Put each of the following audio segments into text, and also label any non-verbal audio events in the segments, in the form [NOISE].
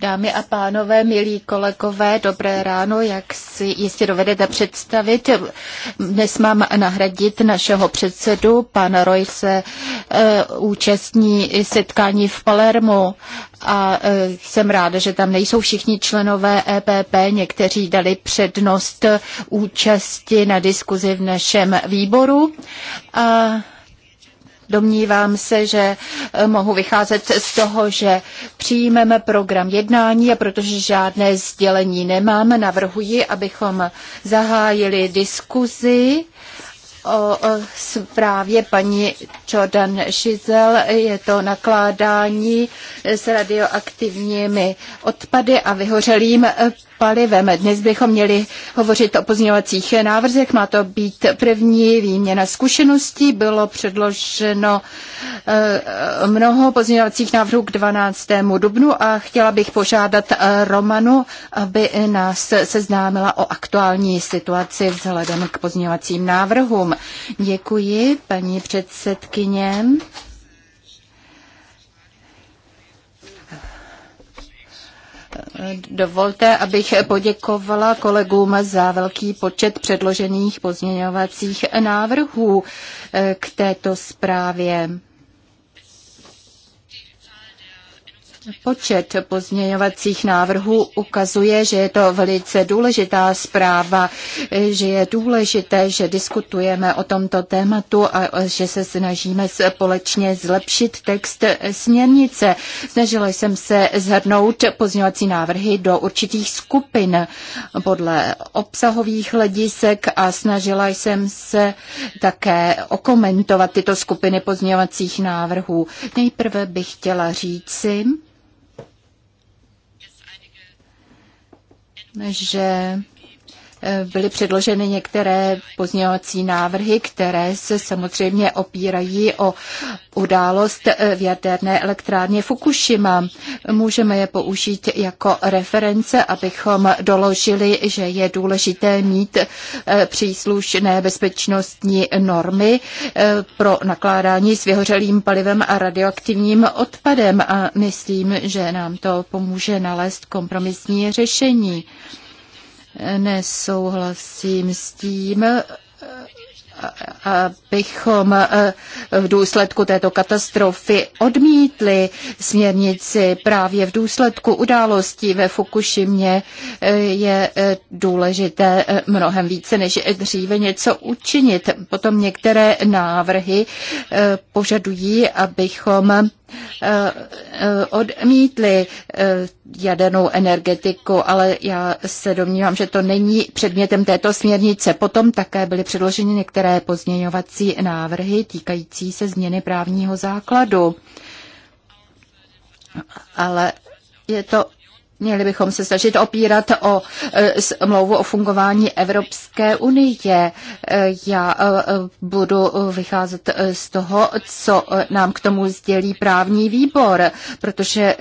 Dámy a pánové, milí kolegové, dobré ráno. Jak si jistě dovedete představit, dnes mám nahradit našeho předsedu. Pan Roy se eh, účastní setkání v Palermu a eh, jsem ráda, že tam nejsou všichni členové EPP. Někteří dali přednost účasti na diskuzi v našem výboru. A Domnívám se, že eh, mohu vycházet z toho, že přijmeme program jednání a protože žádné sdělení nemám, navrhuji, abychom zahájili diskuzi o zprávě paní Jordan Šizel. Je to nakládání s radioaktivními odpady a vyhořelým palivem. Dnes bychom měli hovořit o pozměňovacích návrzech. Má to být první výměna zkušeností. Bylo předloženo eh, mnoho pozměňovacích návrhů k 12. dubnu a chtěla bych požádat eh, Romanu, aby nás seznámila o aktuální situaci vzhledem k pozměňovacím návrhům. Děkuji, paní předsedkyně. Dovolte, abych poděkovala kolegům za velký počet předložených pozměňovacích návrhů k této zprávě. Počet pozměňovacích návrhů ukazuje, že je to velice důležitá zpráva, že je důležité, že diskutujeme o tomto tématu a že se snažíme společně zlepšit text směrnice. Snažila jsem se zhrnout pozměňovací návrhy do určitých skupin podle obsahových hledisek a snažila jsem se také okomentovat tyto skupiny pozměňovacích návrhů. Nejprve bych chtěla říci, že byly předloženy některé pozměňovací návrhy, které se samozřejmě opírají o událost eh, v jaderné elektrárně Fukushima. Můžeme je použít jako reference, abychom doložili, že je důležité mít eh, příslušné bezpečnostní normy eh, pro nakládání s vyhořelým palivem a radioaktivním odpadem a myslím, že nám to pomůže nalézt kompromisní řešení nesouhlasím s tím, abychom eh, v důsledku této katastrofy odmítli směrnici právě v důsledku událostí ve Fukušimě eh, je eh, důležité mnohem více než dříve něco učinit. Potom některé návrhy požadují, abychom odmítli jadernou energetiku, ale já se domnívám, že to není předmětem této směrnice. Potom také byly předloženy některé své pozměňovací návrhy týkající se změny právního základu. Ale je to Měli bychom se snažit opírat o e, smlouvu o fungování Evropské unie. E, já e, budu vycházet z toho, co nám k tomu sdělí právní výbor, protože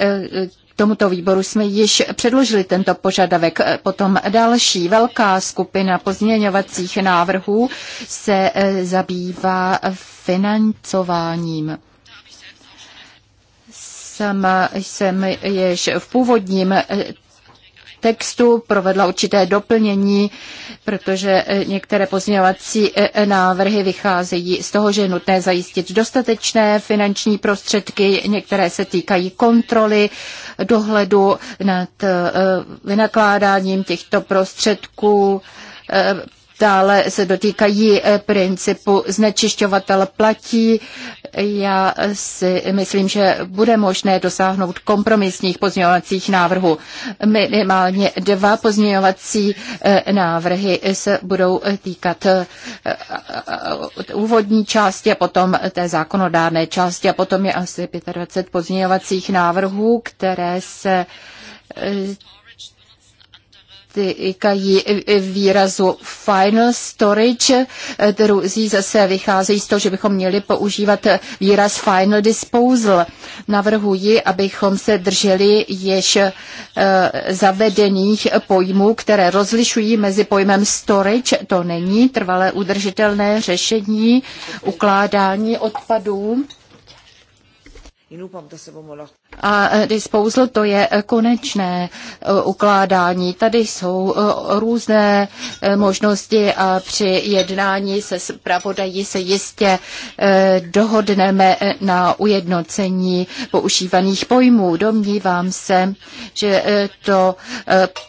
Tomuto výboru jsme již předložili tento požadavek. Potom další velká skupina pozměňovacích návrhů se eh, zabývá financováním sama jsem již v původním eh, textu, provedla určité doplnění, protože eh, některé pozměňovací eh, eh, návrhy vycházejí z toho, že je nutné zajistit dostatečné finanční prostředky, některé se týkají kontroly, dohledu nad vynakládáním těchto prostředků, Dále se dotýkají eh, principu znečišťovatel platí. Já si myslím, že bude možné dosáhnout kompromisních pozměňovacích návrhů. Minimálně dva pozměňovací eh, návrhy se budou eh, týkat úvodní části a potom té zákonodárné části a potom je asi 25 pozměňovacích návrhů, které se týkají výrazu final storage, druzí eh, zase vycházejí z toho, že bychom měli používat výraz final disposal. Navrhuji, abychom se drželi již eh, zavedených pojmů, které rozlišují mezi pojmem storage, to není trvalé udržitelné řešení ukládání odpadů, a e, disposal to je e, konečné e, ukládání. Tady jsou různé možnosti a při jednání se zpravodají se jistě dohodneme na ujednocení používaných pojmů. Domnívám se, že to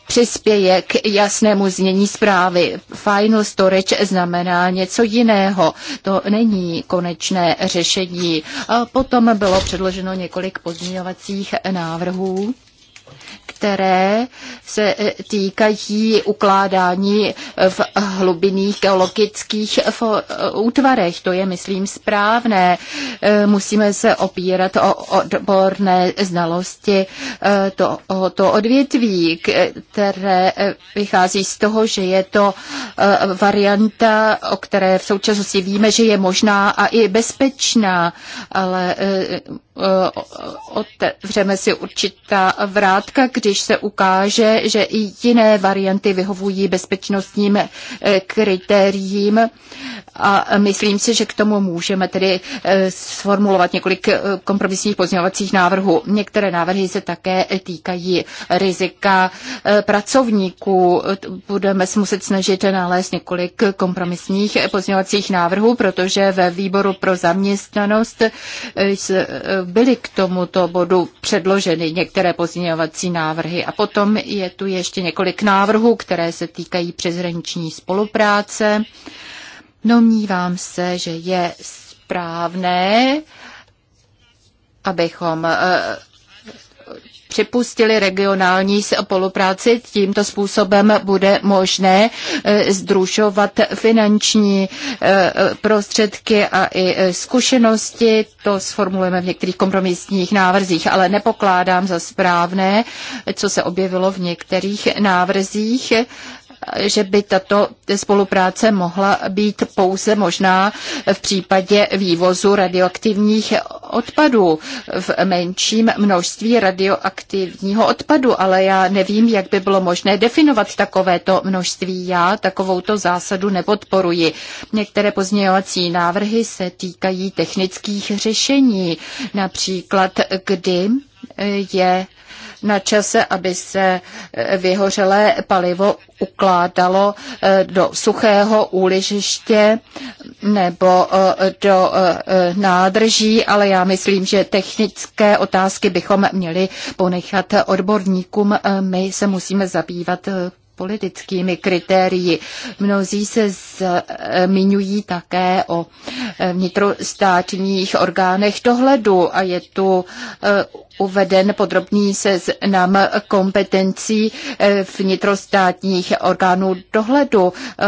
přispěje k jasnému znění zprávy. Final storage znamená něco jiného. To není konečné řešení. A potom bylo předloženo předloženo několik pozměňovacích návrhů které se týkají ukládání v hlubinných geologických útvarech. To je, myslím, správné. Musíme se opírat o odborné znalosti eh, tohoto odvětví, které vychází z toho, že je to eh, varianta, o které v současnosti víme, že je možná a i bezpečná, ale eh, Eh, otevřeme si určitá vrátka, když se ukáže, že i jiné varianty vyhovují bezpečnostním eh, kritériím a myslím si, že k tomu můžeme tedy eh, sformulovat několik kompromisních pozměňovacích návrhů. Některé návrhy se také týkají rizika pracovníků. Budeme se muset snažit nalézt několik kompromisních pozměňovacích návrhů, protože ve výboru pro zaměstnanost byly k tomuto bodu předloženy některé pozměňovací návrhy. A potom je tu ještě několik návrhů, které se týkají přeshraniční spolupráce. Domnívám se, že je správné, abychom eh, připustili regionální spolupráci. Tímto způsobem bude možné e, združovat finanční e, prostředky a i e, zkušenosti. To sformulujeme v některých kompromisních návrzích, ale nepokládám za správné, co se objevilo v některých návrzích, že by tato spolupráce mohla být pouze možná v případě vývozu radioaktivních odpadů v menším množství radioaktivního odpadu, ale já nevím, jak by bylo možné definovat takovéto množství. Já takovouto zásadu nepodporuji. Některé pozměňovací návrhy se týkají technických řešení, například kdy je na čase, aby se eh, vyhořelé palivo ukládalo eh, do suchého úližiště nebo eh, do nádrží, ale já myslím, že technické otázky bychom měli ponechat odborníkům. My se musíme zabývat politickými kritérii. Mnozí se zmiňují také o vnitrostátních orgánech dohledu a je tu eh, uveden podrobný seznam kompetencí eh, vnitrostátních orgánů dohledu. Eh,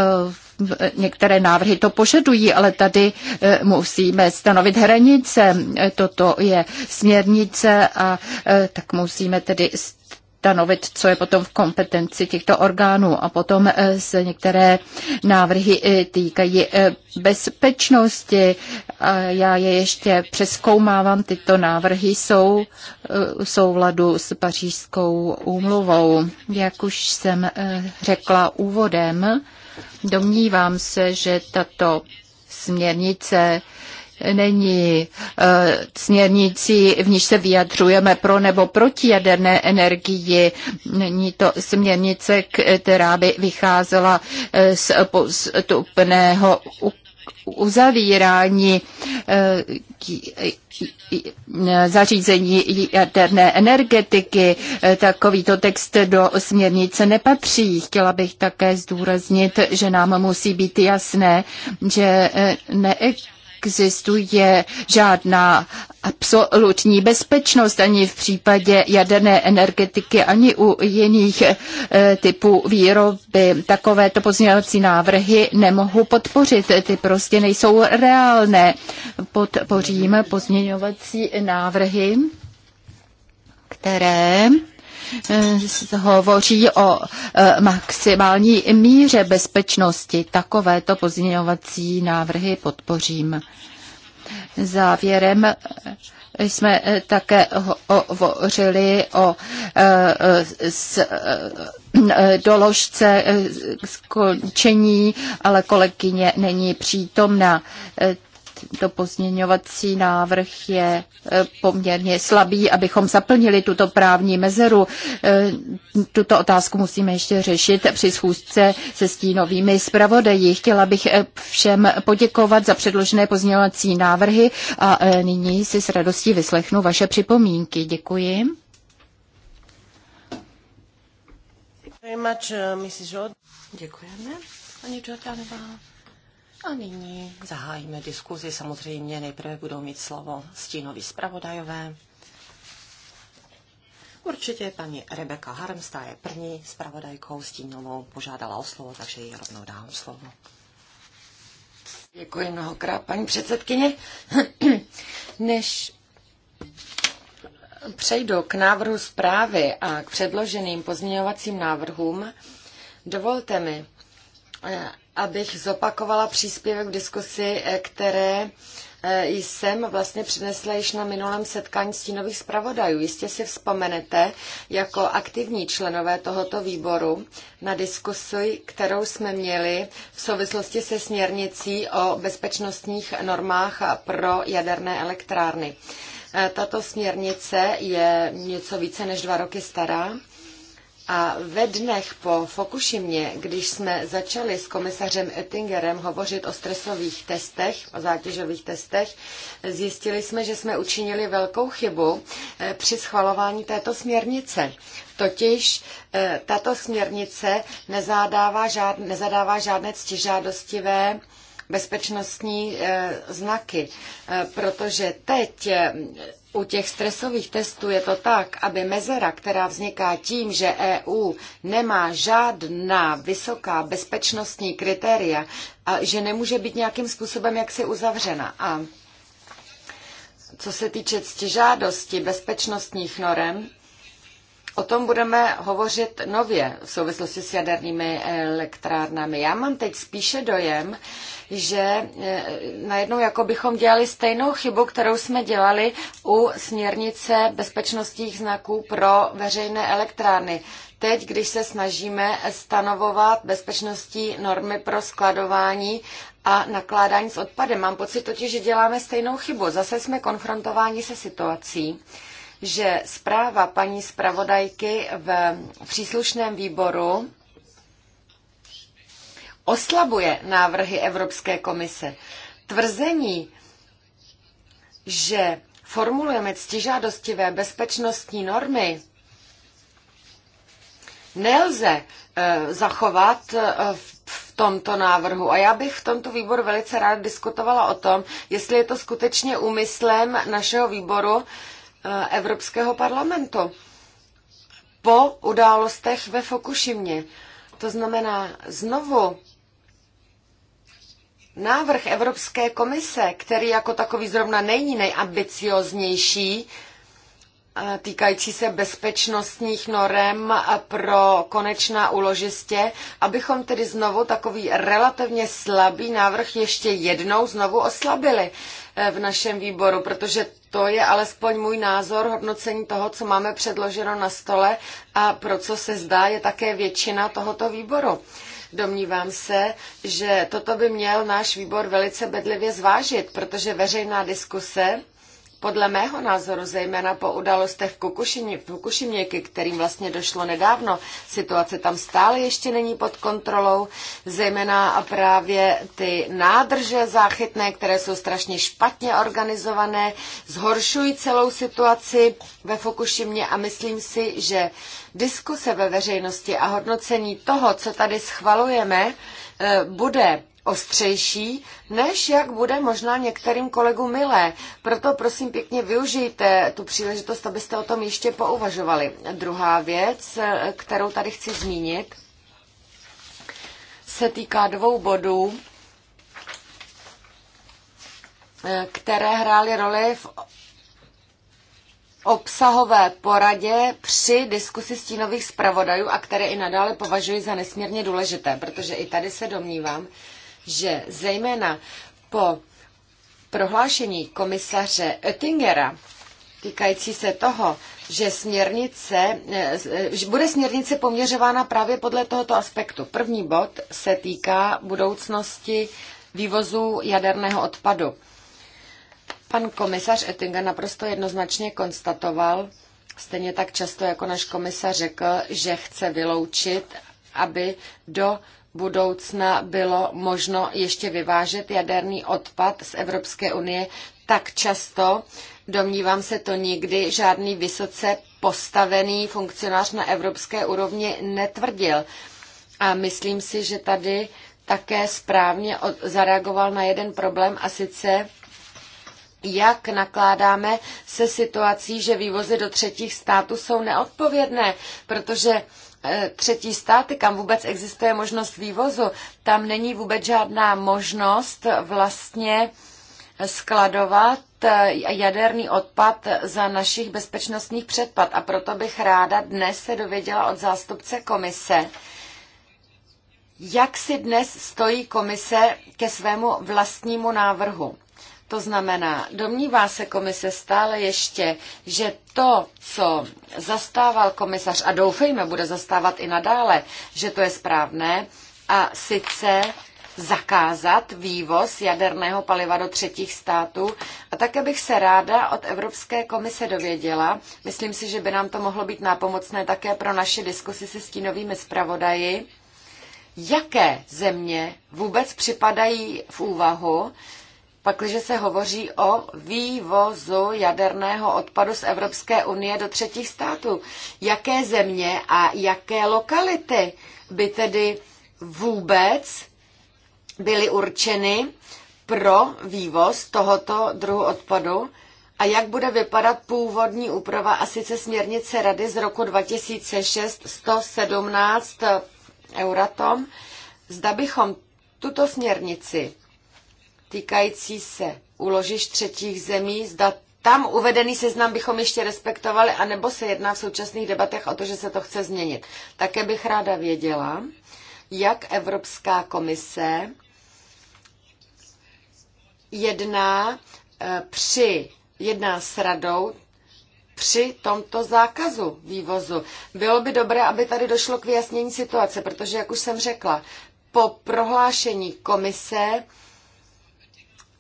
některé návrhy to požadují, ale tady musíme stanovit hranice. Toto je směrnice a tak musíme tedy stanovit, co je potom v kompetenci těchto orgánů. A potom eh, se některé návrhy eh, týkají eh, bezpečnosti. Já je ještě přeskoumávám. Tyto návrhy jsou v souladu s pařížskou úmluvou. Jak už jsem řekla úvodem, domnívám se, že tato směrnice není eh, směrnicí, v níž se vyjadřujeme pro nebo proti jaderné energii. Není to směrnice, která by vycházela eh, z postupného uzavírání eh, zařízení jaderné energetiky. Takovýto text do směrnice nepatří. Chtěla bych také zdůraznit, že nám musí být jasné, že ne neexistuje žádná absolutní bezpečnost ani v případě jaderné energetiky, ani u jiných e, typů výroby. Takovéto pozměňovací návrhy nemohu podpořit, ty prostě nejsou reálné. Podpořím pozměňovací návrhy, které Eh, hovoří o eh, maximální míře bezpečnosti. Takovéto pozměňovací návrhy podpořím. Závěrem eh, jsme také hovořili o doložce skončení, ale kolegyně není přítomna. Tento pozměňovací návrh je e, poměrně slabý, abychom zaplnili tuto právní mezeru. E, tuto otázku musíme ještě řešit při schůzce se stínovými zpravodaji. Chtěla bych e, všem poděkovat za předložené pozměňovací návrhy a nyní si s radostí vyslechnu vaše připomínky. Děkuji. Uh, Děkujeme. Pani Jordanová. A nyní zahájíme diskuzi. Samozřejmě nejprve budou mít slovo stínoví zpravodajové. Určitě paní Rebeka Harmsta je první zpravodajkou stínovou, požádala o slovo, takže ji rovnou dám slovo. Děkuji mnohokrát, paní předsedkyně. [CLEARS THROAT] Než přejdu k návrhu zprávy a k předloženým pozměňovacím návrhům, dovolte mi, eh, abych zopakovala příspěvek v diskusi, eh, které eh, jsem vlastně přinesla již na minulém setkání stínových zpravodajů. Jistě si vzpomenete jako aktivní členové tohoto výboru na diskusi, kterou jsme měli v souvislosti se směrnicí o bezpečnostních normách pro jaderné elektrárny. Eh, tato směrnice je něco více než dva roky stará a ve dnech po Fukushimě, když jsme začali s komisařem Ettingerem hovořit o stresových testech, o zátěžových testech, zjistili jsme, že jsme učinili velkou chybu eh, při schvalování této směrnice. Totiž eh, tato směrnice nezadává, nezadává žádné ctižádostivé bezpečnostní eh, znaky, eh, protože teď eh, u těch stresových testů je to tak, aby mezera, která vzniká tím, že EU nemá žádná vysoká bezpečnostní kritéria, a že nemůže být nějakým způsobem jaksi uzavřena. A co se týče ctižádosti bezpečnostních norem, O tom budeme hovořit nově v souvislosti s jadernými elektrárnami. Já mám teď spíše dojem, že e, najednou jako bychom dělali stejnou chybu, kterou jsme dělali u směrnice bezpečnostních znaků pro veřejné elektrárny. Teď, když se snažíme stanovovat bezpečnostní normy pro skladování a nakládání s odpadem, mám pocit totiž, že děláme stejnou chybu. Zase jsme konfrontováni se situací, že zpráva paní zpravodajky v příslušném výboru oslabuje návrhy Evropské komise. Tvrzení, že formulujeme ctižádostivé bezpečnostní normy, nelze e, zachovat e, v tomto návrhu. A já bych v tomto výboru velice rád diskutovala o tom, jestli je to skutečně úmyslem našeho výboru Eh, Evropského parlamentu po událostech ve Fukushimě. To znamená znovu návrh Evropské komise, který jako takový zrovna není nejambicioznější, eh, týkající se bezpečnostních norem pro konečná uložistě, abychom tedy znovu takový relativně slabý návrh ještě jednou znovu oslabili eh, v našem výboru, protože to je alespoň můj názor, hodnocení toho, co máme předloženo na stole a pro co se zdá je také většina tohoto výboru. Domnívám se, že toto by měl náš výbor velice bedlivě zvážit, protože veřejná diskuse podle mého názoru, zejména po událostech v Kukušimě, Kukušimě, ke kterým vlastně došlo nedávno, situace tam stále ještě není pod kontrolou, zejména a právě ty nádrže záchytné, které jsou strašně špatně organizované, zhoršují celou situaci ve Fukušimě a myslím si, že diskuse ve veřejnosti a hodnocení toho, co tady schvalujeme, eh, bude ostřejší, než jak bude možná některým kolegům milé. Proto prosím pěkně využijte tu příležitost, abyste o tom ještě pouvažovali. Druhá věc, kterou tady chci zmínit, se týká dvou bodů, které hrály roli v obsahové poradě při diskusi stínových zpravodajů a které i nadále považuji za nesmírně důležité, protože i tady se domnívám, že zejména po prohlášení komisaře Oettingera týkající se toho, že směrnice, eh, že bude směrnice poměřována právě podle tohoto aspektu. První bod se týká budoucnosti vývozu jaderného odpadu. Pan komisař Ettinger naprosto jednoznačně konstatoval, stejně tak často jako náš komisař řekl, že chce vyloučit, aby do budoucna bylo možno ještě vyvážet jaderný odpad z Evropské unie tak často, domnívám se to nikdy, žádný vysoce postavený funkcionář na evropské úrovni netvrdil. A myslím si, že tady také správně zareagoval na jeden problém a sice jak nakládáme se situací, že vývozy do třetích států jsou neodpovědné, protože E, třetí státy, kam vůbec existuje možnost vývozu, tam není vůbec žádná možnost vlastně skladovat e, jaderný odpad za našich bezpečnostních předpad. A proto bych ráda dnes se dověděla od zástupce komise, jak si dnes stojí komise ke svému vlastnímu návrhu. To znamená, domnívá se komise stále ještě, že to, co zastával komisař, a doufejme, bude zastávat i nadále, že to je správné, a sice zakázat vývoz jaderného paliva do třetích států. A také bych se ráda od Evropské komise dověděla, myslím si, že by nám to mohlo být nápomocné také pro naše diskusy se stínovými zpravodaji, jaké země vůbec připadají v úvahu, pakliže se hovoří o vývozu jaderného odpadu z Evropské unie do třetích států. Jaké země a jaké lokality by tedy vůbec byly určeny pro vývoz tohoto druhu odpadu a jak bude vypadat původní úprava a sice směrnice Rady z roku 2006 117 Euratom. Zda bychom tuto směrnici týkající se uložiš třetích zemí, zda tam uvedený seznam bychom ještě respektovali, anebo se jedná v současných debatech o to, že se to chce změnit. Také bych ráda věděla, jak Evropská komise jedná eh, při jedná s radou při tomto zákazu vývozu. Bylo by dobré, aby tady došlo k vyjasnění situace, protože, jak už jsem řekla, po prohlášení komise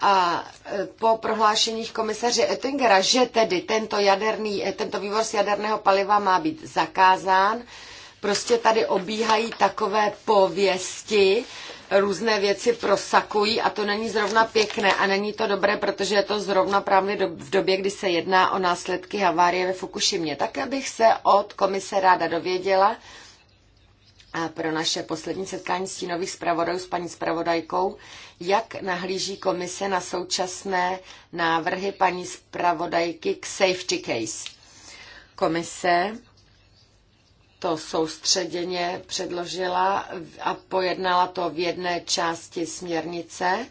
a e, po prohlášeních komisaře Oettingera, že tedy tento, jaderný, e, tento vývoz jaderného paliva má být zakázán, prostě tady obíhají takové pověsti, různé věci prosakují a to není zrovna pěkné a není to dobré, protože je to zrovna právě v době, kdy se jedná o následky havárie ve Fukušimě. Také bych se od komise ráda dověděla, pro naše poslední setkání stínových zpravodajů s paní zpravodajkou, jak nahlíží komise na současné návrhy paní zpravodajky k safety case. Komise to soustředěně předložila a pojednala to v jedné části směrnice.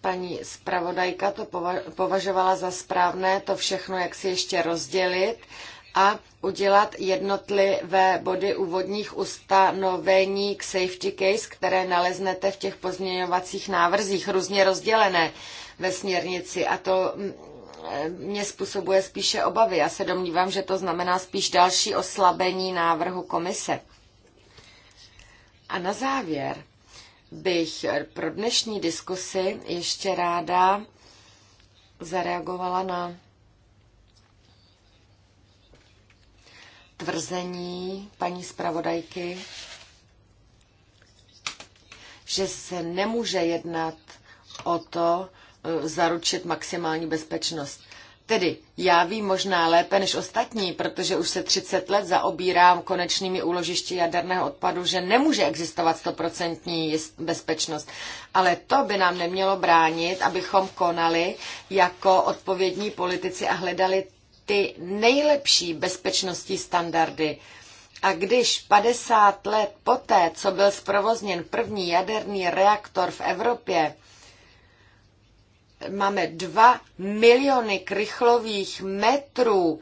Paní zpravodajka to považovala za správné to všechno, jak si ještě rozdělit a udělat jednotlivé body úvodních ustanovení k safety case, které naleznete v těch pozměňovacích návrzích, různě rozdělené ve směrnici. A to mm, eh, mě způsobuje spíše obavy. Já se domnívám, že to znamená spíš další oslabení návrhu komise. A na závěr bych pro dnešní diskusi ještě ráda zareagovala na tvrzení paní zpravodajky, že se nemůže jednat o to e, zaručit maximální bezpečnost. Tedy já vím možná lépe než ostatní, protože už se 30 let zaobírám konečnými úložišti jaderného odpadu, že nemůže existovat stoprocentní bezpečnost. Ale to by nám nemělo bránit, abychom konali jako odpovědní politici a hledali ty nejlepší bezpečnostní standardy. A když 50 let poté, co byl zprovozněn první jaderný reaktor v Evropě, máme 2 miliony krychlových metrů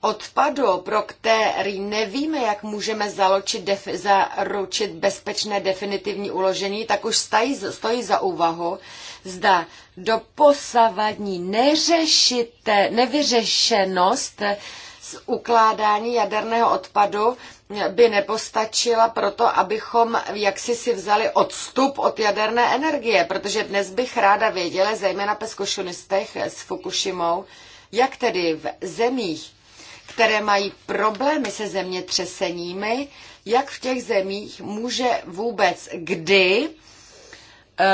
odpadu, pro který nevíme, jak můžeme zaručit, def, zaručit bezpečné definitivní uložení, tak už stají, stojí za úvahu, zda doposavadní neřešité, nevyřešenost z ukládání jaderného odpadu by nepostačila proto, abychom jaksi si vzali odstup od jaderné energie, protože dnes bych ráda věděla, zejména po zkušenostech s Fukushimou, jak tedy v zemích, které mají problémy se zemětřeseními, jak v těch zemích může vůbec kdy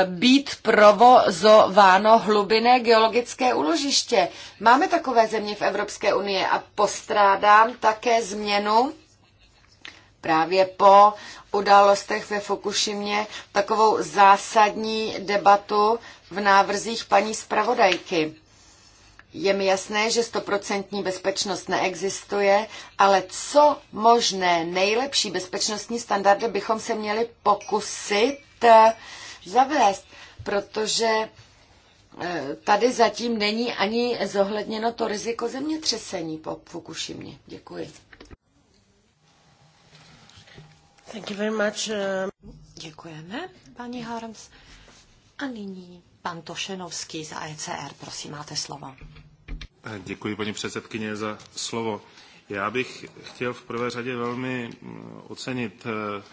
být provozováno hlubinné geologické úložiště. Máme takové země v Evropské unii a postrádám také změnu právě po událostech ve Fukušimě takovou zásadní debatu v návrzích paní zpravodajky. Je mi jasné, že stoprocentní bezpečnost neexistuje, ale co možné nejlepší bezpečnostní standardy bychom se měli pokusit zavést, protože e, tady zatím není ani zohledněno to riziko zemětřesení po Fukushimě. Děkuji. Thank you very much. Uh, Děkujeme, paní Harms. A nyní pan Tošenovský z AECR, Prosím, máte slovo. Eh, děkuji, paní předsedkyně, za slovo. Já bych chtěl v prvé řadě velmi mm, ocenit eh,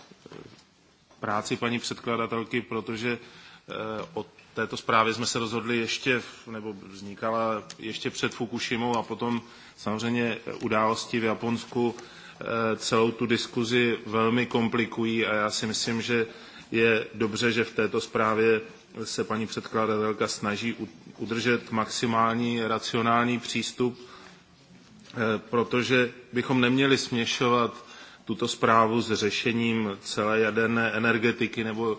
práci paní předkladatelky, protože eh, o této zprávě jsme se rozhodli ještě, nebo vznikala ještě před Fukushimou a potom samozřejmě události v Japonsku eh, celou tu diskuzi velmi komplikují a já si myslím, že je dobře, že v této zprávě se paní předkladatelka snaží udržet maximální racionální přístup, eh, protože bychom neměli směšovat tuto zprávu s řešením celé jaderné energetiky nebo e,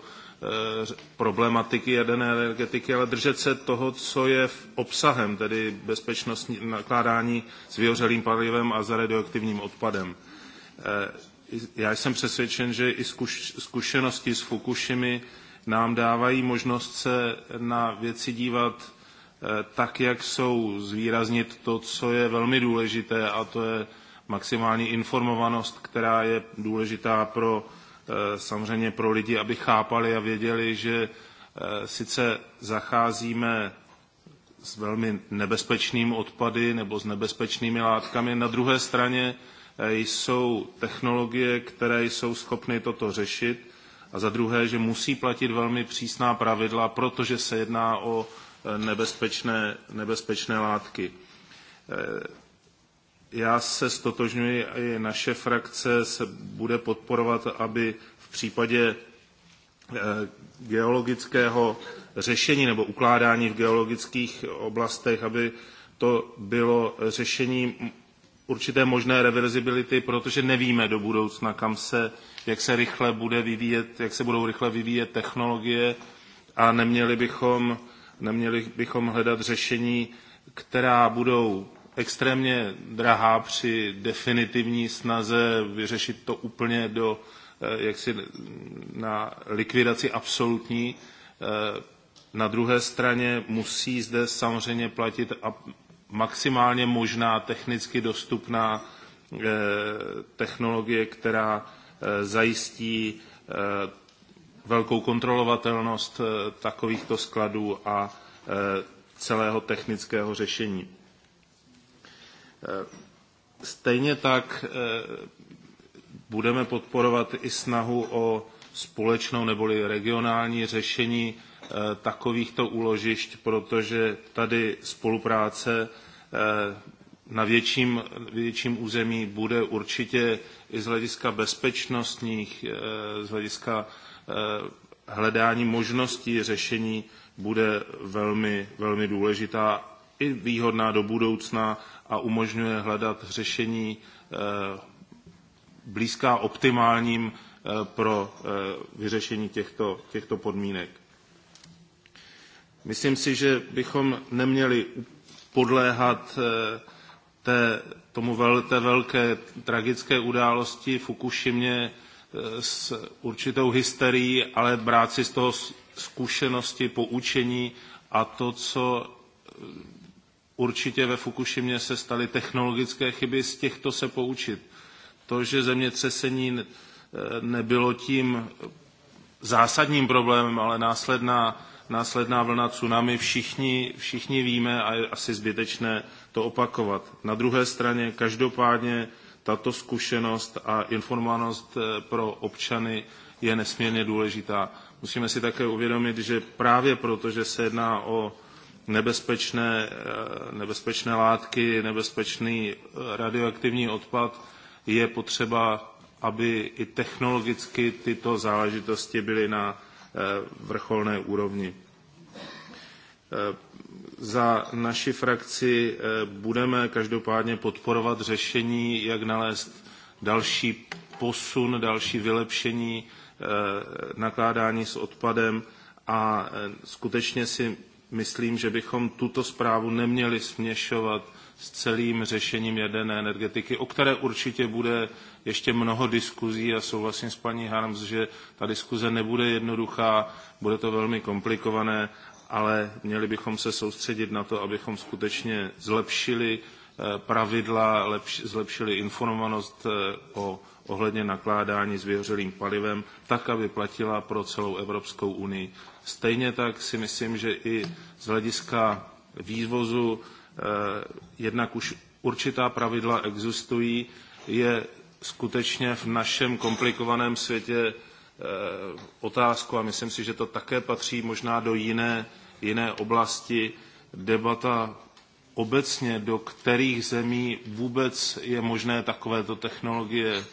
problematiky jaderné energetiky, ale držet se toho, co je v obsahem, tedy bezpečnostní nakládání s vyhořelým palivem a za radioaktivním odpadem. E, já jsem přesvědčen, že i zkušenosti s Fukushimi nám dávají možnost se na věci dívat e, tak, jak jsou, zvýraznit to, co je velmi důležité, a to je maximální informovanost, která je důležitá pro eh, samozřejmě pro lidi, aby chápali a věděli, že eh, sice zacházíme s velmi nebezpečnými odpady nebo s nebezpečnými látkami. Na druhé straně eh, jsou technologie, které jsou schopny toto řešit a za druhé, že musí platit velmi přísná pravidla, protože se jedná o nebezpečné, nebezpečné látky. Já se stotožňuji, i naše frakce se bude podporovat, aby v případě eh, geologického řešení nebo ukládání v geologických oblastech, aby to bylo řešení určité možné reverzibility, protože nevíme do budoucna, kam se, jak se rychle bude vyvíjet, jak se budou rychle vyvíjet technologie a neměli bychom, neměli bychom hledat řešení, která budou extrémně drahá při definitivní snaze vyřešit to úplně do, eh, jaksi na likvidaci absolutní. Eh, na druhé straně musí zde samozřejmě platit maximálně možná technicky dostupná eh, technologie, která zajistí velkou kontrolovatelnost takovýchto skladů a celého technického řešení. Eh, stejně tak eh, budeme podporovat i snahu o společnou neboli regionální řešení eh, takovýchto úložišť, protože tady spolupráce na větším, větším území bude určitě i z hlediska bezpečnostních, z hlediska hledání možností řešení bude velmi, velmi důležitá i výhodná do budoucna a umožňuje hledat řešení eh, blízká optimálním eh, pro eh, vyřešení těchto, těchto podmínek. Myslím si, že bychom neměli podléhat té, tomu vel, té velké tragické události Fukushimě s určitou hysterií, ale brát si z toho zkušenosti, poučení a to, co Určitě ve Fukušimě se staly technologické chyby, z těchto se poučit. To, že zemětřesení eh, nebylo tím zásadním problémem, ale následná, následná vlna tsunami, všichni, všichni víme a je asi zbytečné to opakovat. Na druhé straně každopádně tato zkušenost a informovanost eh, pro občany je nesmírně důležitá. Musíme si také uvědomit, že právě proto, že se jedná o nebezpečné, eh, nebezpečné látky, nebezpečný eh, radioaktivní odpad, je potřeba, aby i technologicky tyto záležitosti byly na eh, vrcholné úrovni. Za naši frakci budeme každopádně podporovat řešení, jak nalézt další posun, další vylepšení nakládání s odpadem a skutečně si myslím, že bychom tuto zprávu neměli směšovat s celým řešením jaderné energetiky, o které určitě bude ještě mnoho diskuzí a souhlasím s paní Harms, že ta diskuze nebude jednoduchá, bude to velmi komplikované, ale měli bychom se soustředit na to, abychom skutečně zlepšili eh, pravidla, zlepšili informovanost eh, o ohledně nakládání s vyhořelým palivem, tak, aby platila pro celou Evropskou unii Stejně tak si myslím, že i z hlediska vývozu eh, jednak už určitá pravidla existují, je skutečně v našem komplikovaném světě eh, otázku a myslím si, že to také patří možná do jiné, jiné oblasti debata obecně, do kterých zemí vůbec je možné takovéto technologie eh,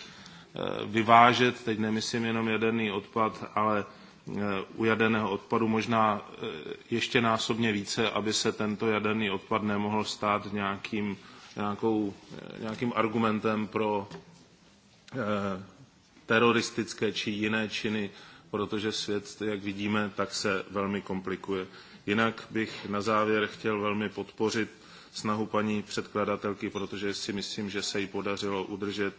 vyvážet. Teď nemyslím jenom jaderný odpad, ale Eh, u jaderného odpadu, možná eh, ještě násobně více, aby se tento jaderný odpad nemohl stát nějakým, nějakou, eh, nějakým argumentem pro teroristické či jiné činy, protože svět, jak vidíme, tak se velmi komplikuje. Jinak bych na závěr chtěl velmi podpořit snahu paní předkladatelky, protože si myslím, že se jí podařilo udržet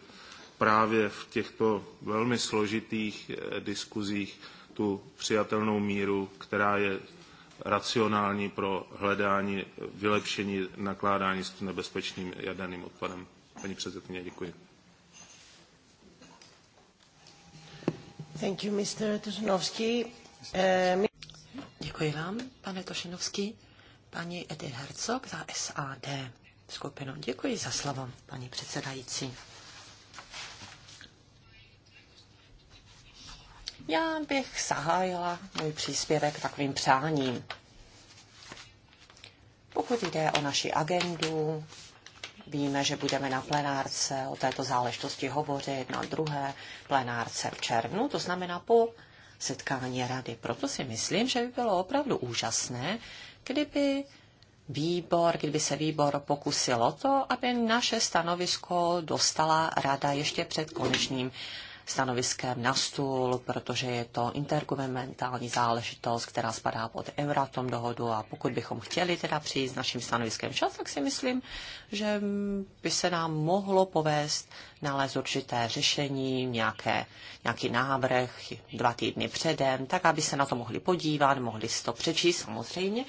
právě v těchto velmi složitých diskuzích tu přijatelnou míru, která je racionální pro hledání vylepšení nakládání s nebezpečným jaderným odpadem. Paní předsedkyně, děkuji. Thank you, Mr. Uh, eh, My... Děkuji vám, pane Tošinovský. Paní Edith Herzog za SAD skupinu. Děkuji za slovo, paní předsedající. Já bych zahájila můj příspěvek takovým přáním. Pokud jde o naši agendu, víme, že budeme na plenárce o této záležitosti hovořit na druhé plenárce v červnu, to znamená po setkání rady. Proto si myslím, že by bylo opravdu úžasné, kdyby výbor, kdyby se výbor pokusil o to, aby naše stanovisko dostala rada ještě před konečným stanoviskem na stůl, protože je to intergovernmentální záležitost, která spadá pod Euratom dohodu a pokud bychom chtěli teda přijít s naším stanoviskem čas, tak si myslím, že by se nám mohlo povést nalézt určité řešení, nějaké, nějaký návrh dva týdny předem, tak aby se na to mohli podívat, mohli si to přečíst samozřejmě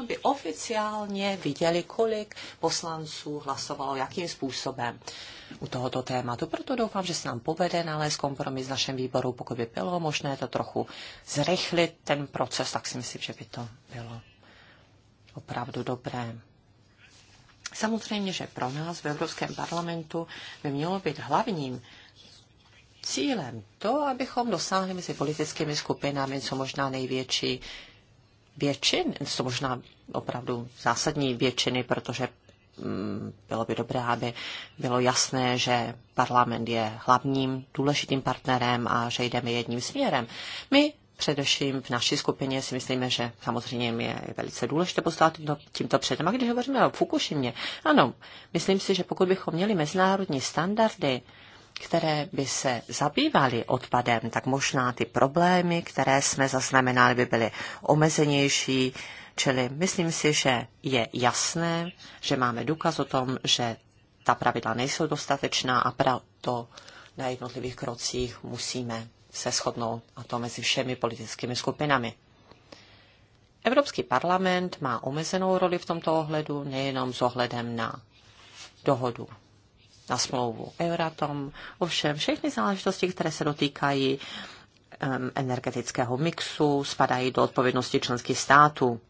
aby oficiálně viděli, kolik poslanců hlasovalo, jakým způsobem u tohoto tématu. Proto doufám, že se nám povede nalézt kompromis v našem výboru. Pokud by bylo možné to trochu zrychlit, ten proces, tak si myslím, že by to bylo opravdu dobré. Samozřejmě, že pro nás v Evropském parlamentu by mělo být hlavním cílem to, abychom dosáhli mezi politickými skupinami co možná největší většin, to možná opravdu zásadní většiny, protože mm, bylo by dobré, aby bylo jasné, že parlament je hlavním důležitým partnerem a že jdeme jedním směrem. My především v naší skupině si myslíme, že samozřejmě je velice důležité postavit tímto, tímto předem. A když hovoříme o Fukushimě, ano, myslím si, že pokud bychom měli mezinárodní standardy, které by se zabývaly odpadem, tak možná ty problémy, které jsme zaznamenali, by byly omezenější. Čili myslím si, že je jasné, že máme důkaz o tom, že ta pravidla nejsou dostatečná a proto na jednotlivých krocích musíme se shodnout, a to mezi všemi politickými skupinami. Evropský parlament má omezenou roli v tomto ohledu, nejenom s ohledem na dohodu na smlouvu Euratom. Ovšem všechny záležitosti, které se dotýkají um, energetického mixu, spadají do odpovědnosti členských států.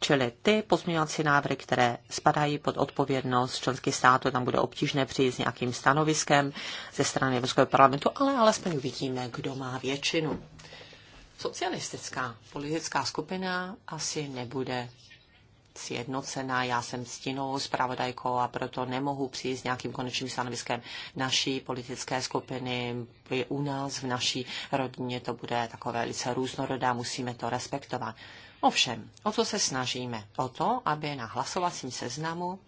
Čili ty pozměňovací návrhy, které spadají pod odpovědnost členských států, tam bude obtížné přijít s nějakým stanoviskem ze strany Evropského parlamentu, ale alespoň uvidíme, kdo má většinu. Socialistická politická skupina asi nebude sjednocená. Já jsem stínovou zpravodajkou a proto nemohu přijít s nějakým konečným stanoviskem naší politické skupiny. u nás, v naší rodině to bude takové velice různorodá, musíme to respektovat. Ovšem, o co se snažíme? O to, aby na hlasovacím seznamu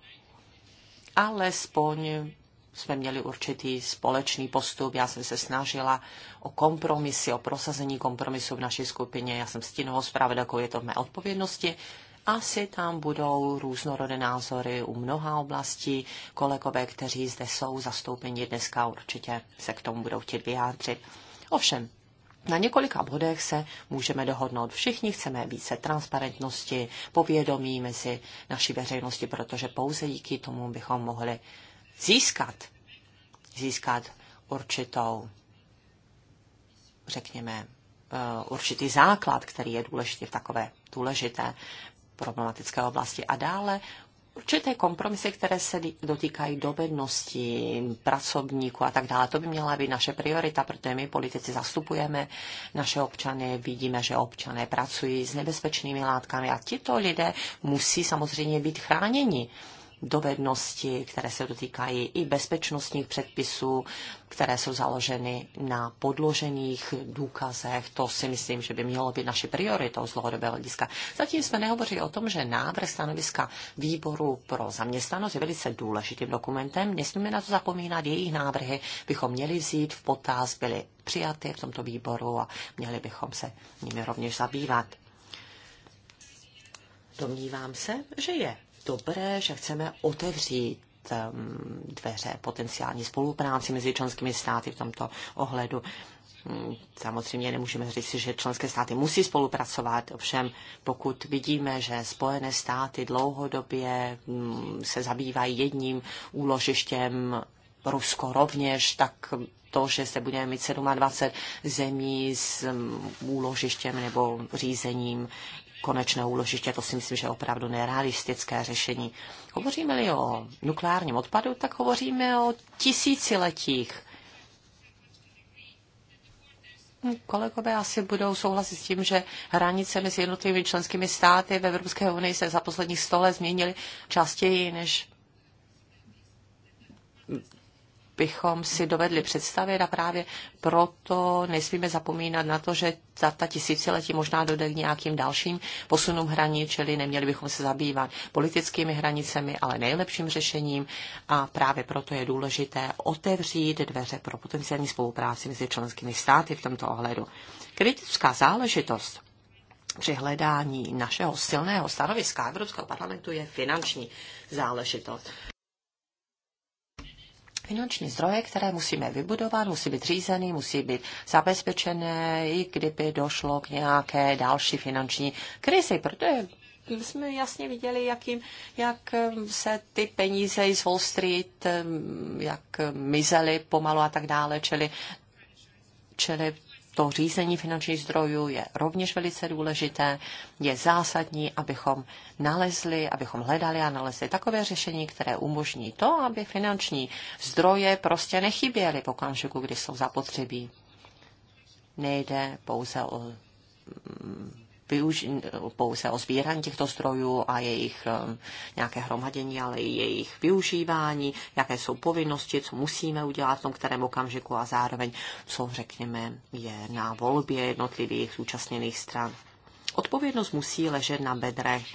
alespoň jsme měli určitý společný postup. Já jsem se snažila o kompromisy, o prosazení kompromisu v naší skupině. Já jsem stínovou zpravodajkou, je to v mé odpovědnosti. Asi tam budou různorodé názory u mnoha oblastí. Kolegové, kteří zde jsou zastoupeni dneska, určitě se k tomu budou chtít vyjádřit. Ovšem, na několika bodech se můžeme dohodnout. Všichni chceme více transparentnosti, povědomí mezi naší veřejnosti, protože pouze díky tomu bychom mohli získat, získat určitou, řekněme, eh, určitý základ, který je důležitý v takové důležité problematické oblasti. A dále určité kompromisy, které se dotýkají dovedností pracovníků a tak dále. To by měla být naše priorita, protože my politici zastupujeme naše občany, vidíme, že občané pracují s nebezpečnými látkami a tito lidé musí samozřejmě být chráněni dovednosti, které se dotýkají i bezpečnostních předpisů, které jsou založeny na podložených důkazech. To si myslím, že by mělo být naši prioritou z dlouhodobého hlediska. Zatím jsme nehovořili o tom, že návrh stanoviska výboru pro zaměstnanost je velice důležitým dokumentem. Nesmíme na to zapomínat, jejich návrhy bychom měli vzít v potaz, byly přijaty v tomto výboru a měli bychom se nimi rovněž zabývat. Domnívám se, že je dobré, že chceme otevřít um, dveře potenciální spolupráci mezi členskými státy v tomto ohledu. Mm, samozřejmě nemůžeme říct, že členské státy musí spolupracovat, ovšem pokud vidíme, že Spojené státy dlouhodobě mm, se zabývají jedním úložištěm, Rusko rovněž, tak to, že se budeme mít 27 zemí s mm, úložištěm nebo řízením konečné úložiště, to si myslím, že je opravdu nerealistické řešení. Hovoříme-li o nukleárním odpadu, tak hovoříme o tisíciletích. Kolegové asi budou souhlasit s tím, že hranice mezi jednotlivými členskými státy v Evropské unii se za posledních sto let změnily častěji než bychom si dovedli představit a právě proto nesmíme zapomínat na to, že za ta tisíciletí možná dojde k nějakým dalším posunům hranic, čili neměli bychom se zabývat politickými hranicemi, ale nejlepším řešením a právě proto je důležité otevřít dveře pro potenciální spolupráci mezi členskými státy v tomto ohledu. Kritická záležitost při hledání našeho silného stanoviska Evropského parlamentu je finanční záležitost. Finanční zdroje, které musíme vybudovat, musí být řízeny, musí být zabezpečené, i kdyby došlo k nějaké další finanční krizi, protože jsme jasně viděli, jak, jim, jak um, se ty peníze z Wall Street, um, jak um, mizely pomalu a tak dále, čili, čili to řízení finančních zdrojů je rovněž velice důležité. Je zásadní, abychom nalezli, abychom hledali a nalezli takové řešení, které umožní to, aby finanční zdroje prostě nechyběly v okamžiku, kdy jsou zapotřebí. Nejde pouze o mm, využi- pouze o sbírání těchto zdrojů a jejich eh, nějaké hromadění, ale i jejich využívání, jaké jsou povinnosti, co musíme udělat v tom kterém okamžiku a zároveň, co řekněme, je na volbě jednotlivých zúčastněných stran. Odpovědnost musí ležet na bedrech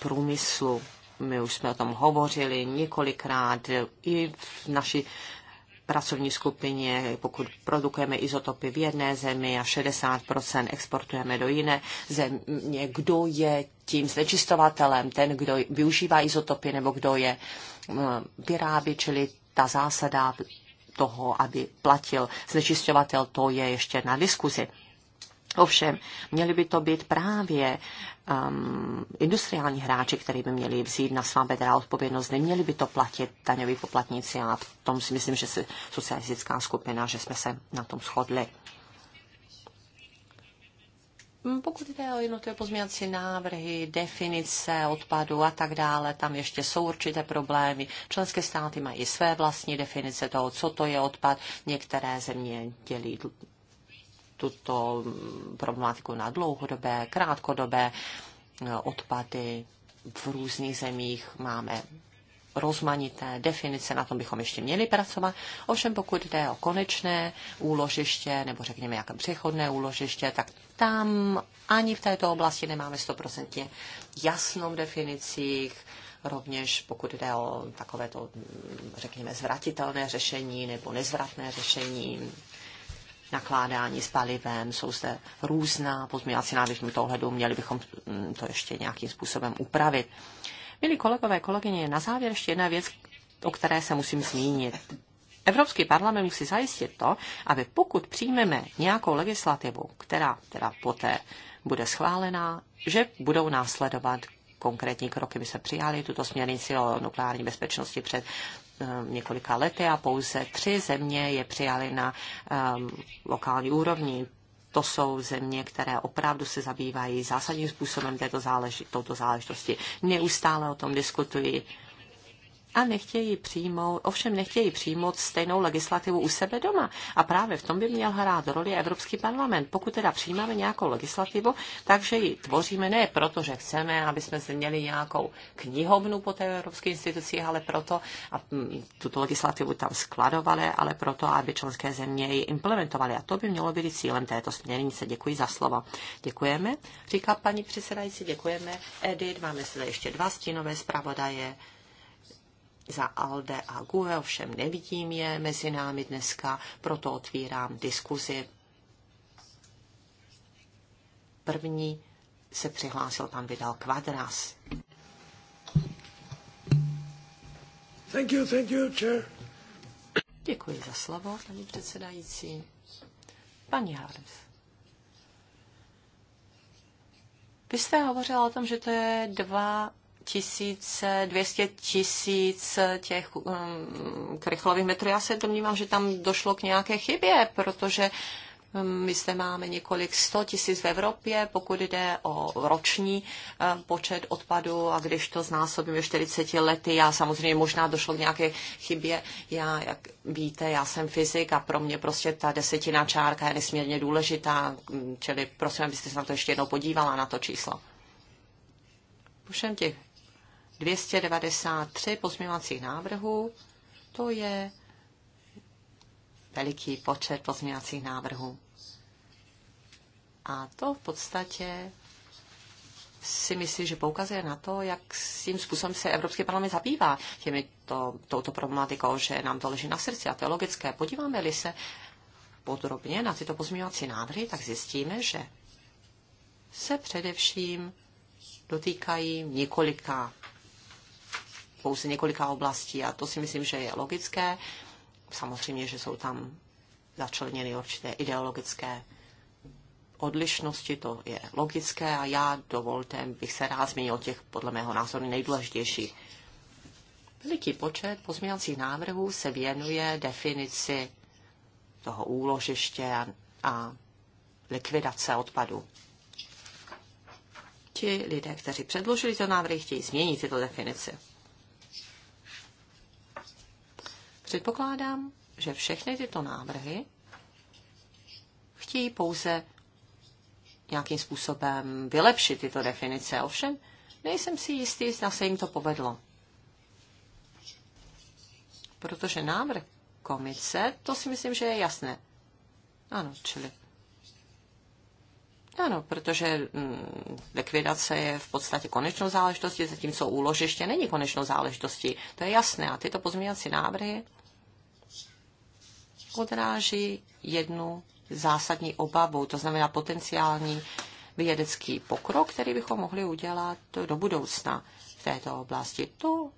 průmyslu. My už jsme o tom hovořili několikrát i v naší pracovní skupině, pokud produkujeme izotopy v jedné zemi a 60% exportujeme do jiné země, kdo je tím znečistovatelem, ten, kdo využívá izotopy nebo kdo je eh, vyrábí, čili ta zásada toho, aby platil znečišťovatel, to je ještě na diskuzi. Ovšem, měli by to být právě um, industriální hráči, který by měli vzít na svá bedra odpovědnost, neměli by to platit daňoví poplatníci a v tom si myslím, že se socialistická skupina, že jsme se na tom shodli. Hm, pokud jde o jednotlivé pozměňovací návrhy, definice odpadu a tak dále, tam ještě jsou určité problémy. Členské státy mají své vlastní definice toho, co to je odpad. Některé země dělí tuto problematiku na dlouhodobé, krátkodobé odpady v různých zemích. Máme rozmanité definice, na tom bychom ještě měli pracovat. Ovšem pokud jde o konečné úložiště, nebo řekněme jaké přechodné úložiště, tak tam ani v této oblasti nemáme stoprocentně jasnou definicích. Rovněž pokud jde o takové to, řekněme, zvratitelné řešení nebo nezvratné řešení, nakládání s palivem, jsou zde různá pozměňovací návrhy v tomto ohledu, měli bychom mm, to ještě nějakým způsobem upravit. Milí kolegové, kolegyně, na závěr ještě jedna věc, o které se musím zmínit. Evropský parlament musí zajistit to, aby pokud přijmeme nějakou legislativu, která teda poté bude schválená, že budou následovat konkrétní kroky. My jsme přijali tuto směrnici o nukleární bezpečnosti před Eh, několika lety a pouze tři země je přijaly na eh, lokální úrovni. To jsou země, které opravdu se zabývají zásadním způsobem této záleži- touto záležitosti. Neustále o tom diskutují a nechtějí přijmout, ovšem nechtějí přijmout stejnou legislativu u sebe doma. A právě v tom by měl hrát roli Evropský parlament. Pokud teda přijímáme nějakou legislativu, takže ji tvoříme ne proto, že chceme, aby jsme si měli nějakou knihovnu po té Evropské instituci, ale proto, a mm, tuto legislativu tam skladovali, ale proto, aby členské země ji implementovaly. A to by mělo být cílem této směrnice. Děkuji za slovo. Děkujeme, říká paní předsedající, děkujeme. Edit, máme zde ještě dva stínové zpravodaje za ALDE a GUE, ovšem nevidím je mezi námi dneska, proto otvírám diskuzi. První se přihlásil pan Vidal Kvadras. Thank you, thank you, chair. Děkuji za slovo, paní předsedající. Paní Harms. Vy jste hovořila o tom, že to je dva tisíce, 200 tisíc těch um, krychlových metrů. Já se domnívám, že tam došlo k nějaké chybě, protože um, my zde máme několik 100 tisíc v Evropě, pokud jde o roční um, počet odpadu a když to znásobíme 40 lety, já samozřejmě možná došlo k nějaké chybě. Já, jak víte, já jsem fyzik a pro mě prostě ta desetina čárka je nesmírně důležitá, čili prosím, abyste se na to ještě jednou podívala, na to číslo. Po všem těch 293 pozměňovacích návrhů. To je veliký počet pozměňovacích návrhů. A to v podstatě si myslím, že poukazuje na to, jak s tím způsobem se Evropský parlament zabývá to, touto problematikou, že nám to leží na srdci a to je logické. Podíváme-li se podrobně na tyto pozměňovací návrhy, tak zjistíme, že se především dotýkají několika pouze několika oblastí a to si myslím, že je logické. Samozřejmě, že jsou tam začleněny určité ideologické odlišnosti, to je logické a já dovolte, bych se rád zmínil těch podle mého názoru nejdůležitějších. Veliký počet pozměňovacích návrhů se věnuje definici toho úložiště a, a likvidace odpadu. Ti lidé, kteří předložili to návrhy, chtějí změnit tyto definici. Předpokládám, že všechny tyto návrhy chtějí pouze nějakým způsobem vylepšit tyto definice. Ovšem, nejsem si jistý, zda se jim to povedlo. Protože návrh komice, to si myslím, že je jasné. Ano, čili ano, protože mm, likvidace je v podstatě konečnou záležitostí, zatímco úložiště není konečnou záležitostí. To je jasné. A tyto pozměňovací návrhy odráží jednu zásadní obavu, to znamená potenciální vědecký pokrok, který bychom mohli udělat do budoucna v této oblasti. To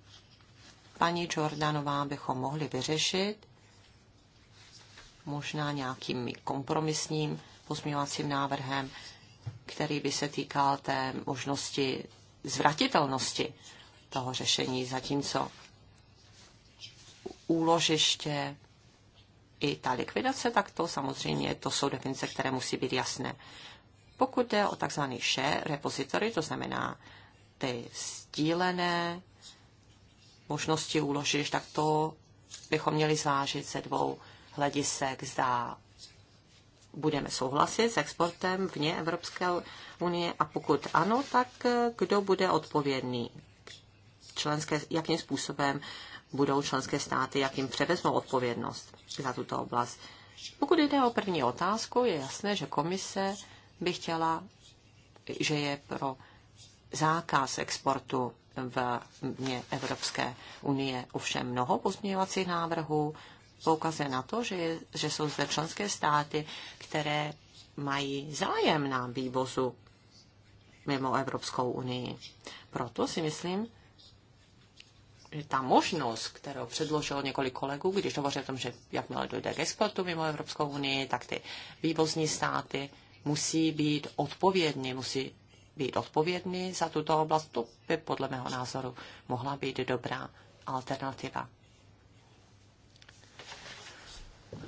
paní Jordanová bychom mohli vyřešit možná nějakým kompromisním pozměňovacím návrhem, který by se týkal té možnosti zvratitelnosti toho řešení, zatímco úložiště i ta likvidace, tak to samozřejmě to jsou definice, které musí být jasné. Pokud jde o tzv. share repository, to znamená ty sdílené možnosti úložiš, tak to bychom měli zvážit ze dvou hledisek, zda budeme souhlasit s exportem vně Evropské unie a pokud ano, tak eh, kdo bude odpovědný? Členské, jakým způsobem budou členské státy, jakým převezmou odpovědnost za tuto oblast? Pokud jde o první otázku, je jasné, že komise by chtěla, že je pro zákaz exportu v mě Evropské unie ovšem mnoho pozměňovacích návrhů poukazuje na to, že, že jsou zde členské státy, které mají zájem na vývozu mimo Evropskou unii. Proto si myslím, že ta možnost, kterou předložilo několik kolegů, když hovoří o tom, že jakmile dojde k exportu mimo Evropskou unii, tak ty vývozní státy musí být odpovědní, musí být odpovědní za tuto oblast. To by podle mého názoru mohla být dobrá alternativa.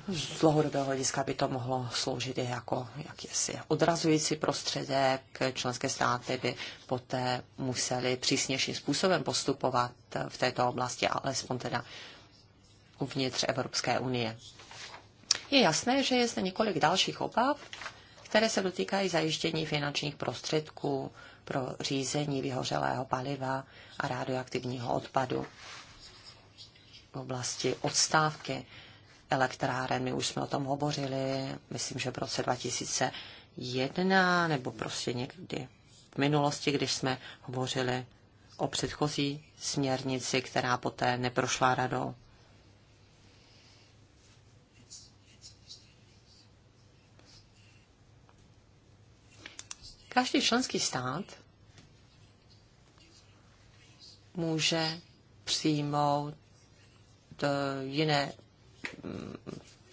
Z dlouhodobého hlediska by to mohlo sloužit i jako jakýsi odrazující prostředek. Členské státy by poté museli přísnějším způsobem postupovat v této oblasti, alespoň teda uvnitř Evropské unie. Je jasné, že je zde několik dalších obav, které se dotýkají zajištění finančních prostředků pro řízení vyhořelého paliva a radioaktivního odpadu v oblasti odstávky elektráren. My už jsme o tom hovořili, myslím, že v roce 2001 nebo prostě někdy v minulosti, když jsme hovořili o předchozí směrnici, která poté neprošla radou. Každý členský stát může přijmout eh, jiné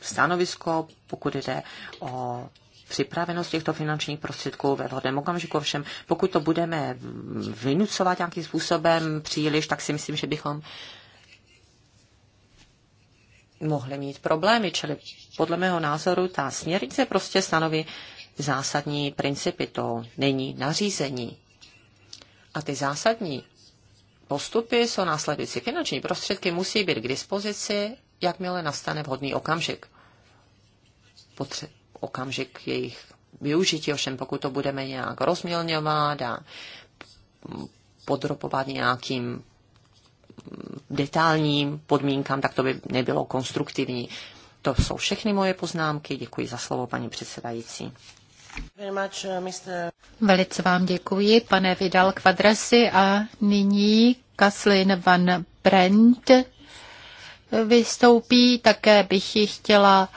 stanovisko, pokud jde o připravenost těchto finančních prostředků ve vhodném okamžiku. Ovšem, pokud to budeme vynucovat nějakým způsobem příliš, tak si myslím, že bychom mohli mít problémy. Čili podle mého názoru ta směrnice prostě stanoví zásadní principy. To není nařízení. A ty zásadní postupy jsou následující. Finanční prostředky musí být k dispozici jakmile nastane vhodný okamžik. Potře- okamžik jejich využití, ovšem pokud to budeme nějak rozmělňovat a podrobovat nějakým mm, detailním podmínkám, tak to by nebylo konstruktivní. To jsou všechny moje poznámky. Děkuji za slovo, paní předsedající. Uh, Velice vám děkuji, pane Vidal Kvadrasi, a nyní Kaslin van Brent vystoupí. Také bych ji chtěla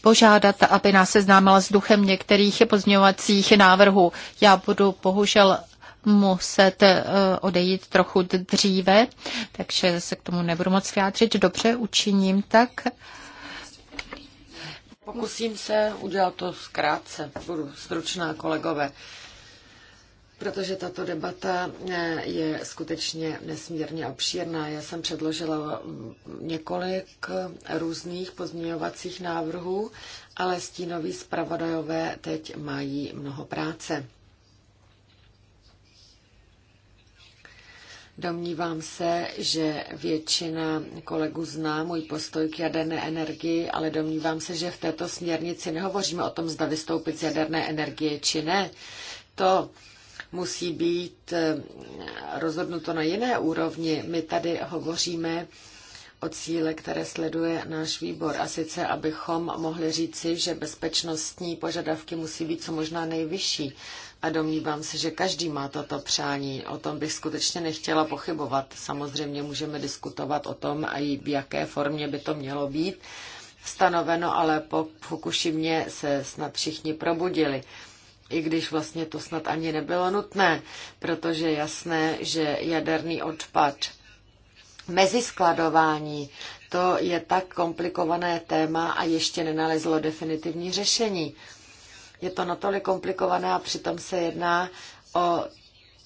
požádat, aby nás seznámila s duchem některých pozměňovacích návrhů. Já budu bohužel muset eh, odejít trochu dříve, takže se k tomu nebudu moc vyjádřit. Dobře, učiním tak. Pokusím se udělat to zkrátce. Budu stručná, kolegové protože tato debata eh, je skutečně nesmírně obšírná. Já jsem předložila mm, několik eh, různých pozměňovacích návrhů, ale stínoví zpravodajové teď mají mnoho práce. Domnívám se, že většina kolegů zná můj postoj k jaderné energii, ale domnívám se, že v této směrnici nehovoříme o tom, zda vystoupit z jaderné energie či ne. To musí být eh, rozhodnuto na jiné úrovni. My tady hovoříme o cíle, které sleduje náš výbor. A sice, abychom mohli říci, že bezpečnostní požadavky musí být co možná nejvyšší. A domnívám se, že každý má toto přání. O tom bych skutečně nechtěla pochybovat. Samozřejmě můžeme diskutovat o tom, a v jaké formě by to mělo být stanoveno, ale po Fukushimě se snad všichni probudili i když vlastně to snad ani nebylo nutné, protože jasné, že jaderný odpad skladování to je tak komplikované téma a ještě nenalezlo definitivní řešení. Je to natolik komplikované a přitom se jedná o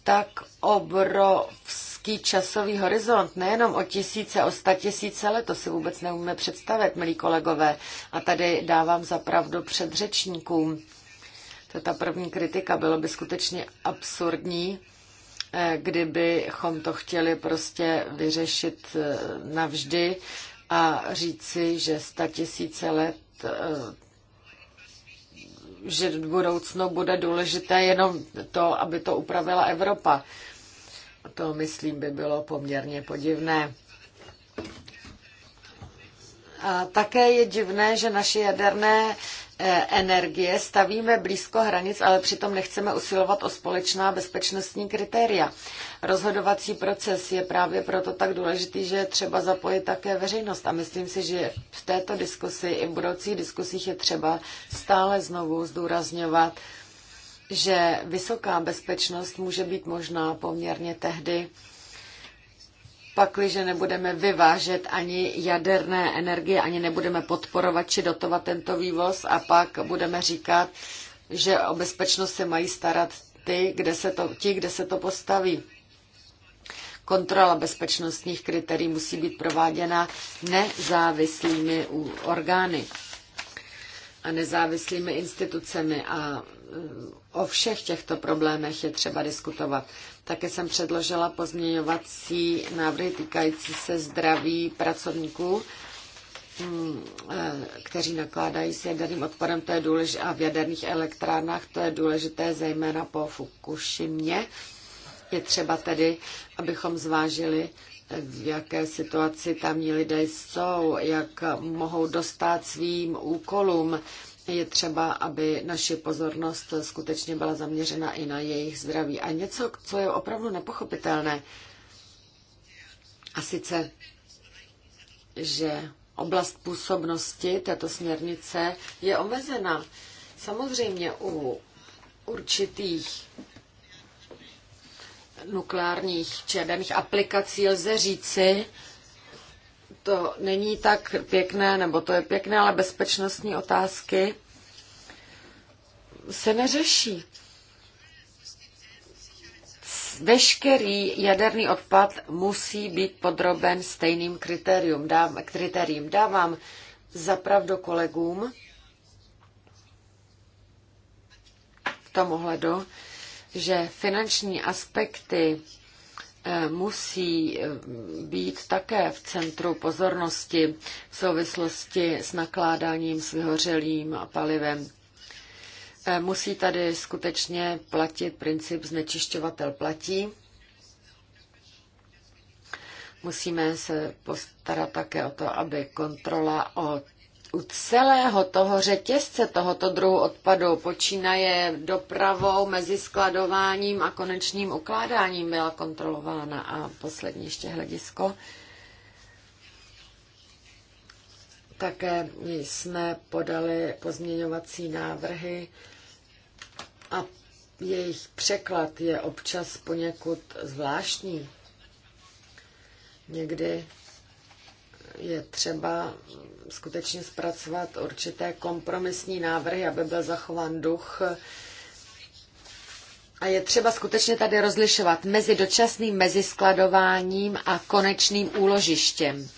tak obrovský časový horizont, nejenom o tisíce, o sta tisíce let, to si vůbec neumíme představit, milí kolegové. A tady dávám zapravdu předřečníkům. řečníkům to je ta první kritika. Bylo by skutečně absurdní, eh, kdybychom to chtěli prostě vyřešit eh, navždy a říci, že sta tisíce let eh, že v budoucnu bude důležité jenom to, aby to upravila Evropa. To, myslím, by bylo poměrně podivné. A také je divné, že naše jaderné E, energie stavíme blízko hranic, ale přitom nechceme usilovat o společná bezpečnostní kritéria. Rozhodovací proces je právě proto tak důležitý, že je třeba zapojit také veřejnost a myslím si, že v této diskusi i v budoucích diskusích je třeba stále znovu zdůrazňovat, že vysoká bezpečnost může být možná poměrně tehdy, pakliže nebudeme vyvážet ani jaderné energie, ani nebudeme podporovat či dotovat tento vývoz a pak budeme říkat, že o bezpečnost se mají starat ty, kde se to, ti, kde se to postaví. Kontrola bezpečnostních kritérií musí být prováděna nezávislými orgány a nezávislými institucemi a eh, o všech těchto problémech je třeba diskutovat. Také jsem předložila pozměňovací návrhy týkající se zdraví pracovníků, hm, eh, kteří nakládají s jaderným odpadem to je důležité, a v jaderných elektrárnách to je důležité zejména po Fukušimě. Je třeba tedy, abychom zvážili, v jaké situaci tamní lidé jsou, jak mohou dostat svým úkolům. Je třeba, aby naše pozornost skutečně byla zaměřena i na jejich zdraví. A něco, co je opravdu nepochopitelné, a sice, že oblast působnosti této směrnice je omezena. Samozřejmě u určitých nukleárních či jaderných aplikací lze říci, to není tak pěkné, nebo to je pěkné, ale bezpečnostní otázky se neřeší. Veškerý jaderný odpad musí být podroben stejným kritérium. Dám, kritériím. Dávám zapravdu kolegům v tom ohledu, že finanční aspekty eh, musí eh, být také v centru pozornosti v souvislosti s nakládáním s vyhořelým palivem. Eh, musí tady skutečně platit princip znečišťovatel platí. Musíme se postarat také o to, aby kontrola od u celého toho řetězce tohoto druhu odpadu počínaje dopravou mezi skladováním a konečným ukládáním byla kontrolována. A poslední ještě hledisko. Také jsme podali pozměňovací návrhy a jejich překlad je občas poněkud zvláštní. Někdy je třeba skutečně zpracovat určité kompromisní návrhy, aby byl zachován duch. A je třeba skutečně tady rozlišovat mezi dočasným meziskladováním a konečným úložištěm.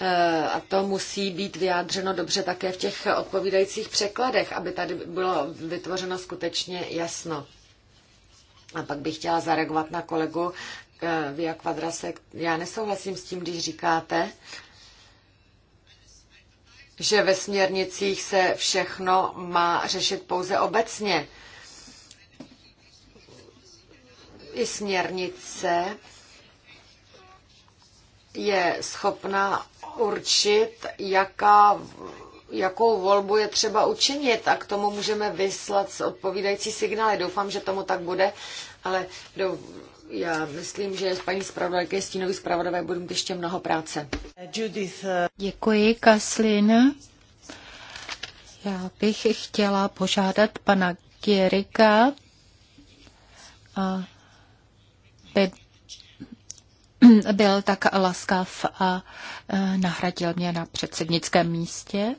E, a to musí být vyjádřeno dobře také v těch odpovídajících překladech, aby tady bylo vytvořeno skutečně jasno. A pak bych chtěla zareagovat na kolegu e, Via Quadrasek. Já nesouhlasím s tím, když říkáte, že ve směrnicích se všechno má řešit pouze obecně. I směrnice je schopna určit, jaká, jakou volbu je třeba učinit a k tomu můžeme vyslat odpovídající signály. Doufám, že tomu tak bude, ale do, já myslím, že s paní zpravodajky stínový zpravodajové budu mít ještě mnoho práce. Judith. Eh, Děkuji, Kaslin. Já bych chtěla požádat pana Kierika, aby byl tak laskav a eh, nahradil mě na předsednickém místě.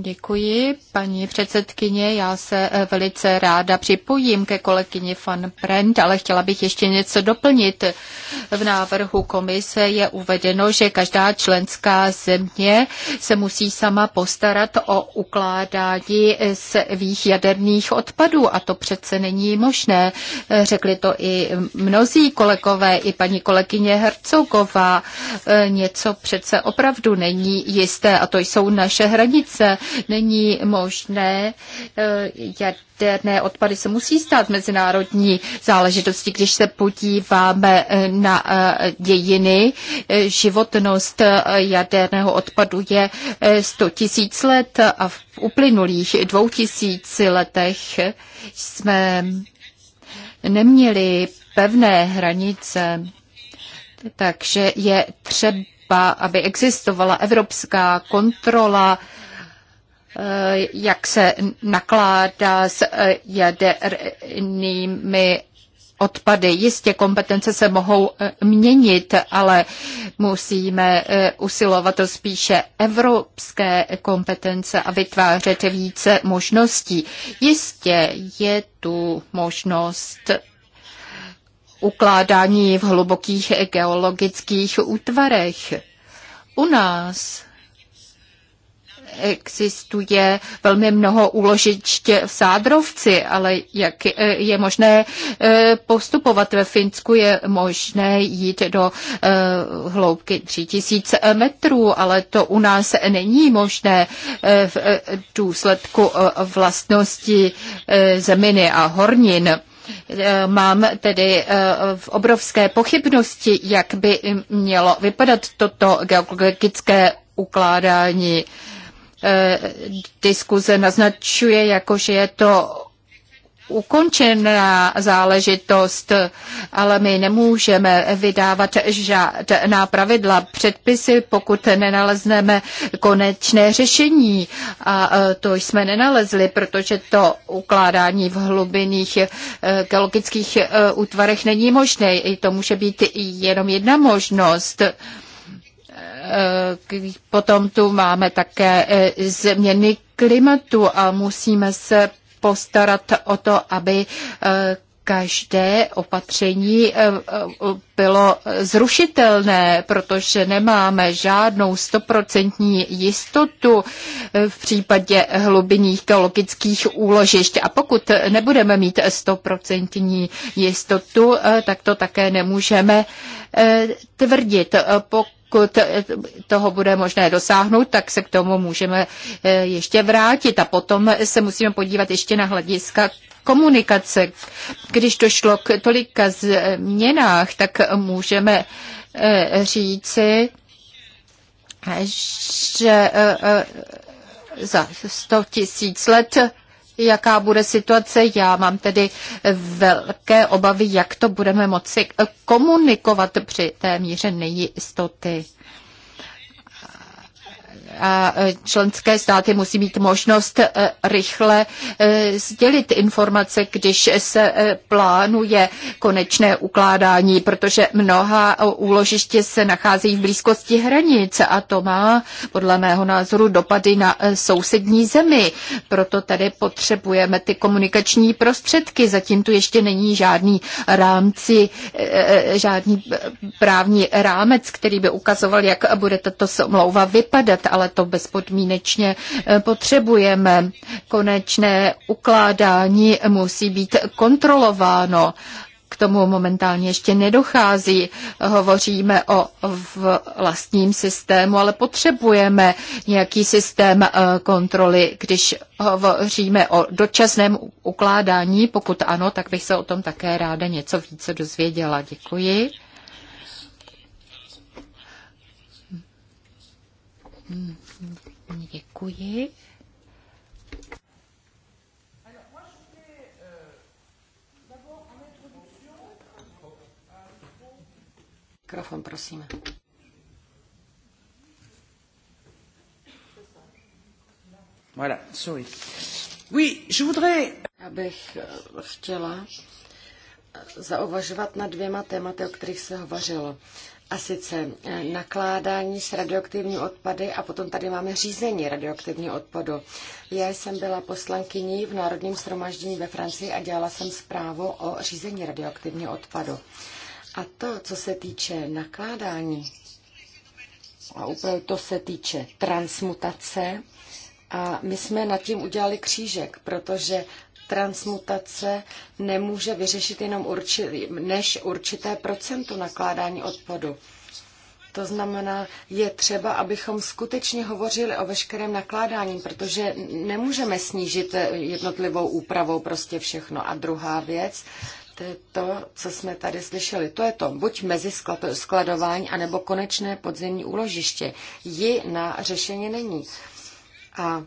Děkuji, paní předsedkyně. Já se eh, velice ráda připojím ke kolegyni van Brent, ale chtěla bych ještě něco doplnit. V návrhu komise je uvedeno, že každá členská země se musí sama postarat o ukládání svých jaderných odpadů a to přece není možné. Eh, řekli to i mnozí kolegové, i paní kolegyně Hercouková. Eh, něco přece opravdu není jisté a to jsou naše hranice není možné eh, jaderné odpady se musí stát mezinárodní záležitosti. Když se podíváme eh, na eh, dějiny, životnost jaderného odpadu je 100 tisíc let a v uplynulých dvou letech jsme neměli pevné hranice, takže je třeba, aby existovala evropská kontrola Eh, jak se nakládá s eh, jadernými odpady. Jistě kompetence se mohou eh, měnit, ale musíme usilovat o spíše evropské kompetence a vytvářet více možností. Jistě je tu možnost ukládání v hlubokých geologických útvarech. U nás existuje velmi mnoho úložišť v Sádrovci, ale jak je možné eh, postupovat ve Finsku, je možné jít do eh, hloubky 3000 metrů, ale to u nás není možné eh, v důsledku vlastnosti zeminy a hornin. Mám tedy v obrovské pochybnosti, jak by mělo vypadat toto geologické ukládání. Eh, diskuze naznačuje, jako že je to ukončená záležitost, ale my nemůžeme vydávat žádná pravidla, předpisy, pokud nenalezneme konečné řešení. A eh, to jsme nenalezli, protože to ukládání v hlubinných eh, geologických útvarech není možné. I to může být jenom jedna možnost. Eh, potom tu máme také eh, změny klimatu a musíme se postarat o to, aby eh, každé opatření bylo zrušitelné, protože nemáme žádnou stoprocentní jistotu v případě hlubinných geologických úložišť. A pokud nebudeme mít stoprocentní jistotu, tak to také nemůžeme tvrdit. Pokud pokud toho bude možné dosáhnout, tak se k tomu můžeme eh, ještě vrátit a potom se musíme podívat ještě na hlediska komunikace. Když došlo k tolika změnách, tak můžeme eh, říci, že eh, za 100 tisíc let jaká bude situace. Já mám tedy velké obavy, jak to budeme moci komunikovat při té míře nejistoty. A e, členské státy musí mít možnost e, rychle e, sdělit informace, když se plánuje konečné ukládání, protože mnoha úložiště se nacházejí v blízkosti hranic a to má podle mého názoru dopady na sousední zemi. Proto tady potřebujeme ty komunikační prostředky. Zatím tu ještě není žádný rámci, žádný právní rámec, který by ukazoval, jak bude tato smlouva vypadat, ale ale to bezpodmínečně eh, potřebujeme. Konečné ukládání musí být kontrolováno. K tomu momentálně ještě nedochází. Hovoříme o vlastním systému, ale potřebujeme nějaký systém eh, kontroly. Když hovoříme o dočasném ukládání, pokud ano, tak bych se o tom také ráda něco více dozvěděla. Děkuji. Mm, děkuji. Mikrofon, prosím. Voilà, sorry. Oui, je voudrais... Já bych eh, chtěla eh, zauvažovat na dvěma tématy, o kterých se hovořilo a sice eh, nakládání s radioaktivní odpady a potom tady máme řízení radioaktivního odpadu. Já jsem byla poslankyní v Národním shromaždění ve Francii a dělala jsem zprávu o řízení radioaktivního odpadu. A to, co se týče nakládání, a úplně to se týče transmutace, a my jsme nad tím udělali křížek, protože transmutace nemůže vyřešit jenom urči, než určité procento nakládání odpadu. To znamená, je třeba, abychom skutečně hovořili o veškerém nakládání, protože nemůžeme snížit jednotlivou úpravou prostě všechno. A druhá věc, to je to, co jsme tady slyšeli. To je to, buď mezi skladování, anebo konečné podzemní úložiště. Ji na řešení není. A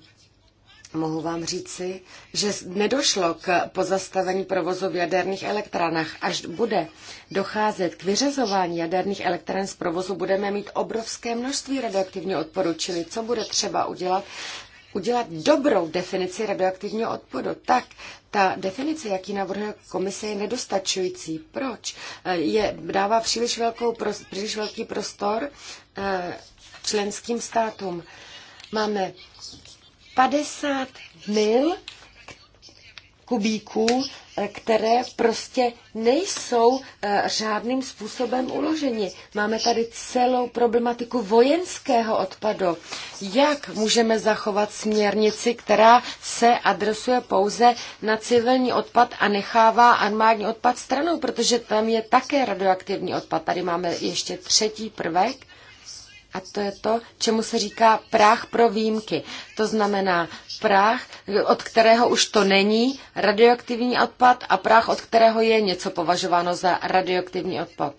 Mohu vám říci, že nedošlo k pozastavení provozu v jaderných elektrárnách. Až bude docházet k vyřazování jaderných elektráren z provozu, budeme mít obrovské množství radioaktivního odporu. Čili co bude třeba udělat, udělat dobrou definici radioaktivního odpadu. Tak ta definice, jaký navrhuje komise, je nedostačující. Proč? Eh, je, dává příliš, velkou, příliš velký prostor eh, členským státům. Máme 50 mil kubíků, které prostě nejsou eh, řádným způsobem uloženi. Máme tady celou problematiku vojenského odpadu. Jak můžeme zachovat směrnici, která se adresuje pouze na civilní odpad a nechává armádní odpad stranou, protože tam je také radioaktivní odpad. Tady máme ještě třetí prvek, a to je to, čemu se říká práh pro výjimky. To znamená práh, od kterého už to není radioaktivní odpad a práh, od kterého je něco považováno za radioaktivní odpad.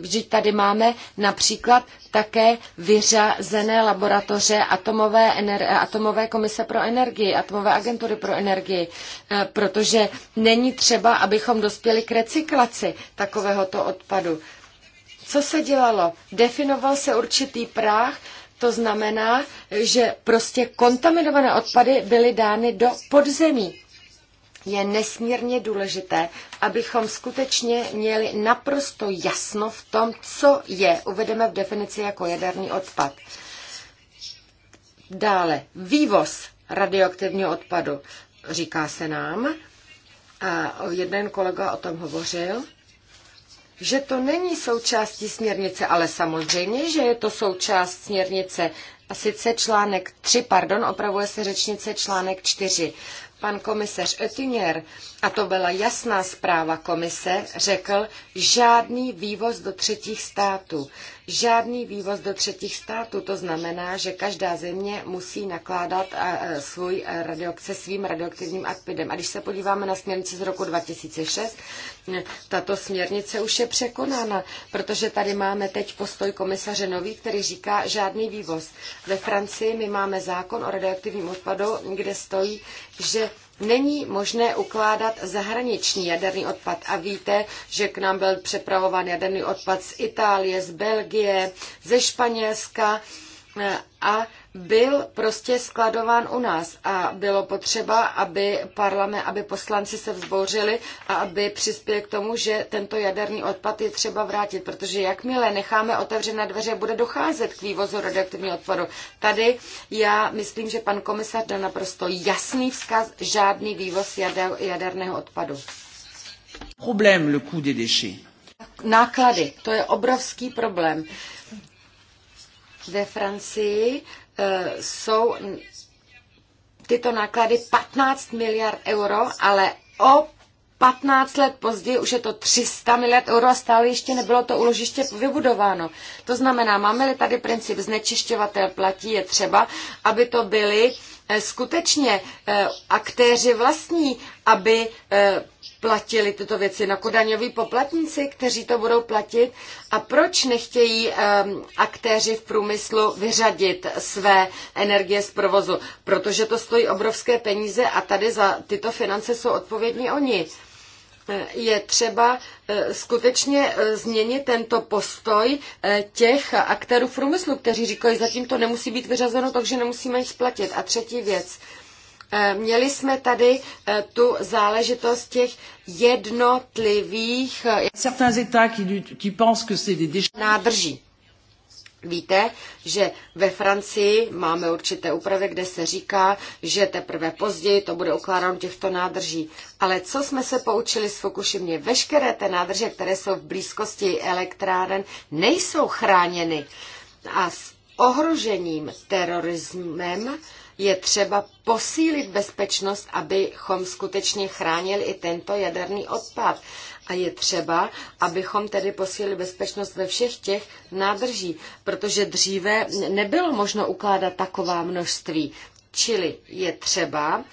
Vždyť tady máme například také vyřazené laboratoře atomové, ener- atomové komise pro energii, atomové agentury pro energii, eh, protože není třeba, abychom dospěli k recyklaci takovéhoto odpadu. Co se dělalo? Definoval se určitý práh, to znamená, že prostě kontaminované odpady byly dány do podzemí. Je nesmírně důležité, abychom skutečně měli naprosto jasno v tom, co je uvedeme v definici jako jaderný odpad. Dále, vývoz radioaktivního odpadu. Říká se nám, a jeden kolega o tom hovořil, že to není součástí směrnice, ale samozřejmě, že je to součást směrnice. A sice článek 3, pardon, opravuje se řečnice článek 4. Pan komisař Oettinger, a to byla jasná zpráva komise, řekl žádný vývoz do třetích států žádný vývoz do třetích států. To znamená, že každá země musí nakládat svůj se svým radioaktivním akpidem. A když se podíváme na směrnici z roku 2006, tato směrnice už je překonána, protože tady máme teď postoj komisaře Nový, který říká žádný vývoz. Ve Francii my máme zákon o radioaktivním odpadu, kde stojí, že není možné ukládat zahraniční jaderný odpad. A víte, že k nám byl přepravován jaderný odpad z Itálie, z Belgie, ze Španělska eh, a byl prostě skladován u nás a bylo potřeba, aby parlament, aby poslanci se vzbouřili a aby přispěli k tomu, že tento jaderný odpad je třeba vrátit, protože jakmile necháme otevřené dveře, bude docházet k vývozu radioaktivního odpadu. Tady já myslím, že pan komisař dal naprosto jasný vzkaz, žádný vývoz jader, jaderného odpadu. Problém, le coût des déchets. Náklady, to je obrovský problém. Ve Francii Eh, jsou tyto náklady 15 miliard euro, ale o 15 let později už je to 300 miliard euro a stále ještě nebylo to uložiště vybudováno. To znamená, máme-li tady princip znečišťovatel platí, je třeba, aby to byly eh, skutečně eh, aktéři vlastní, aby platili tyto věci? Jako daňoví poplatníci, kteří to budou platit? A proč nechtějí um, aktéři v průmyslu vyřadit své energie z provozu? Protože to stojí obrovské peníze a tady za tyto finance jsou odpovědní oni eh, je třeba eh, skutečně eh, změnit tento postoj těch aktérů v průmyslu, kteří říkají, zatím to nemusí být vyřazeno, takže nemusíme jich splatit. A třetí věc, Eh, měli jsme tady eh, tu záležitost těch jednotlivých eh, nádrží. Víte, že ve Francii máme určité úpravy, kde se říká, že teprve později to bude ukládáno těchto nádrží. Ale co jsme se poučili z Fukushimě? Veškeré ty nádrže, které jsou v blízkosti elektráren, nejsou chráněny. A s ohrožením terorismem je třeba posílit bezpečnost, abychom skutečně chránili i tento jaderný odpad. A je třeba, abychom tedy posílili bezpečnost ve všech těch nádrží, protože dříve nebylo možno ukládat taková množství. Čili je třeba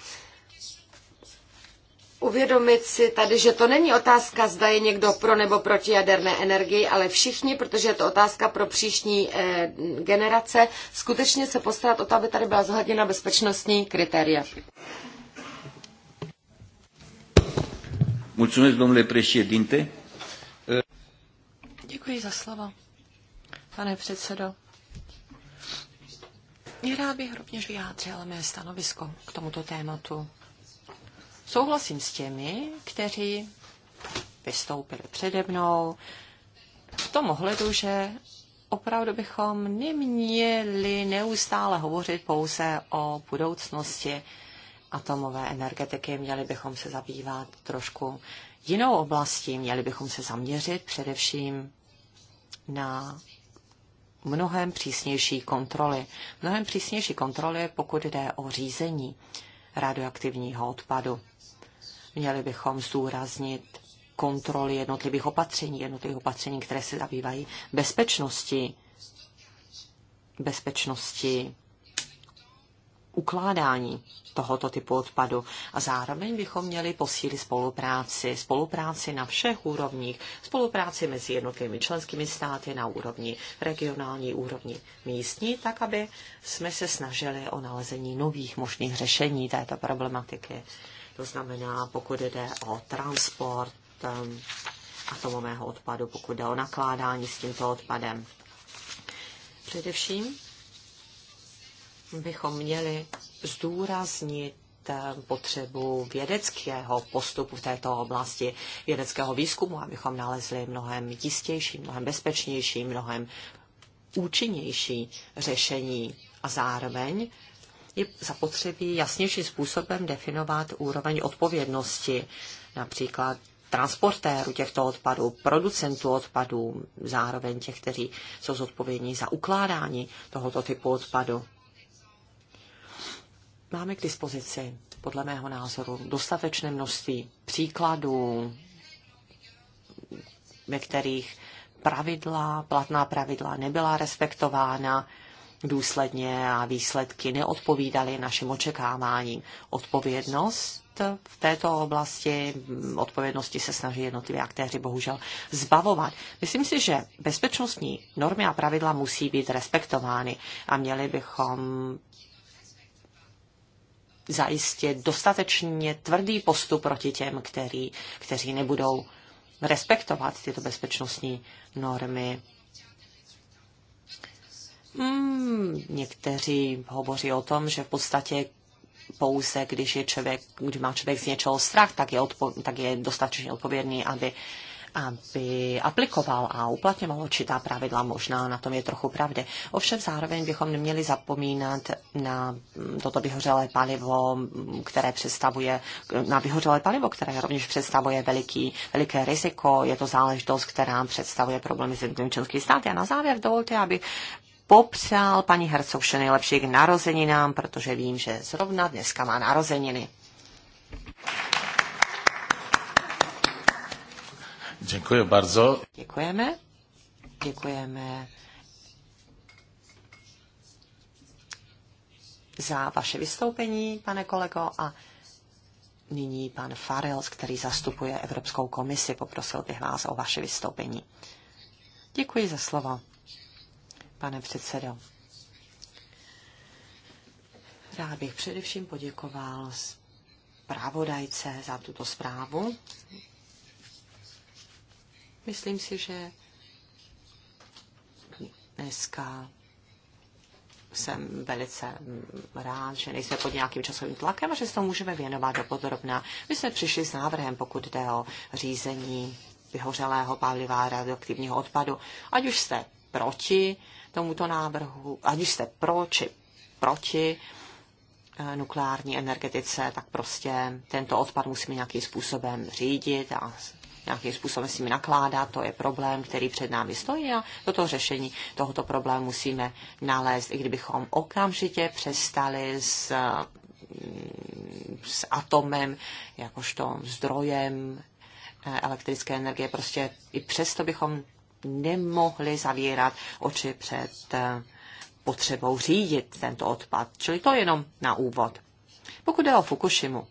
uvědomit si tady, že to není otázka, zda je někdo pro nebo proti jaderné energii, ale všichni, protože je to otázka pro příští eh, generace, skutečně se postarat o to, aby tady byla zohledněna bezpečnostní kritéria. Mulțumesc, domnule președinte. Děkuji za slovo, pane předsedo. Rád bych rovněž vyjádřil mé stanovisko k tomuto tématu. Souhlasím s těmi, kteří vystoupili přede mnou v tom ohledu, že opravdu bychom neměli neustále hovořit pouze o budoucnosti atomové energetiky. Měli bychom se zabývat trošku jinou oblastí. Měli bychom se zaměřit především na mnohem přísnější kontroly. Mnohem přísnější kontroly, pokud jde o řízení radioaktivního odpadu. Měli bychom zdůraznit kontroly jednotlivých opatření, jednotlivých opatření, které se zabývají bezpečnosti, bezpečnosti ukládání tohoto typu odpadu. A zároveň bychom měli posílit spolupráci, spolupráci na všech úrovních, spolupráci mezi jednotlivými členskými státy na úrovni regionální, úrovni místní, tak aby jsme se snažili o nalezení nových možných řešení této problematiky to znamená pokud jde o transport ehm, atomového odpadu, pokud jde o nakládání s tímto odpadem. Především bychom měli zdůraznit ehm, potřebu vědeckého postupu v této oblasti, vědeckého výzkumu, abychom nalezli mnohem jistější, mnohem bezpečnější, mnohem účinnější řešení a zároveň je zapotřebí jasnějším způsobem definovat úroveň odpovědnosti, například transportéru těchto odpadů, producentů odpadů, zároveň těch, kteří jsou zodpovědní za ukládání tohoto typu odpadu. Máme k dispozici, podle mého názoru, dostatečné množství příkladů, ve kterých pravidla, platná pravidla nebyla respektována důsledně a výsledky neodpovídaly našim očekáváním. Odpovědnost v této oblasti odpovědnosti se snaží jednotliví aktéři bohužel zbavovat. Myslím si, že bezpečnostní normy a pravidla musí být respektovány a měli bychom zajistit dostatečně tvrdý postup proti těm, který, kteří nebudou respektovat tyto bezpečnostní normy. Mm, někteří hovoří o tom, že v podstatě pouze, když, je člověk, když má člověk z něčeho strach, tak je, odpo- tak je dostatečně odpovědný, aby, aby aplikoval a uplatňoval určitá pravidla. Možná na tom je trochu pravdy. Ovšem zároveň bychom neměli zapomínat na toto vyhořelé palivo, které představuje, na vyhořelé palivo, které rovněž představuje veliký, veliké riziko. Je to záležitost, která představuje problémy s jednotlivými členskými státy. A na závěr dovolte, aby popřál paní Hercovše nejlepší k narozeninám, protože vím, že zrovna dneska má narozeniny. Děkuji bardzo. Děkujeme. Děkujeme za vaše vystoupení, pane kolego, a nyní pan Farels, který zastupuje Evropskou komisi, poprosil bych vás o vaše vystoupení. Děkuji za slovo pane předsedo. Rád bych především poděkoval právodajce za tuto zprávu. Myslím si, že dneska jsem velice rád, že nejsme pod nějakým časovým tlakem a že se to můžeme věnovat do podrobna. My jsme přišli s návrhem, pokud jde o řízení vyhořelého pálivá radioaktivního odpadu. Ať už jste proti tomuto návrhu, ať už jste pro či proti eh, nukleární energetice, tak prostě tento odpad musíme nějakým způsobem řídit a nějakým způsobem s nimi nakládat, to je problém, který před námi stojí a toto řešení tohoto problému musíme nalézt, i kdybychom okamžitě přestali s, mm, s atomem jakožto zdrojem eh, elektrické energie. Prostě i přesto bychom nemohli zavírat oči před eh, potřebou řídit tento odpad. Čili to jenom na úvod. Pokud jde o Fukushimu,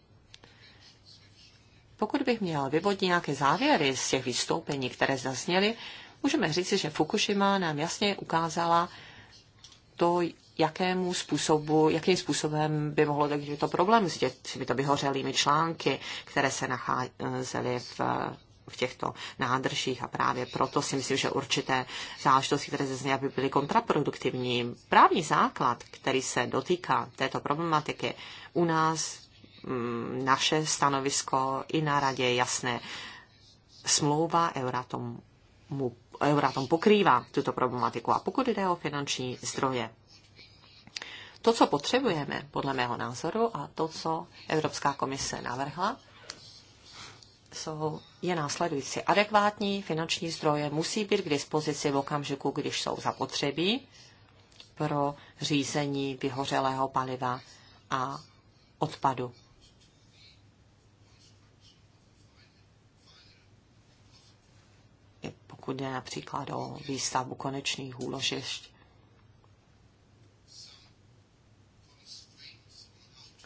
pokud bych měl vyvodit nějaké závěry z těch vystoupení, které zazněly, můžeme říci, že Fukushima nám jasně ukázala to, jakému způsobu, jakým způsobem by mohlo takže to problém s dětmi, to vyhořelými články, které se nacházely v v těchto nádržích a právě proto si myslím, že určité záležitosti, které zazněly, aby byly kontraproduktivní. Právní základ, který se dotýká této problematiky, u nás mm, naše stanovisko i na radě je jasné. Smlouva Euratom, mu, Euratom pokrývá tuto problematiku. A pokud jde o finanční zdroje, to, co potřebujeme, podle mého názoru, a to, co Evropská komise navrhla, jsou, je následující. Adekvátní finanční zdroje musí být k dispozici v okamžiku, když jsou zapotřebí pro řízení vyhořelého paliva a odpadu. Pokud jde například o výstavbu konečných úložišť.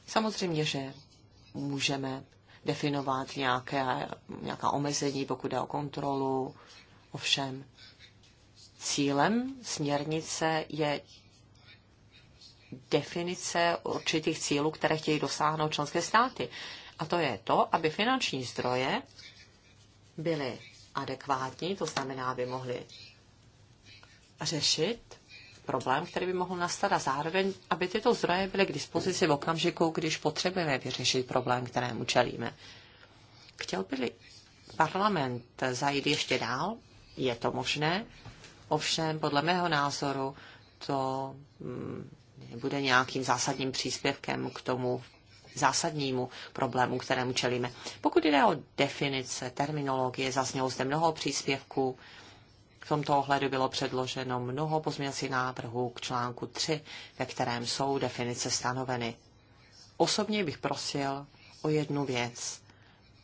Samozřejmě, že můžeme definovat nějaké, nějaká omezení, pokud jde o kontrolu. Ovšem, cílem směrnice je definice určitých cílů, které chtějí dosáhnout členské státy. A to je to, aby finanční zdroje byly adekvátní, to znamená, aby mohly řešit problém, který by mohl nastat a zároveň, aby tyto zdroje byly k dispozici v okamžiku, když potřebujeme vyřešit problém, kterému čelíme. Chtěl by parlament zajít ještě dál? Je to možné? Ovšem, podle mého názoru, to mm, bude nějakým zásadním příspěvkem k tomu zásadnímu problému, kterému čelíme. Pokud jde o definice, terminologie, zaznělo zde mnoho příspěvků. V tomto ohledu bylo předloženo mnoho pozměňovacích návrhů k článku 3, ve kterém jsou definice stanoveny. Osobně bych prosil o jednu věc.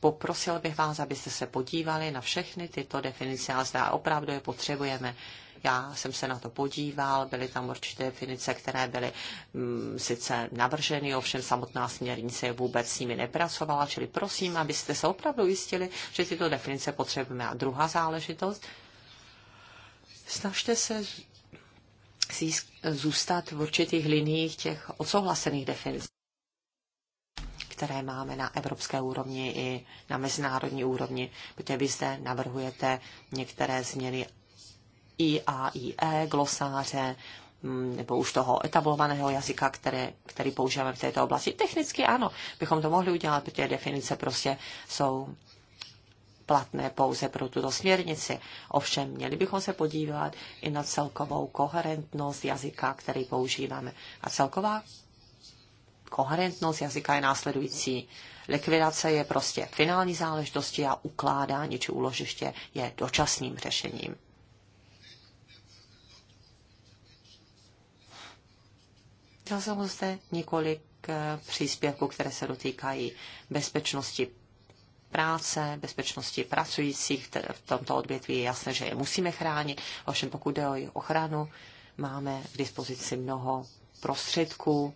Poprosil bych vás, abyste se podívali na všechny tyto definice a zda opravdu je potřebujeme. Já jsem se na to podíval, byly tam určité definice, které byly mm, sice navrženy, ovšem samotná směrnice vůbec s nimi nepracovala, čili prosím, abyste se opravdu jistili, že tyto definice potřebujeme. A druhá záležitost, Snažte se zůstat v určitých liniích těch odsouhlasených definic které máme na evropské úrovni i na mezinárodní úrovni, protože vy zde navrhujete některé změny IAIE, glosáře, mm, nebo už toho etablovaného jazyka, které, který používáme v této oblasti. Technicky ano, bychom to mohli udělat, protože definice prostě jsou platné pouze pro tuto směrnici. Ovšem, měli bychom se podívat i na celkovou koherentnost jazyka, který používáme. A celková koherentnost jazyka je následující. Likvidace je prostě finální záležitostí a ukládání či úložiště je dočasným řešením. Dal jsem zde několik eh, příspěvků, které se dotýkají bezpečnosti práce, bezpečnosti pracujících v tomto odvětví. Je jasné, že je musíme chránit, ovšem pokud jde o jejich ochranu, máme k dispozici mnoho prostředků.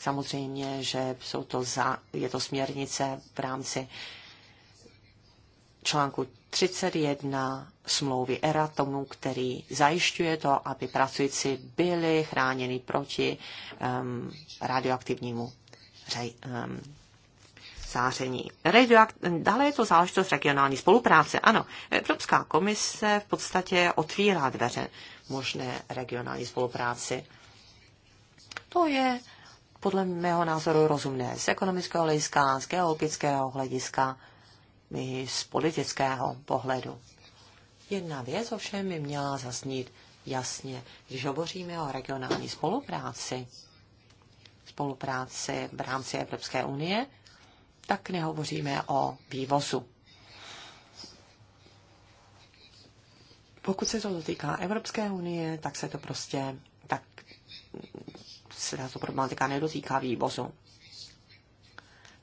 Samozřejmě, že jsou to za, je to směrnice v rámci článku 31 smlouvy ERA tomu, který zajišťuje to, aby pracující byli chráněni proti um, radioaktivnímu um, záření. Radioakt- Dále je to záležitost regionální spolupráce. Ano, Evropská komise v podstatě otvírá dveře možné regionální spolupráci. To je podle mého názoru rozumné z ekonomického hlediska, z geologického hlediska i z politického pohledu. Jedna věc ovšem by měla zasnít jasně, když hovoříme o regionální spolupráci, spolupráci v rámci Evropské unie, tak nehovoříme o vývozu. Pokud se to dotýká Evropské unie, tak se to prostě, tak se tato problematika nedotýká vývozu.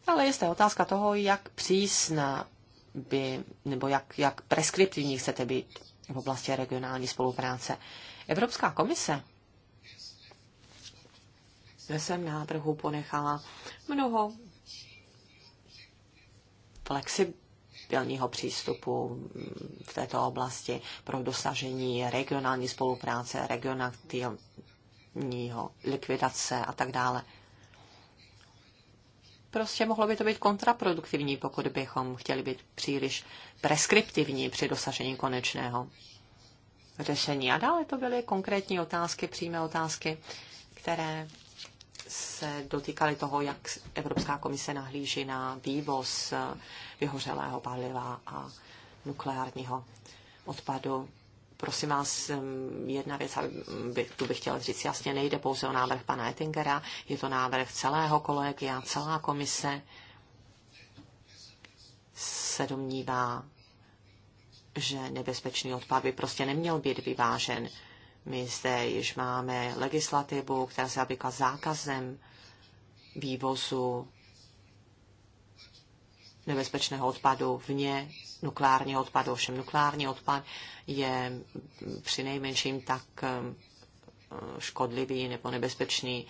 Ale je to otázka toho, jak přísná by, nebo jak, jak preskriptivní chcete být v oblasti regionální spolupráce. Evropská komise ve svém návrhu ponechala mnoho flexibilního přístupu mm, v této oblasti pro dosažení regionální spolupráce, regionálního likvidace a tak dále. Prostě mohlo by to být kontraproduktivní, pokud bychom chtěli být příliš preskriptivní při dosažení konečného řešení. A dále to byly konkrétní otázky, přímé otázky, které se dotýkaly toho, jak Evropská komise nahlíží na vývoz vyhořelého paliva a nukleárního odpadu. Prosím vás, um, jedna věc, aby, um, tu bych chtěla říct jasně, nejde pouze o návrh pana Ettingera, je to návrh celého kolegia, celá komise se domnívá, že nebezpečný odpad by prostě neměl být vyvážen my zde již máme legislativu, která se zabývá zákazem vývozu nebezpečného odpadu vně nukleárního odpadu. Ovšem nukleární odpad je při nejmenším tak um, škodlivý nebo nebezpečný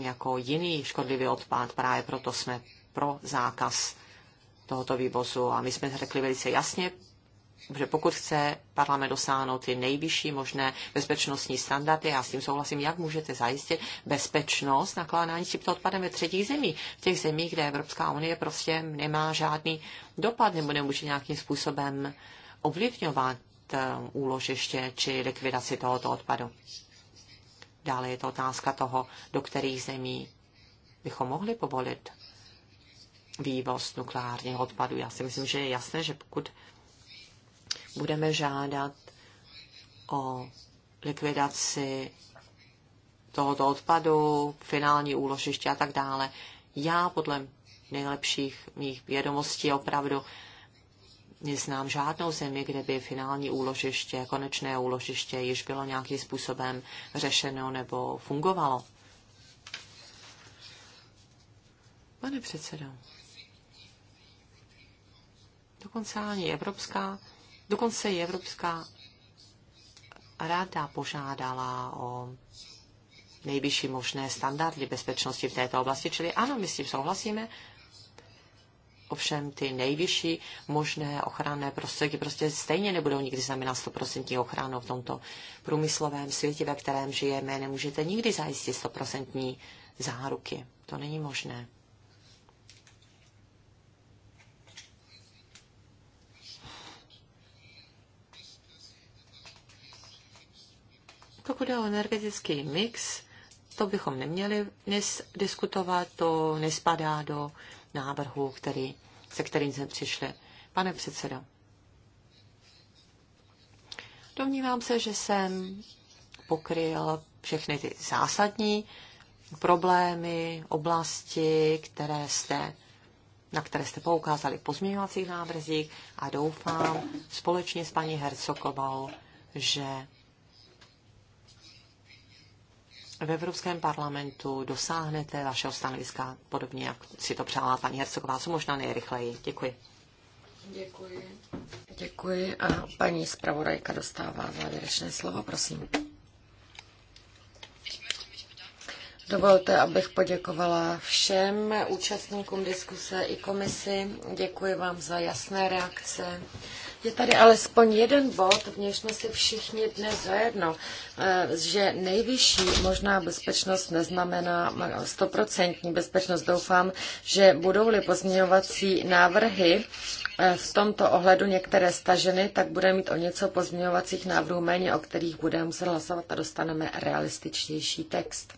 jako jiný škodlivý odpad. Právě proto jsme pro zákaz tohoto vývozu. A my jsme řekli velice jasně, že pokud chce parlament dosáhnout ty nejvyšší možné bezpečnostní standardy, já s tím souhlasím, jak můžete zajistit bezpečnost nakládání s tímto odpadem ve třetích zemí, v těch zemích, kde Evropská unie prostě nemá žádný dopad nebo nemůže nějakým způsobem ovlivňovat eh, úložiště či likvidaci tohoto odpadu. Dále je to otázka toho, do kterých zemí bychom mohli povolit vývoz nukleárního odpadu. Já si myslím, že je jasné, že pokud budeme žádat o likvidaci tohoto odpadu, finální úložiště a tak dále. Já podle nejlepších mých vědomostí opravdu neznám žádnou zemi, kde by finální úložiště, konečné úložiště již bylo nějakým způsobem řešeno nebo fungovalo. Pane předsedo, dokonce ani Evropská Dokonce i Evropská rada požádala o nejvyšší možné standardy bezpečnosti v této oblasti, čili ano, my s tím souhlasíme, ovšem ty nejvyšší možné ochranné prostředky prostě stejně nebudou nikdy znamenat 100% ochranu v tomto průmyslovém světě, ve kterém žijeme, nemůžete nikdy zajistit stoprocentní záruky. To není možné. Pokud je o energetický mix, to bychom neměli dnes diskutovat, to nespadá do návrhu, který, se kterým jsme přišli. Pane předsedo, domnívám se, že jsem pokryl všechny ty zásadní problémy, oblasti, které jste, na které jste poukázali v pozměňovacích návrzích a doufám společně s paní Hercokovou, že v Evropském parlamentu dosáhnete vašeho stanoviska, podobně jak si to přála paní Hercegová, co možná nejrychleji. Děkuji. Děkuji. Děkuji a paní zpravodajka dostává závěrečné slovo, prosím. Dovolte, abych poděkovala všem účastníkům diskuse i komisi. Děkuji vám za jasné reakce je tady alespoň jeden bod, v něž jsme si všichni dnes zajedno, eh, že nejvyšší možná bezpečnost neznamená stoprocentní bezpečnost. Doufám, že budou-li pozměňovací návrhy eh, v tomto ohledu některé staženy, tak bude mít o něco pozměňovacích návrhů méně, o kterých budeme muset hlasovat a dostaneme realističtější text.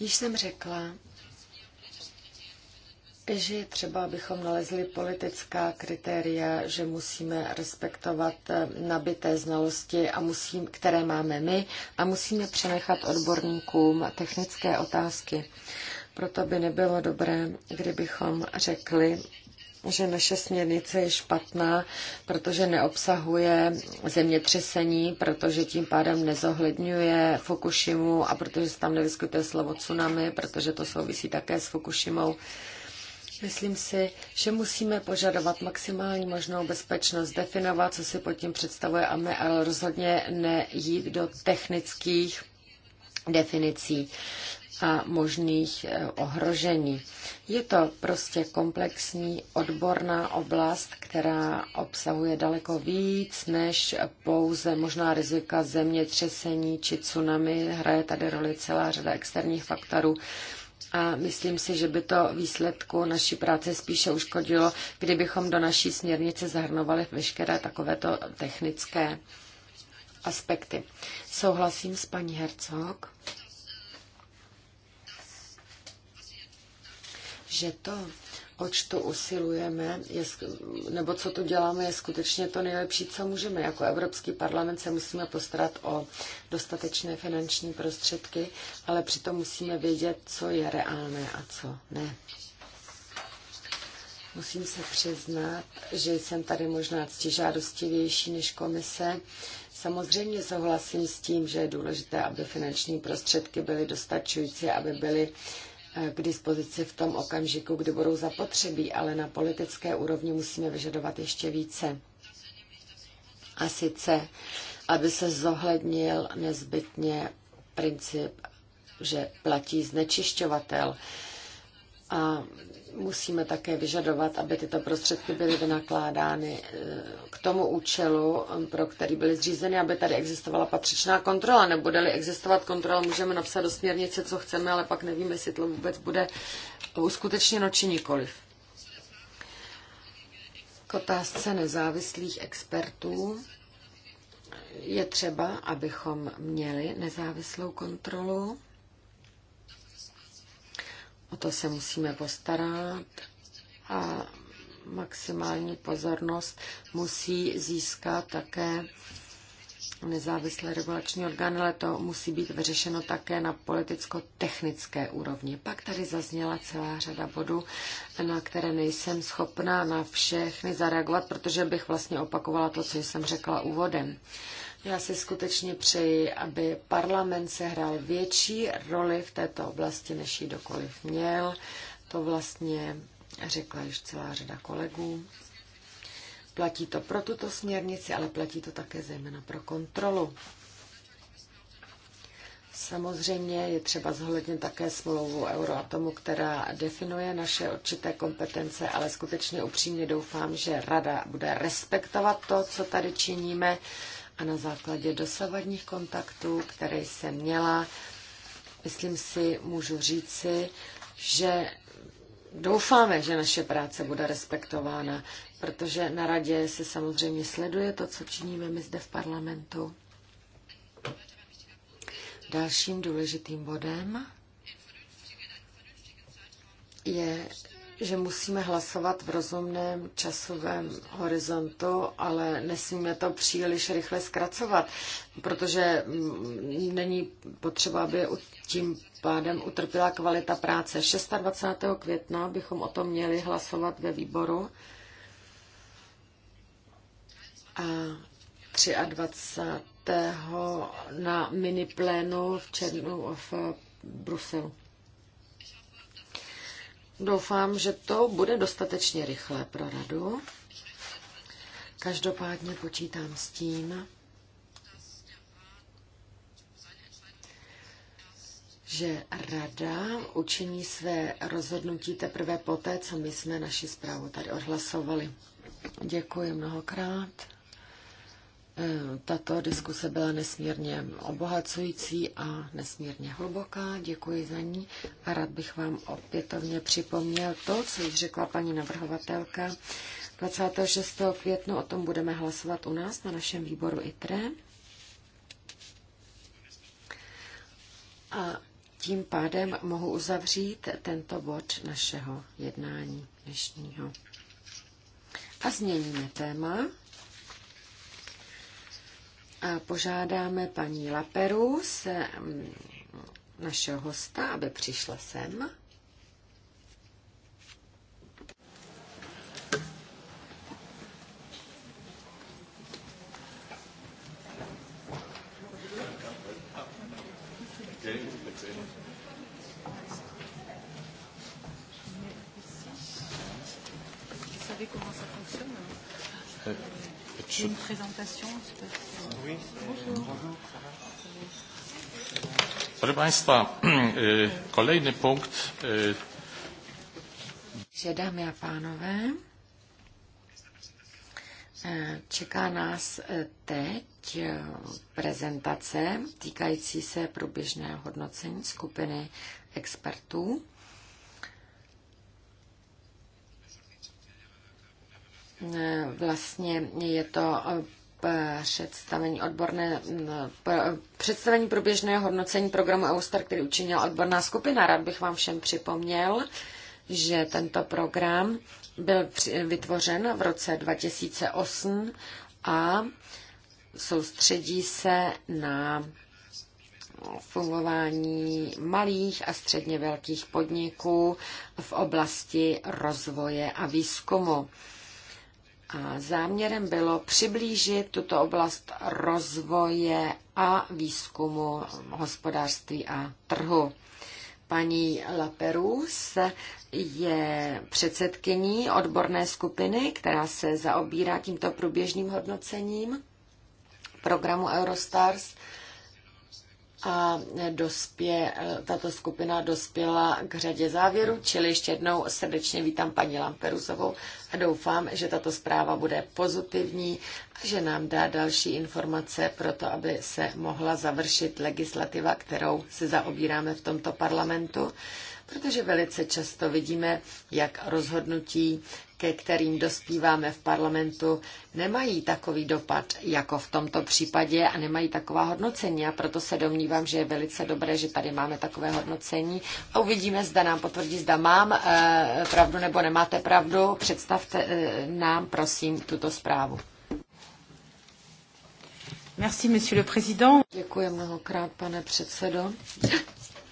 Již jsem řekla, že je třeba, abychom nalezli politická kritéria, že musíme respektovat eh, nabité znalosti, a musím, které máme my, a musíme přenechat odborníkům technické otázky. Proto by nebylo dobré, kdybychom řekli, že naše směrnice je špatná, protože neobsahuje zemětřesení, protože tím pádem nezohledňuje Fukushimu a protože se tam nevyskytuje slovo tsunami, protože to souvisí také s Fukushimou. Myslím si, že musíme požadovat maximální možnou bezpečnost, definovat, co si pod tím představujeme, ale rozhodně nejít do technických definicí a možných e, ohrožení. Je to prostě komplexní odborná oblast, která obsahuje daleko víc než pouze možná rizika zemětřesení či tsunami. Hraje tady roli celá řada externích faktorů myslím si, že by to výsledku naší práce spíše uškodilo, kdybychom do naší směrnice zahrnovali veškeré takovéto technické aspekty. Souhlasím s paní Hercog, že to, oč to usilujeme, je, nebo co tu děláme, je skutečně to nejlepší, co můžeme. Jako Evropský parlament se musíme postarat o dostatečné finanční prostředky, ale přitom musíme vědět, co je reálné a co ne. Musím se přiznat, že jsem tady možná ctižádostivější než komise. Samozřejmě souhlasím s tím, že je důležité, aby finanční prostředky byly dostačující, aby byly uh, k dispozici v tom okamžiku, kdy budou zapotřebí, ale na politické úrovni musíme vyžadovat ještě více. A sice, aby se zohlednil nezbytně princip, že platí znečišťovatel. A musíme také vyžadovat, aby tyto prostředky byly vynakládány eh, k tomu účelu, eh, pro který byly zřízeny, aby tady existovala patřičná kontrola. Nebude-li existovat kontrola, můžeme napsat do směrnice, co chceme, ale pak nevíme, jestli to vůbec bude uskutečněno či nikoliv. K otázce nezávislých expertů je třeba, abychom měli nezávislou kontrolu O to se musíme postarat a maximální pozornost musí získat také nezávislé regulační orgány, ale to musí být vyřešeno také na politicko-technické úrovni. Pak tady zazněla celá řada bodů, na které nejsem schopná na všechny zareagovat, protože bych vlastně opakovala to, co jsem řekla úvodem. Já si skutečně přeji, aby parlament sehrál větší roli v této oblasti, než ji dokoliv měl. To vlastně řekla již celá řada kolegů. Platí to pro tuto směrnici, ale platí to také zejména pro kontrolu. Samozřejmě je třeba zohlednit také smlouvu Euroatomu, která definuje naše určité kompetence, ale skutečně upřímně doufám, že Rada bude respektovat to, co tady činíme a na základě dosavadních kontaktů, které jsem měla, myslím si, můžu říci, že doufáme, že naše práce bude respektována, protože na radě se samozřejmě sleduje to, co činíme my zde v parlamentu. Dalším důležitým bodem je že musíme hlasovat v rozumném časovém horizontu, ale nesmíme to příliš rychle zkracovat, protože mm, není potřeba, aby tím pádem utrpěla kvalita práce. 26. května bychom o tom měli hlasovat ve výboru. A 23. na plénu v Černu v Bruselu. Doufám, že to bude dostatečně rychlé pro radu. Každopádně počítám s tím, že rada učiní své rozhodnutí teprve poté, co my jsme naši zprávu tady odhlasovali. Děkuji mnohokrát. Eh, tato diskuse byla nesmírně obohacující a nesmírně hluboká. Děkuji za ní a rád bych vám opětovně připomněl to, co již řekla paní navrhovatelka. 26. květnu o tom budeme hlasovat u nás na našem výboru ITRE. A tím pádem mohu uzavřít tento bod našeho jednání dnešního. A změníme téma požádáme paní Laperu, se, mm, našeho hosta, aby přišla sem. une présentation. Oui. Bonjour. Proszę Państwa, [CLEARS THROAT] kolejny punkt. Dámy a panowie. čeká nás e, teď e, prezentace týkající se průběžného hodnocení skupiny expertů E, vlastně je to e, představení odborné, e, představení proběžného hodnocení programu EUSTAR, který učinila odborná skupina. Rád bych vám všem připomněl, že tento program byl vytvořen v roce 2008 a soustředí se na fungování malých a středně velkých podniků v oblasti rozvoje a výzkumu. A záměrem bylo přiblížit tuto oblast rozvoje a výzkumu hospodářství a trhu. Paní Laperus je předsedkyní odborné skupiny, která se zaobírá tímto průběžným hodnocením programu Eurostars a dospě, tato skupina dospěla k řadě závěrů, čili ještě jednou srdečně vítám paní Lamperusovou a doufám, že tato zpráva bude pozitivní a že nám dá další informace pro to, aby se mohla završit legislativa, kterou se zaobíráme v tomto parlamentu protože velice často vidíme, jak rozhodnutí, ke kterým dospíváme v parlamentu, nemají takový dopad jako v tomto případě a nemají taková hodnocení. A proto se domnívám, že je velice dobré, že tady máme takové hodnocení. A uvidíme, zda nám potvrdí, zda mám e, pravdu nebo nemáte pravdu. Představte e, nám, prosím, tuto zprávu. Merci, monsieur le président. Děkuji mnohokrát, pane předsedo.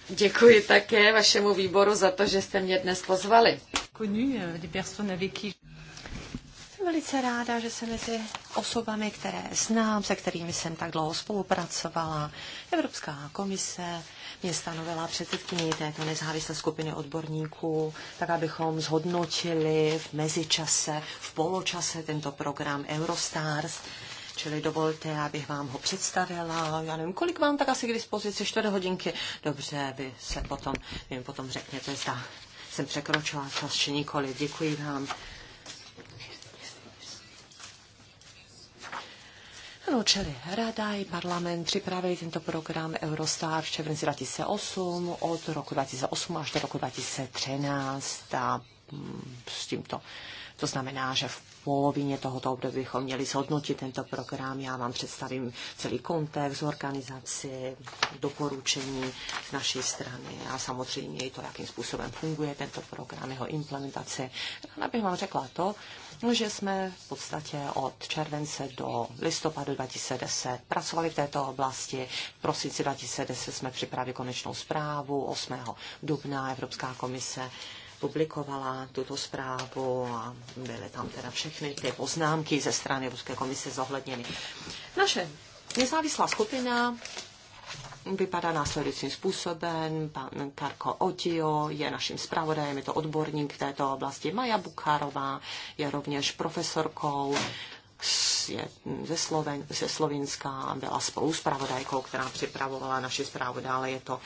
Děkuji také vašemu výboru za to, že jste mě dnes pozvali. Eh, jsem velice ráda, že jsem mezi osobami, které znám, se kterými jsem tak dlouho spolupracovala. Evropská komise mě stanovila předsedkyní této nezávislé skupiny odborníků, tak abychom zhodnotili v mezičase, v poločase tento program Eurostars čili dovolte, abych vám ho představila. Já nevím, kolik vám tak asi k dispozici, čtvrt hodinky. Dobře, vy se potom, vím, potom řekněte, zda jsem překročila čas či nikoli. Děkuji vám. Ano, čili Rada i parlament připravili tento program Eurostar v červenci 2008 od roku 2008 až do roku 2013 a mm, s tímto to znamená, že v polovině tohoto období bychom měli zhodnotit tento program. Já vám představím celý kontext, organizaci, doporučení z naší strany a samozřejmě i to, jakým způsobem funguje tento program, jeho implementace. Ráda bych vám řekla to, že jsme v podstatě od července do listopadu 2010 pracovali v této oblasti. V prosinci 2010 jsme připravili konečnou zprávu. 8. dubna Evropská komise publikovala tuto zprávu a byly tam teda všechny ty poznámky ze strany Ruské komise zohledněny. Naše nezávislá skupina vypadá následujícím způsobem. Pan Karko Otio je naším zpravodajem, je to odborník v této oblasti. Maja Bukárová je rovněž profesorkou je ze, Sloven, ze Slovinska a byla spoluzpravodajkou, která připravovala naši zprávu. Dále je to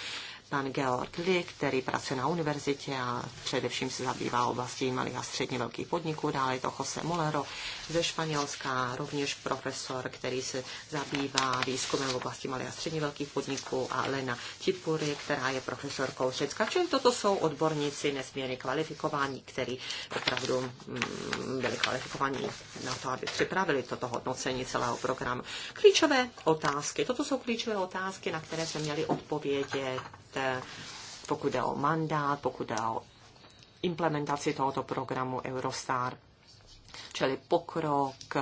pan Georg Lee, který pracuje na univerzitě a především se zabývá oblastí malých a středně velkých podniků. Dále je to Jose Molero ze Španělska, rovněž profesor, který se zabývá výzkumem v oblasti malých a středně velkých podniků a Lena Tipury, která je profesorkou Řecka. Čili toto jsou odborníci nesmírně kvalifikovaní, kteří opravdu mm, byli kvalifikovaní na to, aby připravili toto hodnocení celého programu. Klíčové otázky. Toto jsou klíčové otázky, na které se měli odpovědět Eh, pokud jde o mandát, pokud jde o implementaci tohoto programu Eurostar čili pokrok, eh,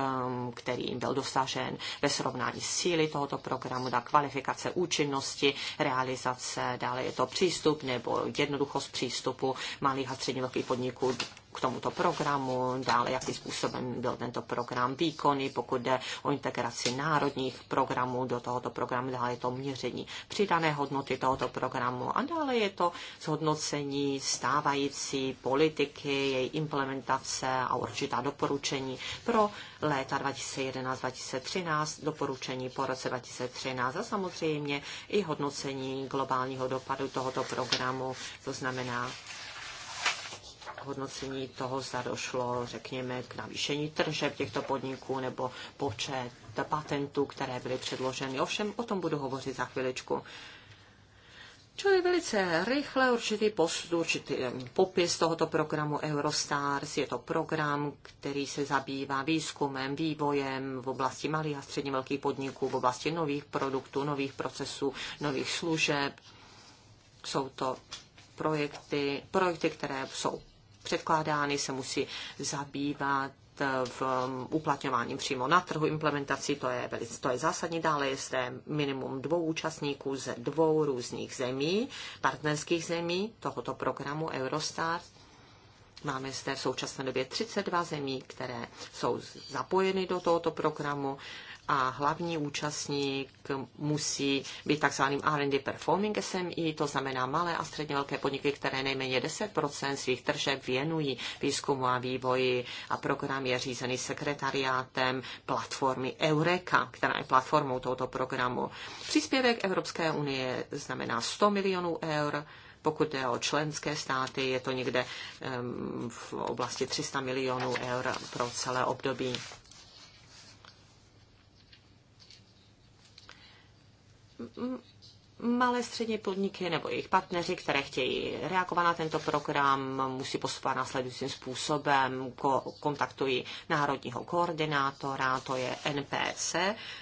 který byl dosažen ve srovnání s síly tohoto programu, na kvalifikace účinnosti, realizace, dále je to přístup nebo jednoduchost přístupu malých a středně velkých podniků k tomuto programu, dále jakým způsobem byl tento program výkonný, pokud jde o integraci národních programů do tohoto programu, dále je to měření přidané hodnoty tohoto programu a dále je to zhodnocení stávající politiky, její implementace a určitá doporučení pro léta 2011-2013, doporučení po roce 2013 a samozřejmě i hodnocení globálního dopadu tohoto programu, to znamená hodnocení toho, zda došlo, řekněme, k navýšení tržeb těchto podniků nebo počet patentů, které byly předloženy. Ovšem, o tom budu hovořit za chviličku. Čili velice rychle určitý, post, určitý popis tohoto programu Eurostars. Je to program, který se zabývá výzkumem, vývojem v oblasti malých a středně velkých podniků, v oblasti nových produktů, nových procesů, nových služeb. Jsou to projekty, projekty, které jsou předkládány, se musí zabývat eh, v um, uplatňování přímo na trhu implementací, to je, velice, to je zásadní. Dále je zde minimum dvou účastníků ze dvou různých zemí, partnerských zemí tohoto programu Eurostart Máme zde v současné době 32 zemí, které jsou zapojeny do tohoto programu a hlavní účastník musí být takzvaným R&D Performing SMI, to znamená malé a středně velké podniky, které nejméně 10% svých tržeb věnují výzkumu a vývoji a program je řízený sekretariátem platformy Eureka, která je platformou tohoto programu. Příspěvek Evropské unie znamená 100 milionů eur, pokud je o členské státy, je to někde v oblasti 300 milionů eur pro celé období. malé střední podniky nebo jejich partneři, které chtějí reagovat na tento program, musí postupovat následujícím způsobem, ko- kontaktují národního koordinátora, to je NPC,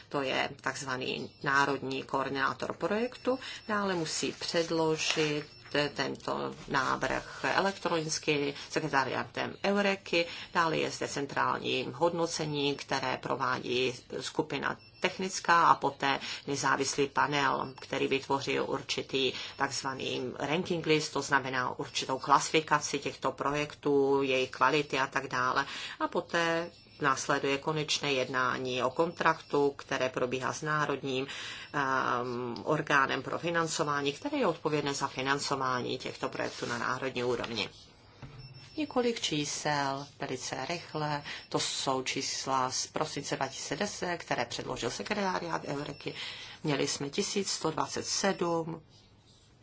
to je takzvaný národní koordinátor projektu, dále musí předložit tento návrh elektronicky sekretariatem Eureky. Dále je zde centrální hodnocení, které provádí skupina technická a poté nezávislý panel, který vytvořil určitý takzvaný ranking list, to znamená určitou klasifikaci těchto projektů, jejich kvality a tak dále. A poté následuje konečné jednání o kontraktu, které probíhá s národním um, orgánem pro financování, které je odpovědné za financování těchto projektů na národní úrovni. Několik čísel, velice rychle. To jsou čísla z prosince 2010, které předložil sekretariát Eureky. Měli jsme 1127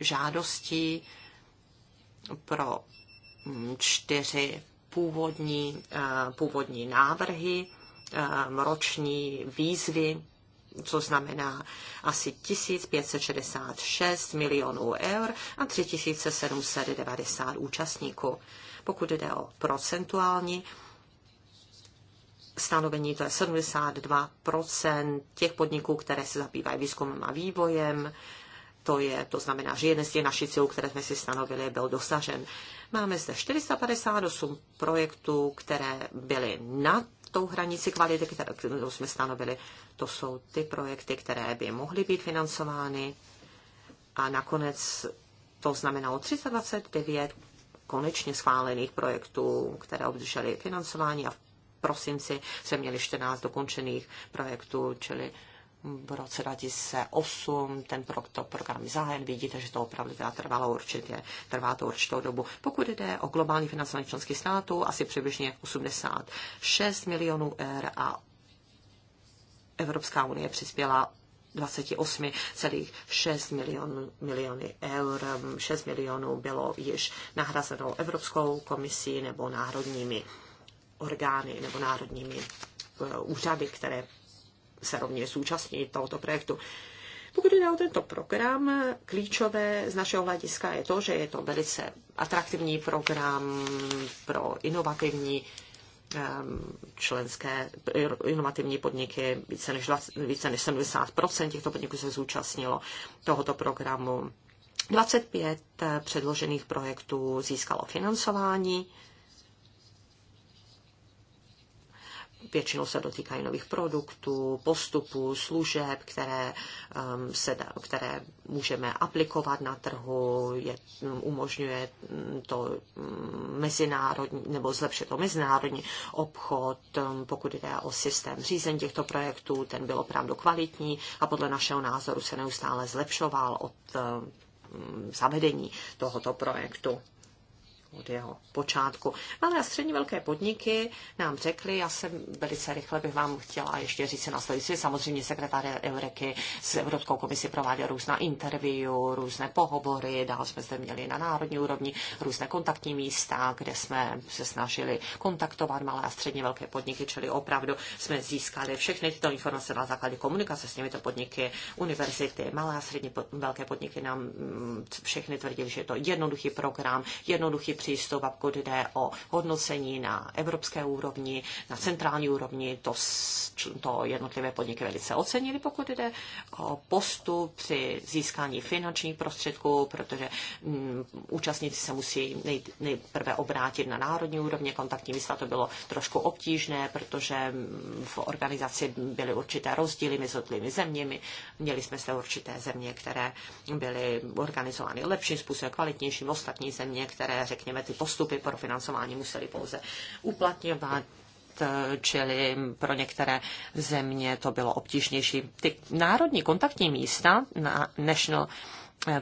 žádostí pro mm, čtyři původní, eh, původní návrhy, eh, roční výzvy, co znamená asi 1566 milionů eur a 3790 účastníků. Pokud jde o procentuální stanovení, to je 72 těch podniků, které se zabývají výzkumem a vývojem, to je, to znamená, že jeden z těch našich cílů, které jsme si stanovili, byl dosažen. Máme zde 458 projektů, které byly nad tou hranici kvality, kterou jsme stanovili. To jsou ty projekty, které by mohly být financovány. A nakonec to znamenalo 329 konečně schválených projektů, které obdržely financování a v prosinci jsme měli 14 dokončených projektů, čili v roce 2008 ten pro, to program zahájen. Vidíte, že to opravdu teda trvalo určitě, trvá to určitou dobu. Pokud jde o globální financování členských států, asi přibližně 86 milionů eur a Evropská unie přispěla 28,6 milion, miliony eur. 6 milionů bylo již nahrazeno Evropskou komisí nebo národními orgány nebo národními eh, úřady, které se rovněž zúčastní tohoto projektu. Pokud jde o tento program, klíčové z našeho hlediska je to, že je to velice atraktivní program pro inovativní ehm, členské inovativní podniky, více než, 20, více než 70% těchto podniků se zúčastnilo tohoto programu. 25 eh, předložených projektů získalo financování Většinou se dotýkají nových produktů, postupů, služeb, které, um, se da, které můžeme aplikovat na trhu, je, um, umožňuje um, to um, mezinárodní, nebo zlepšuje to mezinárodní obchod, um, pokud jde o systém řízení těchto projektů, ten byl opravdu kvalitní a podle našeho názoru se neustále zlepšoval od um, zavedení tohoto projektu od jeho počátku. Malé a střední velké podniky nám řekly, já jsem velice rychle bych vám chtěla ještě říct následující. Samozřejmě sekretář Eureky s Evropskou komisí prováděl různá interview, různé pohovory, dál jsme zde měli na národní úrovni různé kontaktní místa, kde jsme se snažili kontaktovat malé a středně velké podniky, čili opravdu jsme získali všechny tyto informace na základě komunikace s těmito podniky, univerzity, malé a středně velké podniky nám mm, všechny tvrdili, že je to jednoduchý program, jednoduchý přístup, a pokud jde o hodnocení na evropské úrovni, na centrální úrovni, to, to jednotlivé podniky velice ocenili, pokud jde o postup při získání finančních prostředků, protože m, mm, účastníci se musí nej, nejprve obrátit na národní úrovně, kontaktní místa to bylo trošku obtížné, protože mm, v organizaci byly určité rozdíly mezi jednotlivými zeměmi, měli jsme se určité země, které byly organizovány lepším způsobem, kvalitnějším, ostatní země, které, řekněme, řekněme, ty postupy pro financování museli pouze uplatňovat čili pro některé země to bylo obtížnější. Ty národní kontaktní místa na National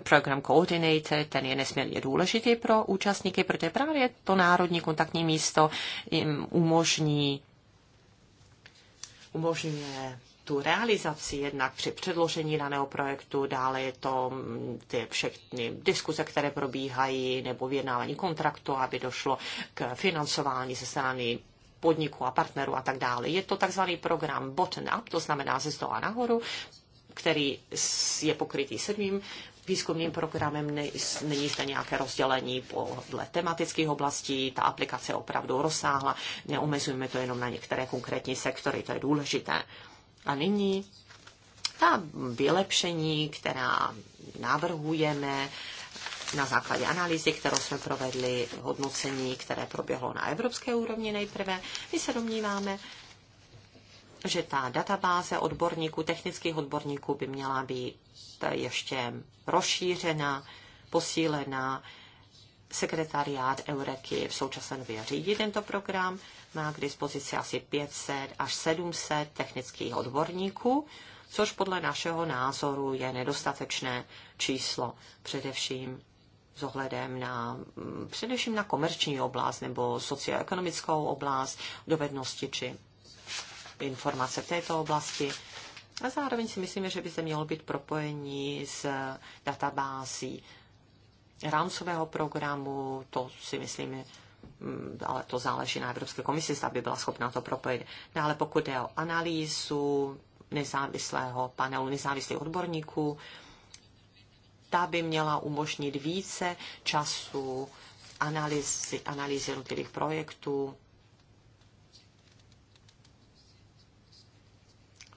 Program Coordinator, ten je nesmírně důležitý pro účastníky, protože právě to národní kontaktní místo jim umožní umožňuje tu realizaci jednak při předložení daného projektu, dále je to mm, ty všechny diskuze, které probíhají, nebo vyjednávání kontraktu, aby došlo k financování ze strany podniku a partnerů a tak dále. Je to takzvaný program bottom-up, to znamená ze zdola nahoru, který je pokrytý sedmým výzkumným programem není zde nějaké rozdělení podle tematických oblastí. Ta aplikace je opravdu rozsáhla, neomezujeme to jenom na některé konkrétní sektory, to je důležité. A nyní ta vylepšení, která navrhujeme na základě analýzy, kterou jsme provedli, hodnocení, které proběhlo na evropské úrovni nejprve, my se domníváme, že ta databáze odborníků, technických odborníků by měla být ještě rozšířena, posílena, sekretariát Eureky v současné době řídí tento program, má k dispozici asi 500 až 700 technických odborníků, což podle našeho názoru je nedostatečné číslo, především s ohledem na, mm, především na komerční oblast nebo socioekonomickou oblast, dovednosti či informace v této oblasti. A zároveň si myslíme, že by se mělo být propojení s databází rámcového programu, to si myslím, mm, ale to záleží na Evropské komisi, zda by byla schopná to propojit. Dále no, pokud jde o analýzu nezávislého panelu nezávislých odborníků, ta by měla umožnit více času analýzy, analýzy jednotlivých projektů.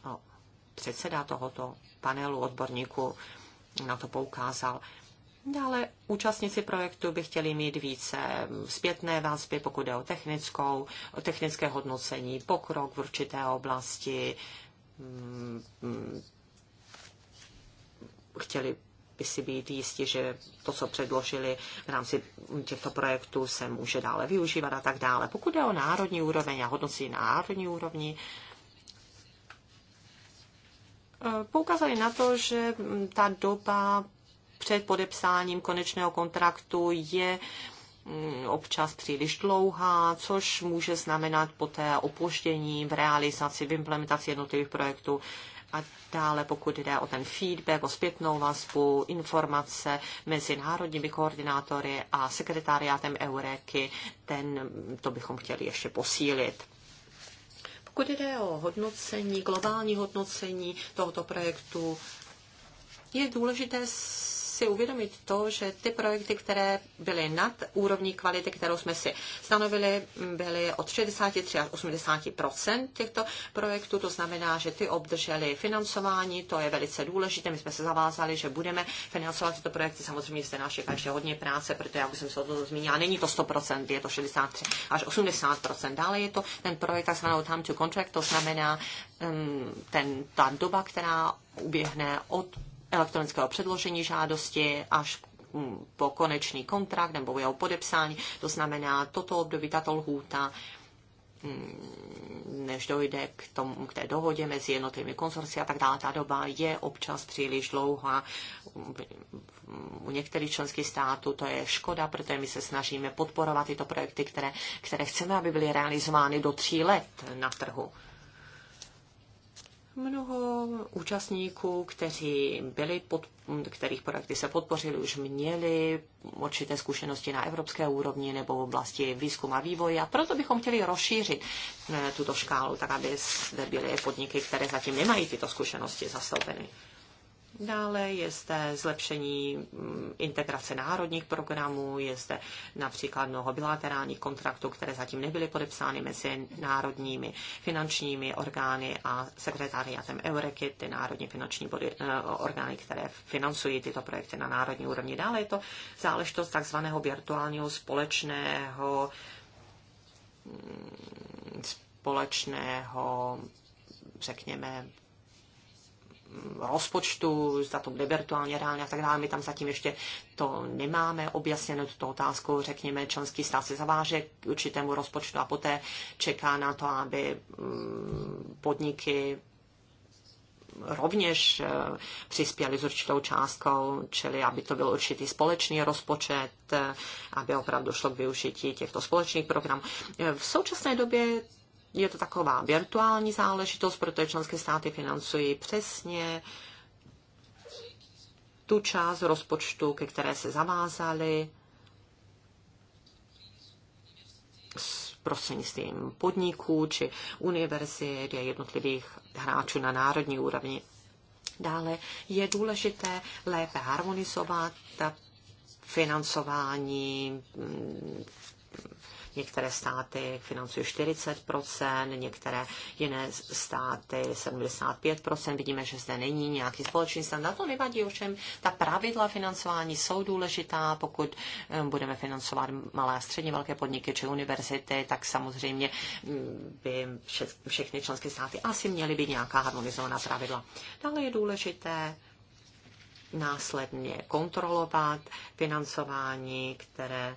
No, předseda tohoto panelu odborníků na to poukázal. Dále účastníci projektu by chtěli mít více zpětné vazby, pokud je o technickou, o technické hodnocení, pokrok v určité oblasti. Mm, chtěli by si být jistí, že to, co předložili v rámci těchto projektů, se může dále využívat a tak dále. Pokud je o národní úroveň a hodnocení na národní úrovni, eh, poukázali na to, že ta doba před podepsáním konečného kontraktu je mm, občas příliš dlouhá, což může znamenat poté opoždění v realizaci, v implementaci jednotlivých projektů. A dále, pokud jde o ten feedback, o zpětnou vazbu, informace mezi národními koordinátory a sekretariátem Eureky, ten, to bychom chtěli ještě posílit. Pokud jde o hodnocení, globální hodnocení tohoto projektu, je důležité si uvědomit to, že ty projekty, které byly nad úrovní kvality, kterou jsme si stanovili, byly od 63 až 80 těchto projektů. To znamená, že ty obdržely financování, to je velice důležité. My jsme se zavázali, že budeme financovat tyto projekty. Samozřejmě jste naše každé hodně práce, protože, já už jsem se o to zmínila, není to 100 je to 63 až 80 Dále je to ten projekt takzvanou time to contract, to znamená ten, ta doba, která uběhne od elektronického předložení žádosti až mm, po konečný kontrakt nebo jeho podepsání. To znamená, toto období, tato lhůta, mm, než dojde k, tomu, k té dohodě mezi jednotlivými konzorci a tak dále, ta doba je občas příliš dlouhá. U některých členských států to je škoda, protože my se snažíme podporovat tyto projekty, které, které chceme, aby byly realizovány do tří let na trhu. Mnoho účastníků, kteří byli pod, kterých projekty se podpořili, už měli určité zkušenosti na evropské úrovni nebo v oblasti výzkumu a vývoje. A proto bychom chtěli rozšířit eh, tuto škálu, tak aby zde byly podniky, které zatím nemají tyto zkušenosti zastoupeny. Dále je zde zlepšení mm, integrace národních programů, je zde například mnoho bilaterálních kontraktů, které zatím nebyly podepsány mezi národními finančními orgány a sekretariátem Eureky, ty národní finanční body, eh, orgány, které financují tyto projekty na národní úrovni. Dále je to záležitost takzvaného virtuálního společného mm, společného, řekněme, rozpočtu, za to bude virtuálně reálně a tak dále. My tam zatím ještě to nemáme objasněno, tuto otázku, řekněme, členský stát se zaváže k určitému rozpočtu a poté čeká na to, aby mm, podniky rovněž eh, přispěli s určitou částkou, čili aby to byl určitý společný rozpočet, eh, aby opravdu šlo k využití těchto společných programů. Eh, v současné době je to taková virtuální záležitost, protože členské státy financují přesně tu část rozpočtu, ke které se zavázaly s prostřednictvím podniků či univerzit a jednotlivých hráčů na národní úrovni. Dále je důležité lépe harmonizovat financování mm, Některé státy financují 40%, některé jiné státy 75%. Vidíme, že zde není nějaký společný standard. To nevadí, ovšem ta pravidla financování jsou důležitá. Pokud eh, budeme financovat malé a středně velké podniky či univerzity, tak samozřejmě mm, by všechny členské státy asi měly být nějaká harmonizovaná pravidla. Dále je důležité následně kontrolovat financování, které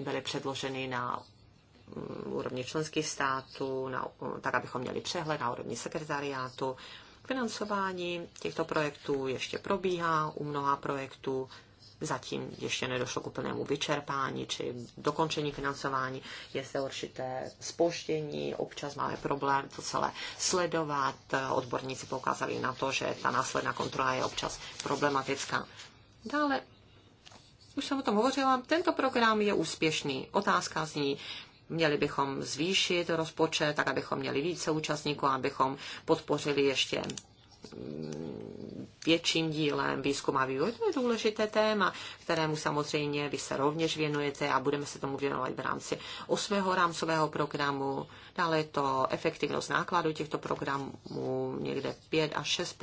byly předloženy na mm, úrovni členských států, na, tak abychom měli přehled na úrovni sekretariátu. Financování těchto projektů ještě probíhá u mnoha projektů. Zatím ještě nedošlo k úplnému vyčerpání či dokončení financování. Je zde určité spoštění, občas máme problém to celé sledovat. Odborníci poukázali na to, že ta následná kontrola je občas problematická. Dále už jsem o tom hovořila, tento program je úspěšný. Otázka zní, měli bychom zvýšit rozpočet, tak abychom měli více účastníků, abychom podpořili ještě Mm, větším dílem výzkum a vývoj. To je důležité téma, kterému samozřejmě vy se rovněž věnujete a budeme se tomu věnovat v rámci osmého rámcového programu. Dále je to efektivnost nákladů těchto programů, někde 5 až 6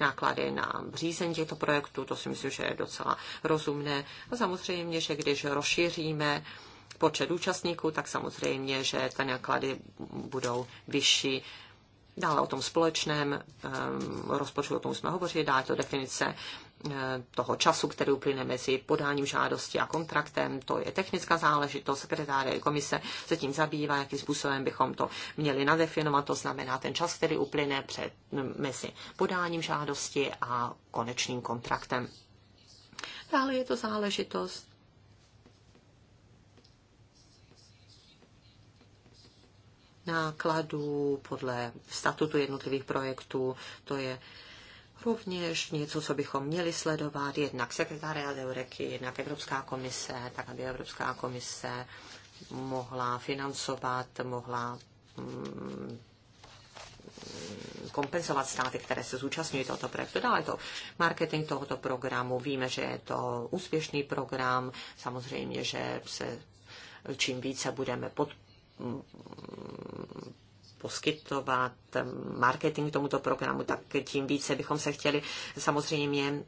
náklady na řízení těchto projektů, to si myslím, že je docela rozumné. A samozřejmě, že když rozšíříme počet účastníků, tak samozřejmě, že ty náklady budou vyšší. Dále o tom společném ehm, rozpočtu, o tom jsme hovořili, dále to definice eh, toho času, který uplyne mezi podáním žádosti a kontraktem. To je technická záležitost. Sekretáře komise se tím zabývá, jakým způsobem bychom to měli nadefinovat. To znamená ten čas, který uplyne před, mezi podáním žádosti a konečným kontraktem. Dále je to záležitost nákladů, podle statutu jednotlivých projektů. To je rovněž něco, co bychom měli sledovat, jednak sekretariat Eureky, jednak Evropská komise, tak aby Evropská komise mohla financovat, mohla mm, kompenzovat státy, které se zúčastňují tohoto projektu. Dále to marketing tohoto programu. Víme, že je to úspěšný program. Samozřejmě, že se čím více budeme podporovat, poskytovat marketing tomuto programu, tak tím více bychom se chtěli samozřejmě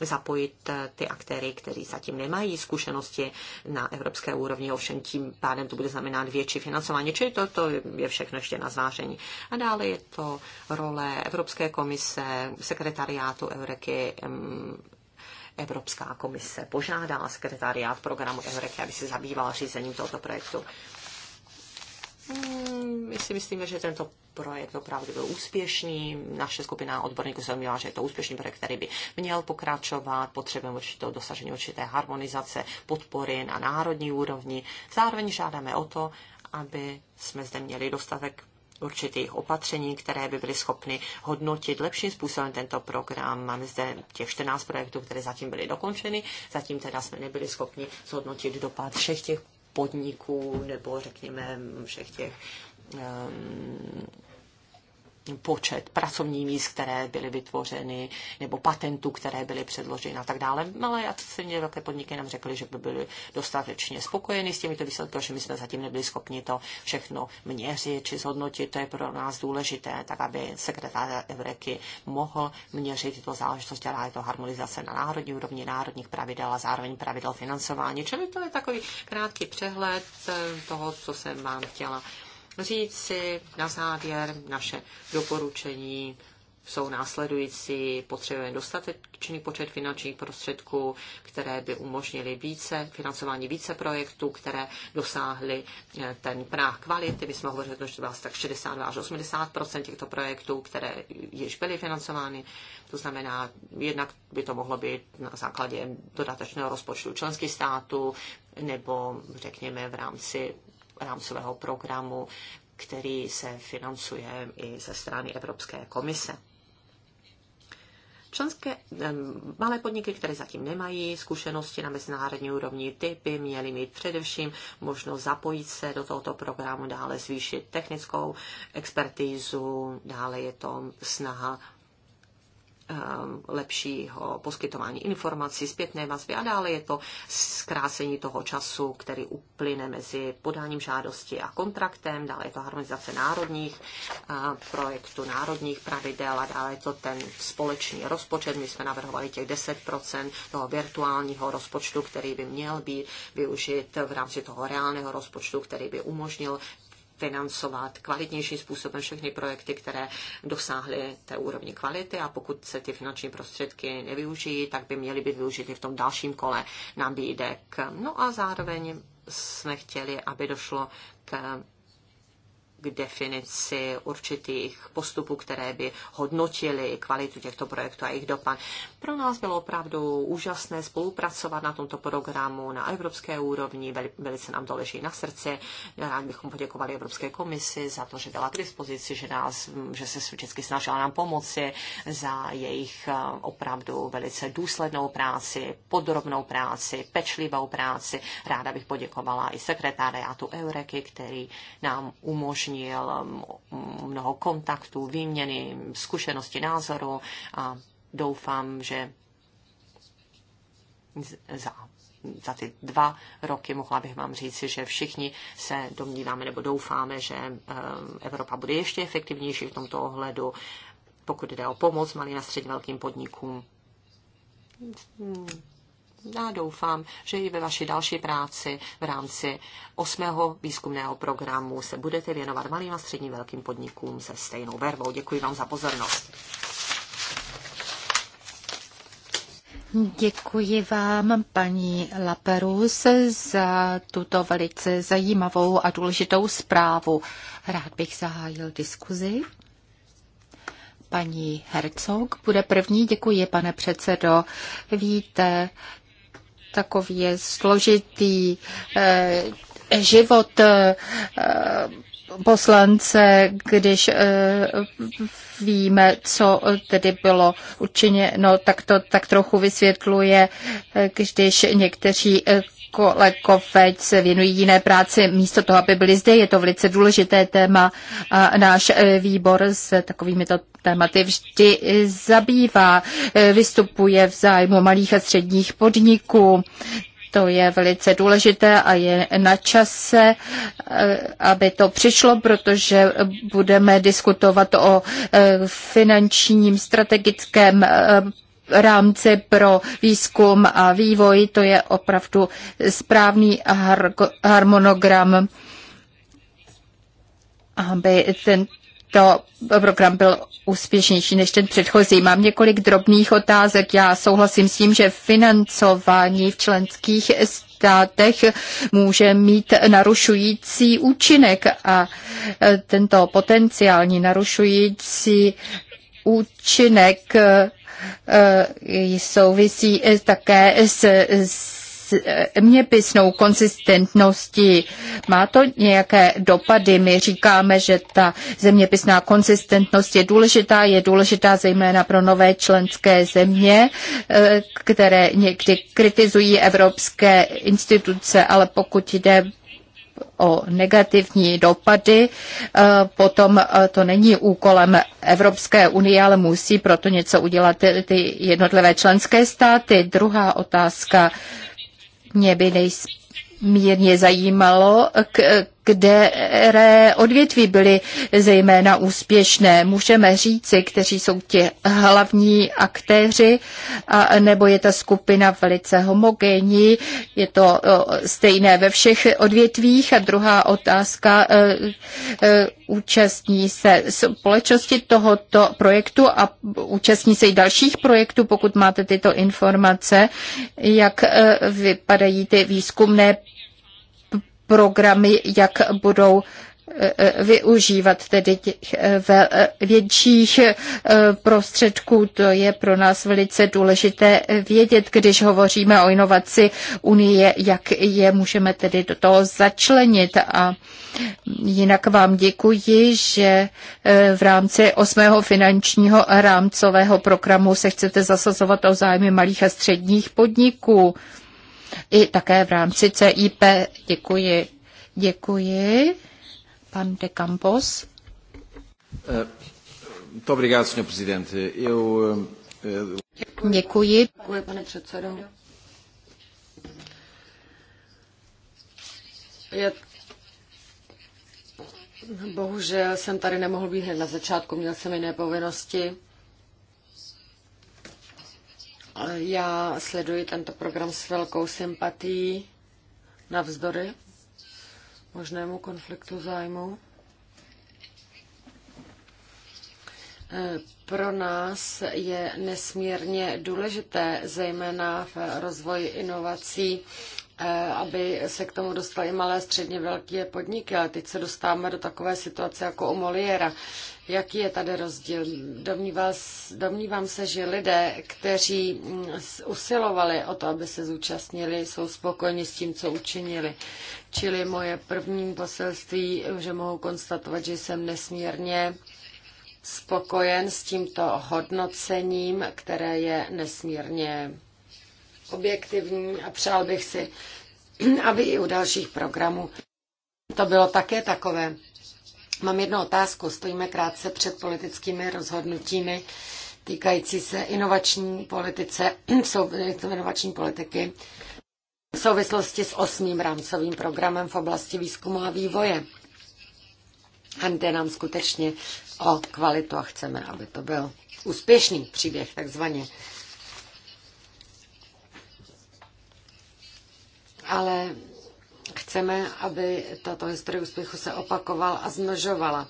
zapojit ty aktéry, kteří zatím nemají zkušenosti na evropské úrovni, ovšem tím pádem to bude znamenat větší financování, čili to, to je všechno ještě na zváření. A dále je to role Evropské komise, sekretariátu Eureky, Evropská komise požádala sekretariát programu Eureka, aby se zabýval řízením tohoto projektu. Hmm, my si myslíme, že tento projekt opravdu byl úspěšný. Naše skupina odborníků se měla, že je to úspěšný projekt, který by měl pokračovat. Potřebujeme určitě dosažení určité harmonizace, podpory na národní úrovni. Zároveň žádáme o to, aby jsme zde měli dostatek určitých opatření, které by byly schopny hodnotit lepším způsobem tento program. Máme zde těch 14 projektů, které zatím byly dokončeny. Zatím teda jsme nebyli schopni zhodnotit dopad všech těch podniků nebo řekněme všech těch um, počet pracovních míst, které byly vytvořeny, nebo patentů, které byly předloženy a tak dále. Ale já se mě velké podniky nám řekly, že by byly dostatečně spokojeny s těmito výsledky, protože my jsme zatím nebyli schopni to všechno měřit či zhodnotit. To je pro nás důležité, tak aby sekretář Evreky mohl měřit tyto záležitosti, ale je to harmonizace na národní úrovni, národních pravidel a zároveň pravidel financování. Čili to je takový krátký přehled eh, toho, co jsem vám chtěla si na závěr naše doporučení jsou následující. Potřebujeme dostatečný počet finančních prostředků, které by umožnily více, financování více projektů, které dosáhly eh, ten práh kvality. My jsme hovořili, že to bylo tak 62 až 80 těchto projektů, které již byly financovány. To znamená, jednak by to mohlo být na základě dodatečného rozpočtu členských států nebo řekněme v rámci rámcového programu, který se financuje i ze strany Evropské komise. Členské malé podniky, které zatím nemají zkušenosti na mezinárodní úrovni, ty by měly mít především možnost zapojit se do tohoto programu, dále zvýšit technickou expertízu, dále je to snaha Eh, lepšího poskytování informací, zpětné vazby a dále je to zkrácení toho času, který uplyne mezi podáním žádosti a kontraktem, dále je to harmonizace národních eh, projektů, národních pravidel a dále je to ten společný rozpočet. My jsme navrhovali těch 10% toho virtuálního rozpočtu, který by měl být využit v rámci toho reálného rozpočtu, který by umožnil financovat kvalitnějším způsobem všechny projekty, které dosáhly té úrovni kvality a pokud se ty finanční prostředky nevyužijí, tak by měly být využity v tom dalším kole nabídek. No a zároveň jsme chtěli, aby došlo k k definici určitých postupů, které by hodnotily kvalitu těchto projektů a jejich dopad. Pro nás bylo opravdu úžasné spolupracovat na tomto programu na evropské úrovni, velice nám to leží na srdce. Rád bychom poděkovali Evropské komisi za to, že byla k dispozici, že, nás, že se vždycky snažila nám pomoci, za jejich eh, opravdu velice důslednou práci, podrobnou práci, pečlivou práci. Ráda bych poděkovala i sekretáriátu Eureky, který nám umožnil umožnil um, mnoho kontaktů, výměny, zkušenosti, názorů a doufám, že za, za ty dva roky mohla bych vám říci, že všichni se domníváme nebo doufáme, že um, Evropa bude ještě efektivnější v tomto ohledu, pokud jde o pomoc malým a středně velkým podnikům já doufám, že i ve vaší další práci v rámci osmého výzkumného programu se budete věnovat malým a středním velkým podnikům se stejnou vervou. Děkuji vám za pozornost. Děkuji vám, paní Laperus, za tuto velice zajímavou a důležitou zprávu. Rád bych zahájil diskuzi. Paní Herzog bude první. Děkuji, pane předsedo. Víte, takový je složitý eh, život eh, poslance, když eh, víme, co tedy bylo učiněno, tak to tak trochu vysvětluje, když někteří kolegové se věnují jiné práci místo toho, aby byli zde. Je to velice důležité téma a náš e, výbor se takovýmito tématy vždy e, zabývá. E, vystupuje v zájmu malých a středních podniků. To je velice důležité a je na čase, aby to přišlo, protože budeme diskutovat o finančním strategickém rámci pro výzkum a vývoj. To je opravdu správný harmonogram, aby ten to program byl úspěšnější než ten předchozí. Mám několik drobných otázek. Já souhlasím s tím, že financování v členských státech může mít narušující účinek a e, tento potenciální narušující účinek e, Eh, souvisí eh, také s, s eh, měpisnou konsistentností. Má to nějaké dopady? My říkáme, že ta zeměpisná konsistentnost je důležitá, je důležitá zejména pro nové členské země, které někdy kritizují evropské instituce, ale pokud jde o negativní dopady, e, potom e, to není úkolem Evropské unie, ale musí proto něco udělat ty jednotlivé členské státy. Druhá otázka mě by nejspíš mírně zajímalo, k, které odvětví byly zejména úspěšné. Můžeme říci, kteří jsou ti hlavní aktéři, a, nebo je ta skupina velice homogenní, je to stejné ve všech odvětvích. A druhá otázka, e, e, účastní se společnosti tohoto projektu a účastní se i dalších projektů, pokud máte tyto informace, jak e, vypadají ty výzkumné programy, jak budou eh, eh, využívat tedy těch eh, větších prostředků. To je pro nás velice důležité vědět, když hovoříme o inovaci Unie, jak je můžeme tedy do toho začlenit. A jinak vám děkuji, že v rámci osmého finančního rámcového programu se chcete zasazovat o zájmy malých a středních podniků i také v rámci CIP. Děkuji. Děkuji. Pan de Campos. Eh, eh, eh, Děkuji. Děkuji, pane předsedo. Já... Bohužel jsem tady nemohl být hned na začátku, měl jsem jiné povinnosti. Já sleduji tento program s velkou sympatií navzdory možnému konfliktu zájmu. E, pro nás je nesmírně důležité, zejména v rozvoji inovací, e, aby se k tomu dostaly malé, středně velké podniky. Ale teď se dostáváme do takové situace jako u Moliéra. Jaký je tady rozdíl? Domníval, domnívám se, že lidé, kteří mm, usilovali o to, aby se zúčastnili, jsou spokojeni s tím, co učinili. Čili moje první poselství, že mohu konstatovat, že jsem nesmírně spokojen s tímto hodnocením, které je nesmírně objektivní a přál bych si, [CLEARS THROAT] aby i u dalších programů to bylo také takové. Mám jednu otázku. Stojíme krátce před politickými rozhodnutími týkající se inovační politice, [CLEARS THROAT] inovační politiky v souvislosti s osmým rámcovým programem v oblasti výzkumu a vývoje. A jde nám skutečně o kvalitu a chceme, aby to byl úspěšný příběh, takzvaně. Ale Chceme, aby tato historie úspěchu se opakovala a zmnožovala.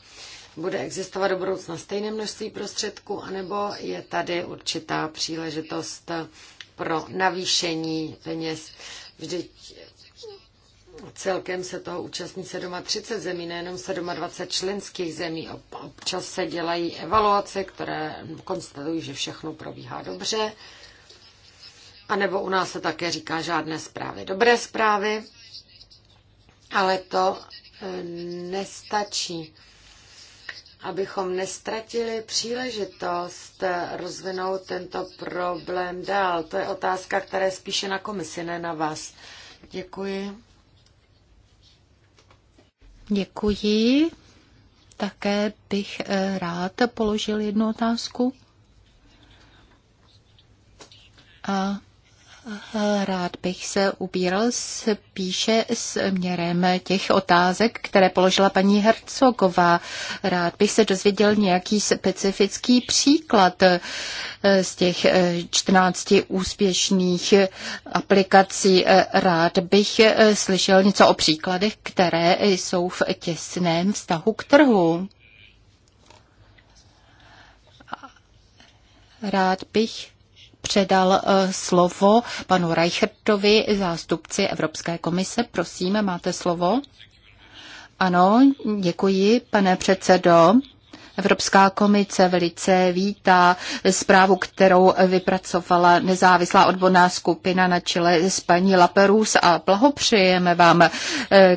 Bude existovat do budoucna stejné množství prostředků, anebo je tady určitá příležitost pro navýšení peněz. Vždyť Celkem se toho účastní 37 zemí, nejenom 27 členských zemí. Občas se dělají evaluace, které konstatují, že všechno probíhá dobře. A nebo u nás se také říká žádné zprávy. Dobré zprávy. Ale to e, nestačí abychom nestratili příležitost e, rozvinout tento problém dál. To je otázka, která je spíše na komisi, ne na vás. Děkuji. Děkuji. Také bych e, rád položil jednu otázku. A rád bych se ubíral spíše směrem těch otázek, které položila paní Hercogová. Rád bych se dozvěděl nějaký specifický příklad eh, z těch 14 eh, úspěšných eh, aplikací. Rád bych slyšel něco o příkladech, které jsou v těsném vztahu k trhu. Rád bych předal eh, slovo panu Reichertovi, zástupci Evropské komise. Prosím, máte slovo. Ano, děkuji, pane předsedo. Evropská komise velice vítá zprávu, kterou vypracovala nezávislá odborná skupina na čele s paní Laperus a blahopřejeme vám eh,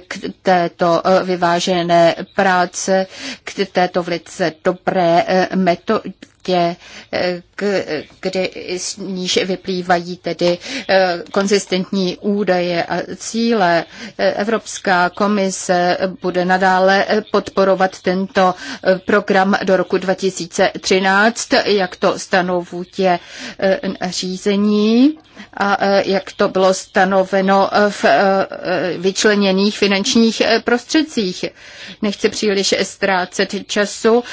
k této eh, vyvážené práce, k této velice dobré metodě debatě, eh, k, kdy z níž vyplývají tedy eh, konzistentní údaje a cíle. Eh, Evropská komise bude nadále podporovat tento program do roku 2013, jak to stanovuje řízení a jak to bylo stanoveno v vyčleněných finančních prostředcích. Nechci příliš ztrácet času.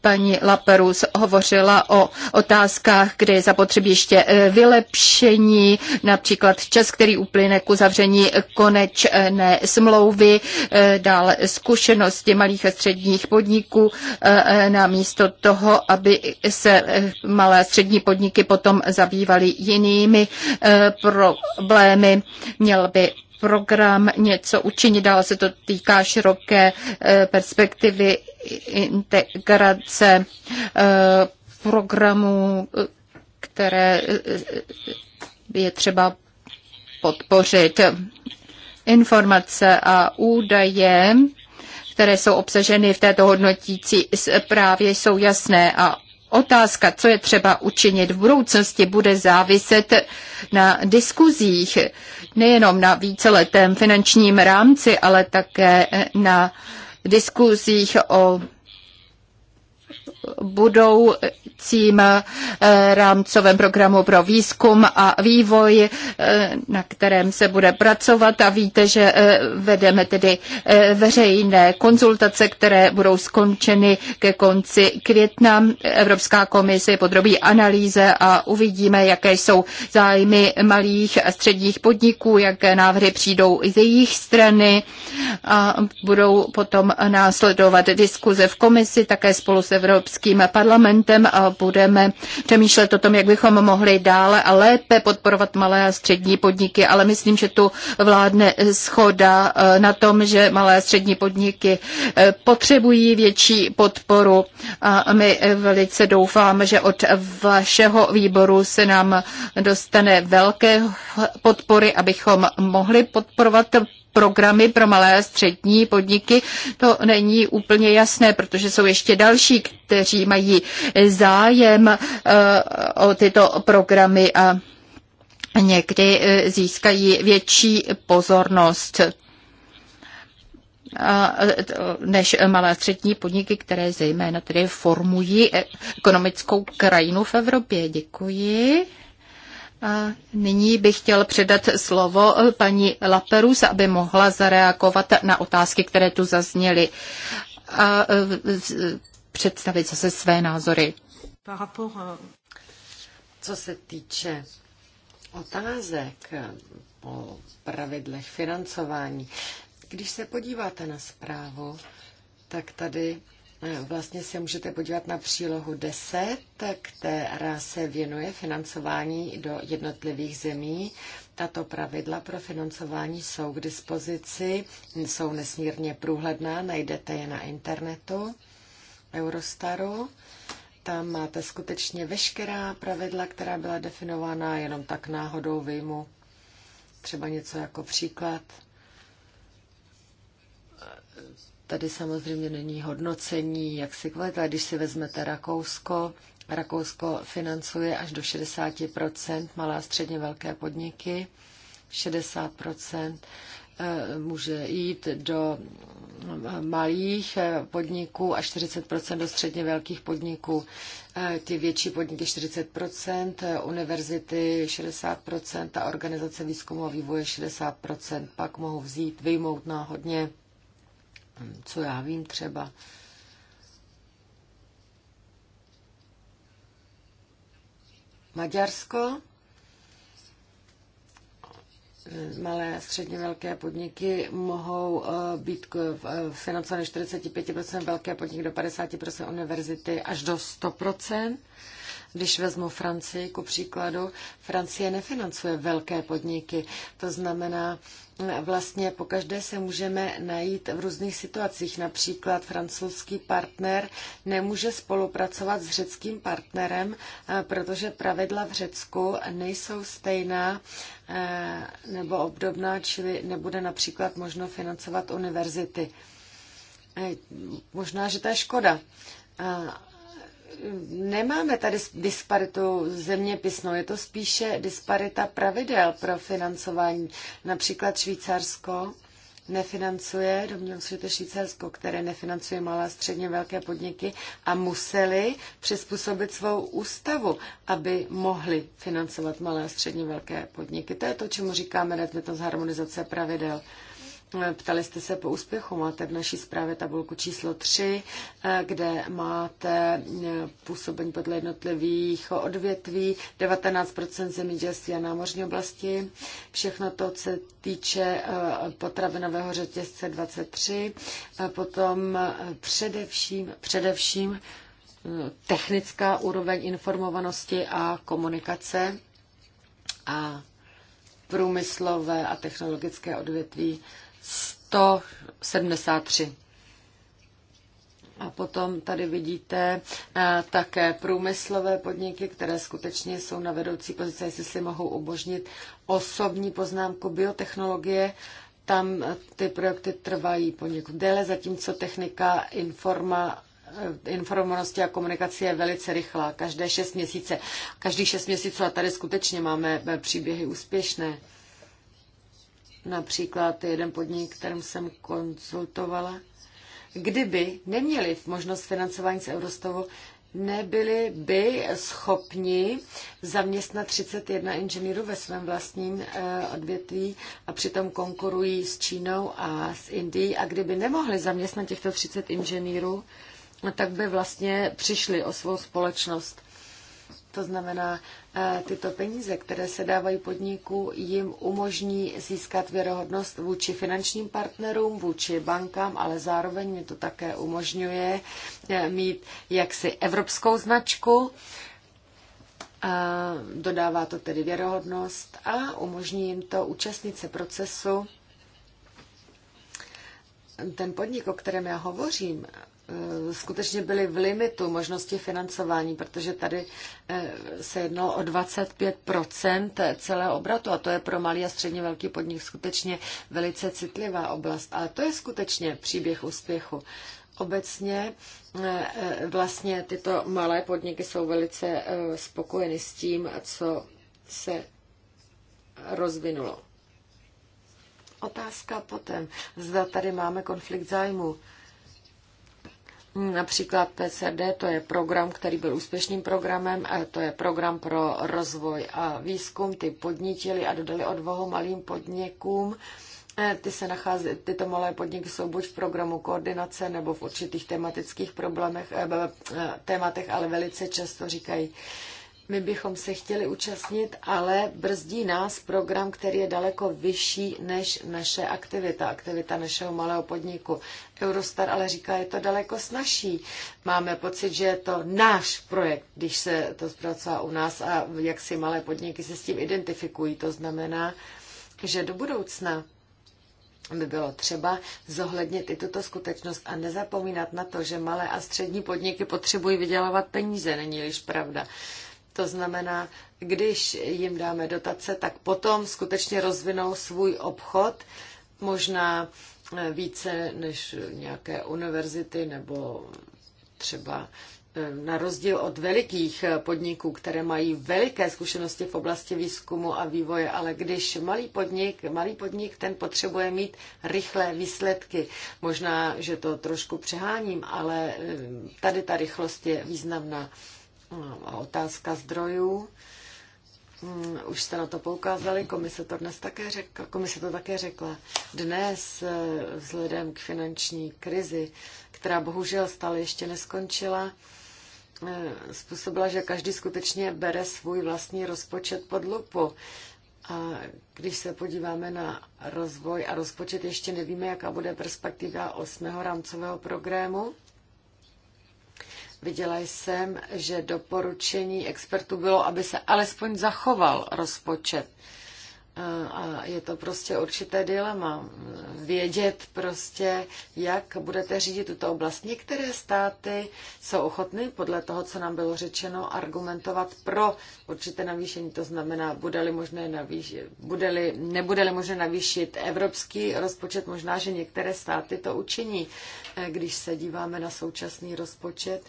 Paní Laperus hovoří hovořila o otázkách, kde je zapotřebí ještě eh, vylepšení, například čas, který uplyne k uzavření konečné smlouvy, eh, dále zkušenosti malých a středních podniků, eh, namísto toho, aby se malé a střední podniky potom zabývaly jinými problémy. Měl by program něco učinit, dále se to týká široké perspektivy integrace programů, které je třeba podpořit. Informace a údaje, které jsou obsaženy v této hodnotící zprávě, jsou jasné a Otázka, co je třeba učinit v budoucnosti, bude záviset na diskuzích, nejenom na víceletém finančním rámci, ale také na diskuzích o budoucím eh, rámcovém programu pro výzkum a vývoj, eh, na kterém se bude pracovat a víte, že eh, vedeme tedy veřejné konzultace, které budou skončeny ke konci května. Evropská komise podrobí analýze a uvidíme, jaké jsou zájmy malých a středních podniků, jaké návrhy přijdou z jejich strany a budou potom následovat diskuze v komisi také spolu s Evropskou Evropským parlamentem a budeme přemýšlet o tom, jak bychom mohli dále a lépe podporovat malé a střední podniky, ale myslím, že tu vládne schoda eh, na tom, že malé a střední podniky eh, potřebují větší podporu a my velice doufáme, že od vašeho výboru se nám dostane velké podpory, abychom mohli podporovat programy pro malé a střední podniky, to není úplně jasné, protože jsou ještě další, kteří mají zájem eh, o tyto programy a někdy eh, získají větší pozornost eh, než malé a střední podniky, které zejména tedy formují ekonomickou krajinu v Evropě. Děkuji. A nyní bych chtěl předat slovo eh, paní Laperus, aby mohla zareagovat na otázky, které tu zazněly a eh, představit zase své názory. Eh, Co se týče otázek o pravidlech financování, když se podíváte na zprávu, tak tady Vlastně se můžete podívat na přílohu 10, která se věnuje financování do jednotlivých zemí. Tato pravidla pro financování jsou k dispozici, jsou nesmírně průhledná, najdete je na internetu Eurostaru. Tam máte skutečně veškerá pravidla, která byla definována jenom tak náhodou vyjmu. Třeba něco jako příklad. Tady samozřejmě není hodnocení, jak si kvalita. Když si vezmete Rakousko, Rakousko financuje až do 60 malé a středně velké podniky. 60 eh, může jít do eh, malých eh, podniků a 40% do středně velkých podniků. Ty větší podniky 40%, univerzity 60% a organizace výzkumu a vývoje 60%. Pak mohou vzít, vyjmout náhodně co já vím třeba, Maďarsko, eh, malé a středně velké podniky mohou eh, být eh, financovány 45%, velké podniky do 50%, univerzity až do 100%. Když vezmu Francii, ku příkladu, Francie nefinancuje velké podniky. To znamená, vlastně po každé se můžeme najít v různých situacích. Například francouzský partner nemůže spolupracovat s řeckým partnerem, eh, protože pravidla v Řecku nejsou stejná eh, nebo obdobná, čili nebude například možno financovat univerzity. Eh, možná, že to je škoda nemáme tady disparitu zeměpisnou, je to spíše disparita pravidel pro financování. Například Švýcarsko nefinancuje, domnívám se, že to je Švýcarsko, které nefinancuje malé a středně velké podniky a museli přizpůsobit svou ústavu, aby mohli financovat malé a středně velké podniky. To je to, čemu říkáme nezbytnost harmonizace pravidel. Ptali jste se po úspěchu. Máte v naší zprávě tabulku číslo 3, eh, kde máte eh, působení podle jednotlivých odvětví, 19% zemědělství a námořní oblasti. Všechno to, co se týče eh, potravinového řetězce 23, potom především, především technická úroveň informovanosti a komunikace a průmyslové a technologické odvětví 173. A potom tady vidíte eh, také průmyslové podniky, které skutečně jsou na vedoucí pozici, jestli si mohou ubožnit osobní poznámku biotechnologie. Tam eh, ty projekty trvají poněkud déle, zatímco technika informa, eh, informovanosti a komunikace je velice rychlá, každé šest měsíce. Každých šest měsíců a tady skutečně máme příběhy úspěšné. Například jeden podnik, kterým jsem konzultovala, kdyby neměli možnost financování z Eurostovu, nebyli by schopni zaměstnat 31 inženýrů ve svém vlastním eh, odvětví a přitom konkurují s Čínou a s Indií. A kdyby nemohli zaměstnat těchto 30 inženýrů, no tak by vlastně přišli o svou společnost. To znamená, eh, tyto peníze, které se dávají podniku, jim umožní získat věrohodnost vůči finančním partnerům, vůči bankám, ale zároveň mi to také umožňuje eh, mít jaksi evropskou značku. Eh, dodává to tedy věrohodnost a umožní jim to účastnit se procesu ten podnik, o kterém já hovořím, Eh, skutečně byli v limitu možnosti financování, protože tady eh, se jednalo o 25 celého obratu a to je pro malý a středně velký podnik skutečně velice citlivá oblast. Ale to je skutečně příběh úspěchu. Obecně eh, vlastně tyto malé podniky jsou velice spokojeny s tím, co se rozvinulo. Otázka potom, zda tady máme konflikt zájmu. Například PCD, to je program, který byl úspěšným programem, to je program pro rozvoj a výzkum, ty podnítili a dodali odvahu malým podnikům. E, ty se nachází, tyto malé podniky jsou buď v programu koordinace nebo v určitých tematických problémech, e, e, tématech, ale velice často říkají, my bychom se chtěli účastnit, ale brzdí nás program, který je daleko vyšší než naše aktivita, aktivita našeho malého podniku. Eurostar ale říká, je to daleko snažší. Máme pocit, že je to náš projekt, když se to zpracová u nás a jak si malé podniky se s tím identifikují. To znamená, že do budoucna by bylo třeba zohlednit i tuto skutečnost a nezapomínat na to, že malé a střední podniky potřebují vydělávat peníze, není již pravda. To znamená, když jim dáme dotace, tak potom skutečně rozvinou svůj obchod, možná eh, více než nějaké univerzity nebo třeba eh, na rozdíl od velikých eh, podniků, které mají veliké zkušenosti v oblasti výzkumu a vývoje, ale když malý podnik, malý podnik, ten potřebuje mít rychlé výsledky. Možná, že to trošku přeháním, ale tady ta rychlost je významná. A otázka zdrojů. Mm, už jste na to poukázali, komise to dnes také řekla. Komise to také řekla. Dnes, eh, vzhledem k finanční krizi, která bohužel stále ještě neskončila, eh, způsobila, že každý skutečně bere svůj vlastní rozpočet pod lupu. A když se podíváme na rozvoj a rozpočet, ještě nevíme, jaká bude perspektiva osmého rámcového programu. Viděla jsem, že doporučení expertů bylo, aby se alespoň zachoval rozpočet. Eh, a je to prostě určité dilema. Vědět prostě, jak budete řídit tuto oblast. Některé státy jsou ochotny, podle toho, co nám bylo řečeno, argumentovat pro určité navýšení. To znamená, bude-li možné navýšit, bude-li, nebude-li možné navýšit evropský rozpočet, možná, že některé státy to učiní. Eh, když se díváme na současný rozpočet,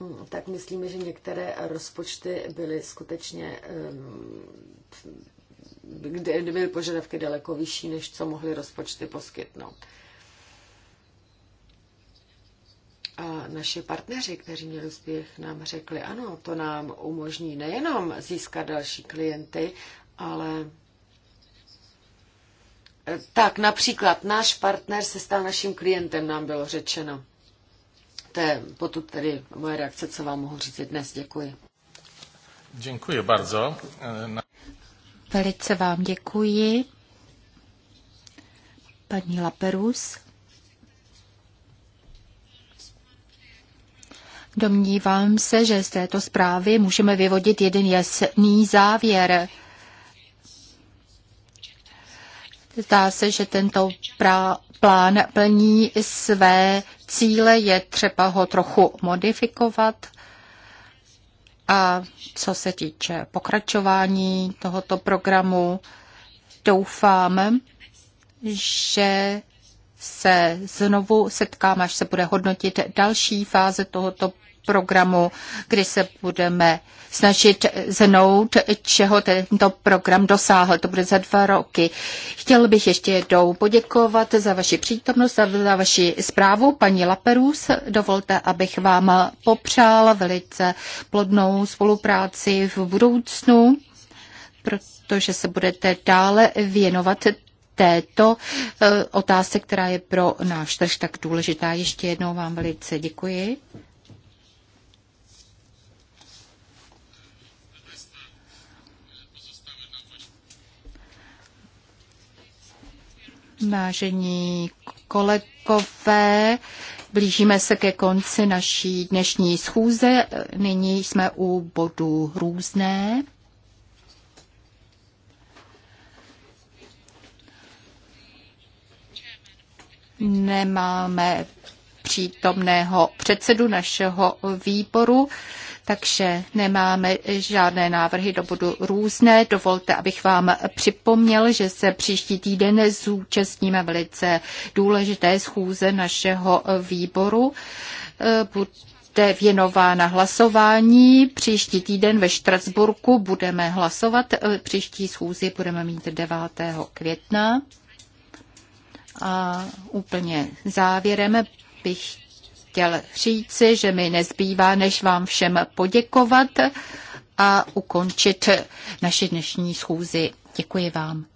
Hm, tak myslíme, že některé rozpočty byly skutečně hm, kde byly požadavky daleko vyšší, než co mohly rozpočty poskytnout. A naši partneři, kteří měli úspěch, nám řekli, ano, to nám umožní nejenom získat další klienty, ale eh, tak například náš partner se stal naším klientem, nám bylo řečeno. To je potud tedy moje reakce, co vám mohu říct dnes. Děkuji. Děkuji bardzo. Velice vám děkuji. Paní Laperus. Domnívám se, že z této zprávy můžeme vyvodit jeden jasný závěr. Zdá se, že tento plán plní své cíle, je třeba ho trochu modifikovat. A co se týče pokračování tohoto programu, doufám, že se znovu setkáme, až se bude hodnotit další fáze tohoto programu, kdy se budeme snažit znout, čeho tento program dosáhl. To bude za dva roky. Chtěl bych ještě jednou poděkovat za vaši přítomnost a za vaši zprávu. Paní Laperus, dovolte, abych vám popřál velice plodnou spolupráci v budoucnu, protože se budete dále věnovat této eh, otázce, která je pro náš trh tak důležitá. Ještě jednou vám velice děkuji. Vážení kolegové, blížíme se ke konci naší dnešní schůze. Nyní jsme u bodu různé. Nemáme přítomného předsedu našeho výboru. Takže nemáme žádné návrhy do bodu různé. Dovolte, abych vám připomněl, že se příští týden zúčastníme velice důležité schůze našeho výboru. bude věnována hlasování. Příští týden ve Štrasburku budeme hlasovat. Příští schůzi budeme mít 9. května. A úplně závěrem bych chtěl říci, že mi nezbývá, než vám všem poděkovat a ukončit naši dnešní schůzi. Děkuji vám.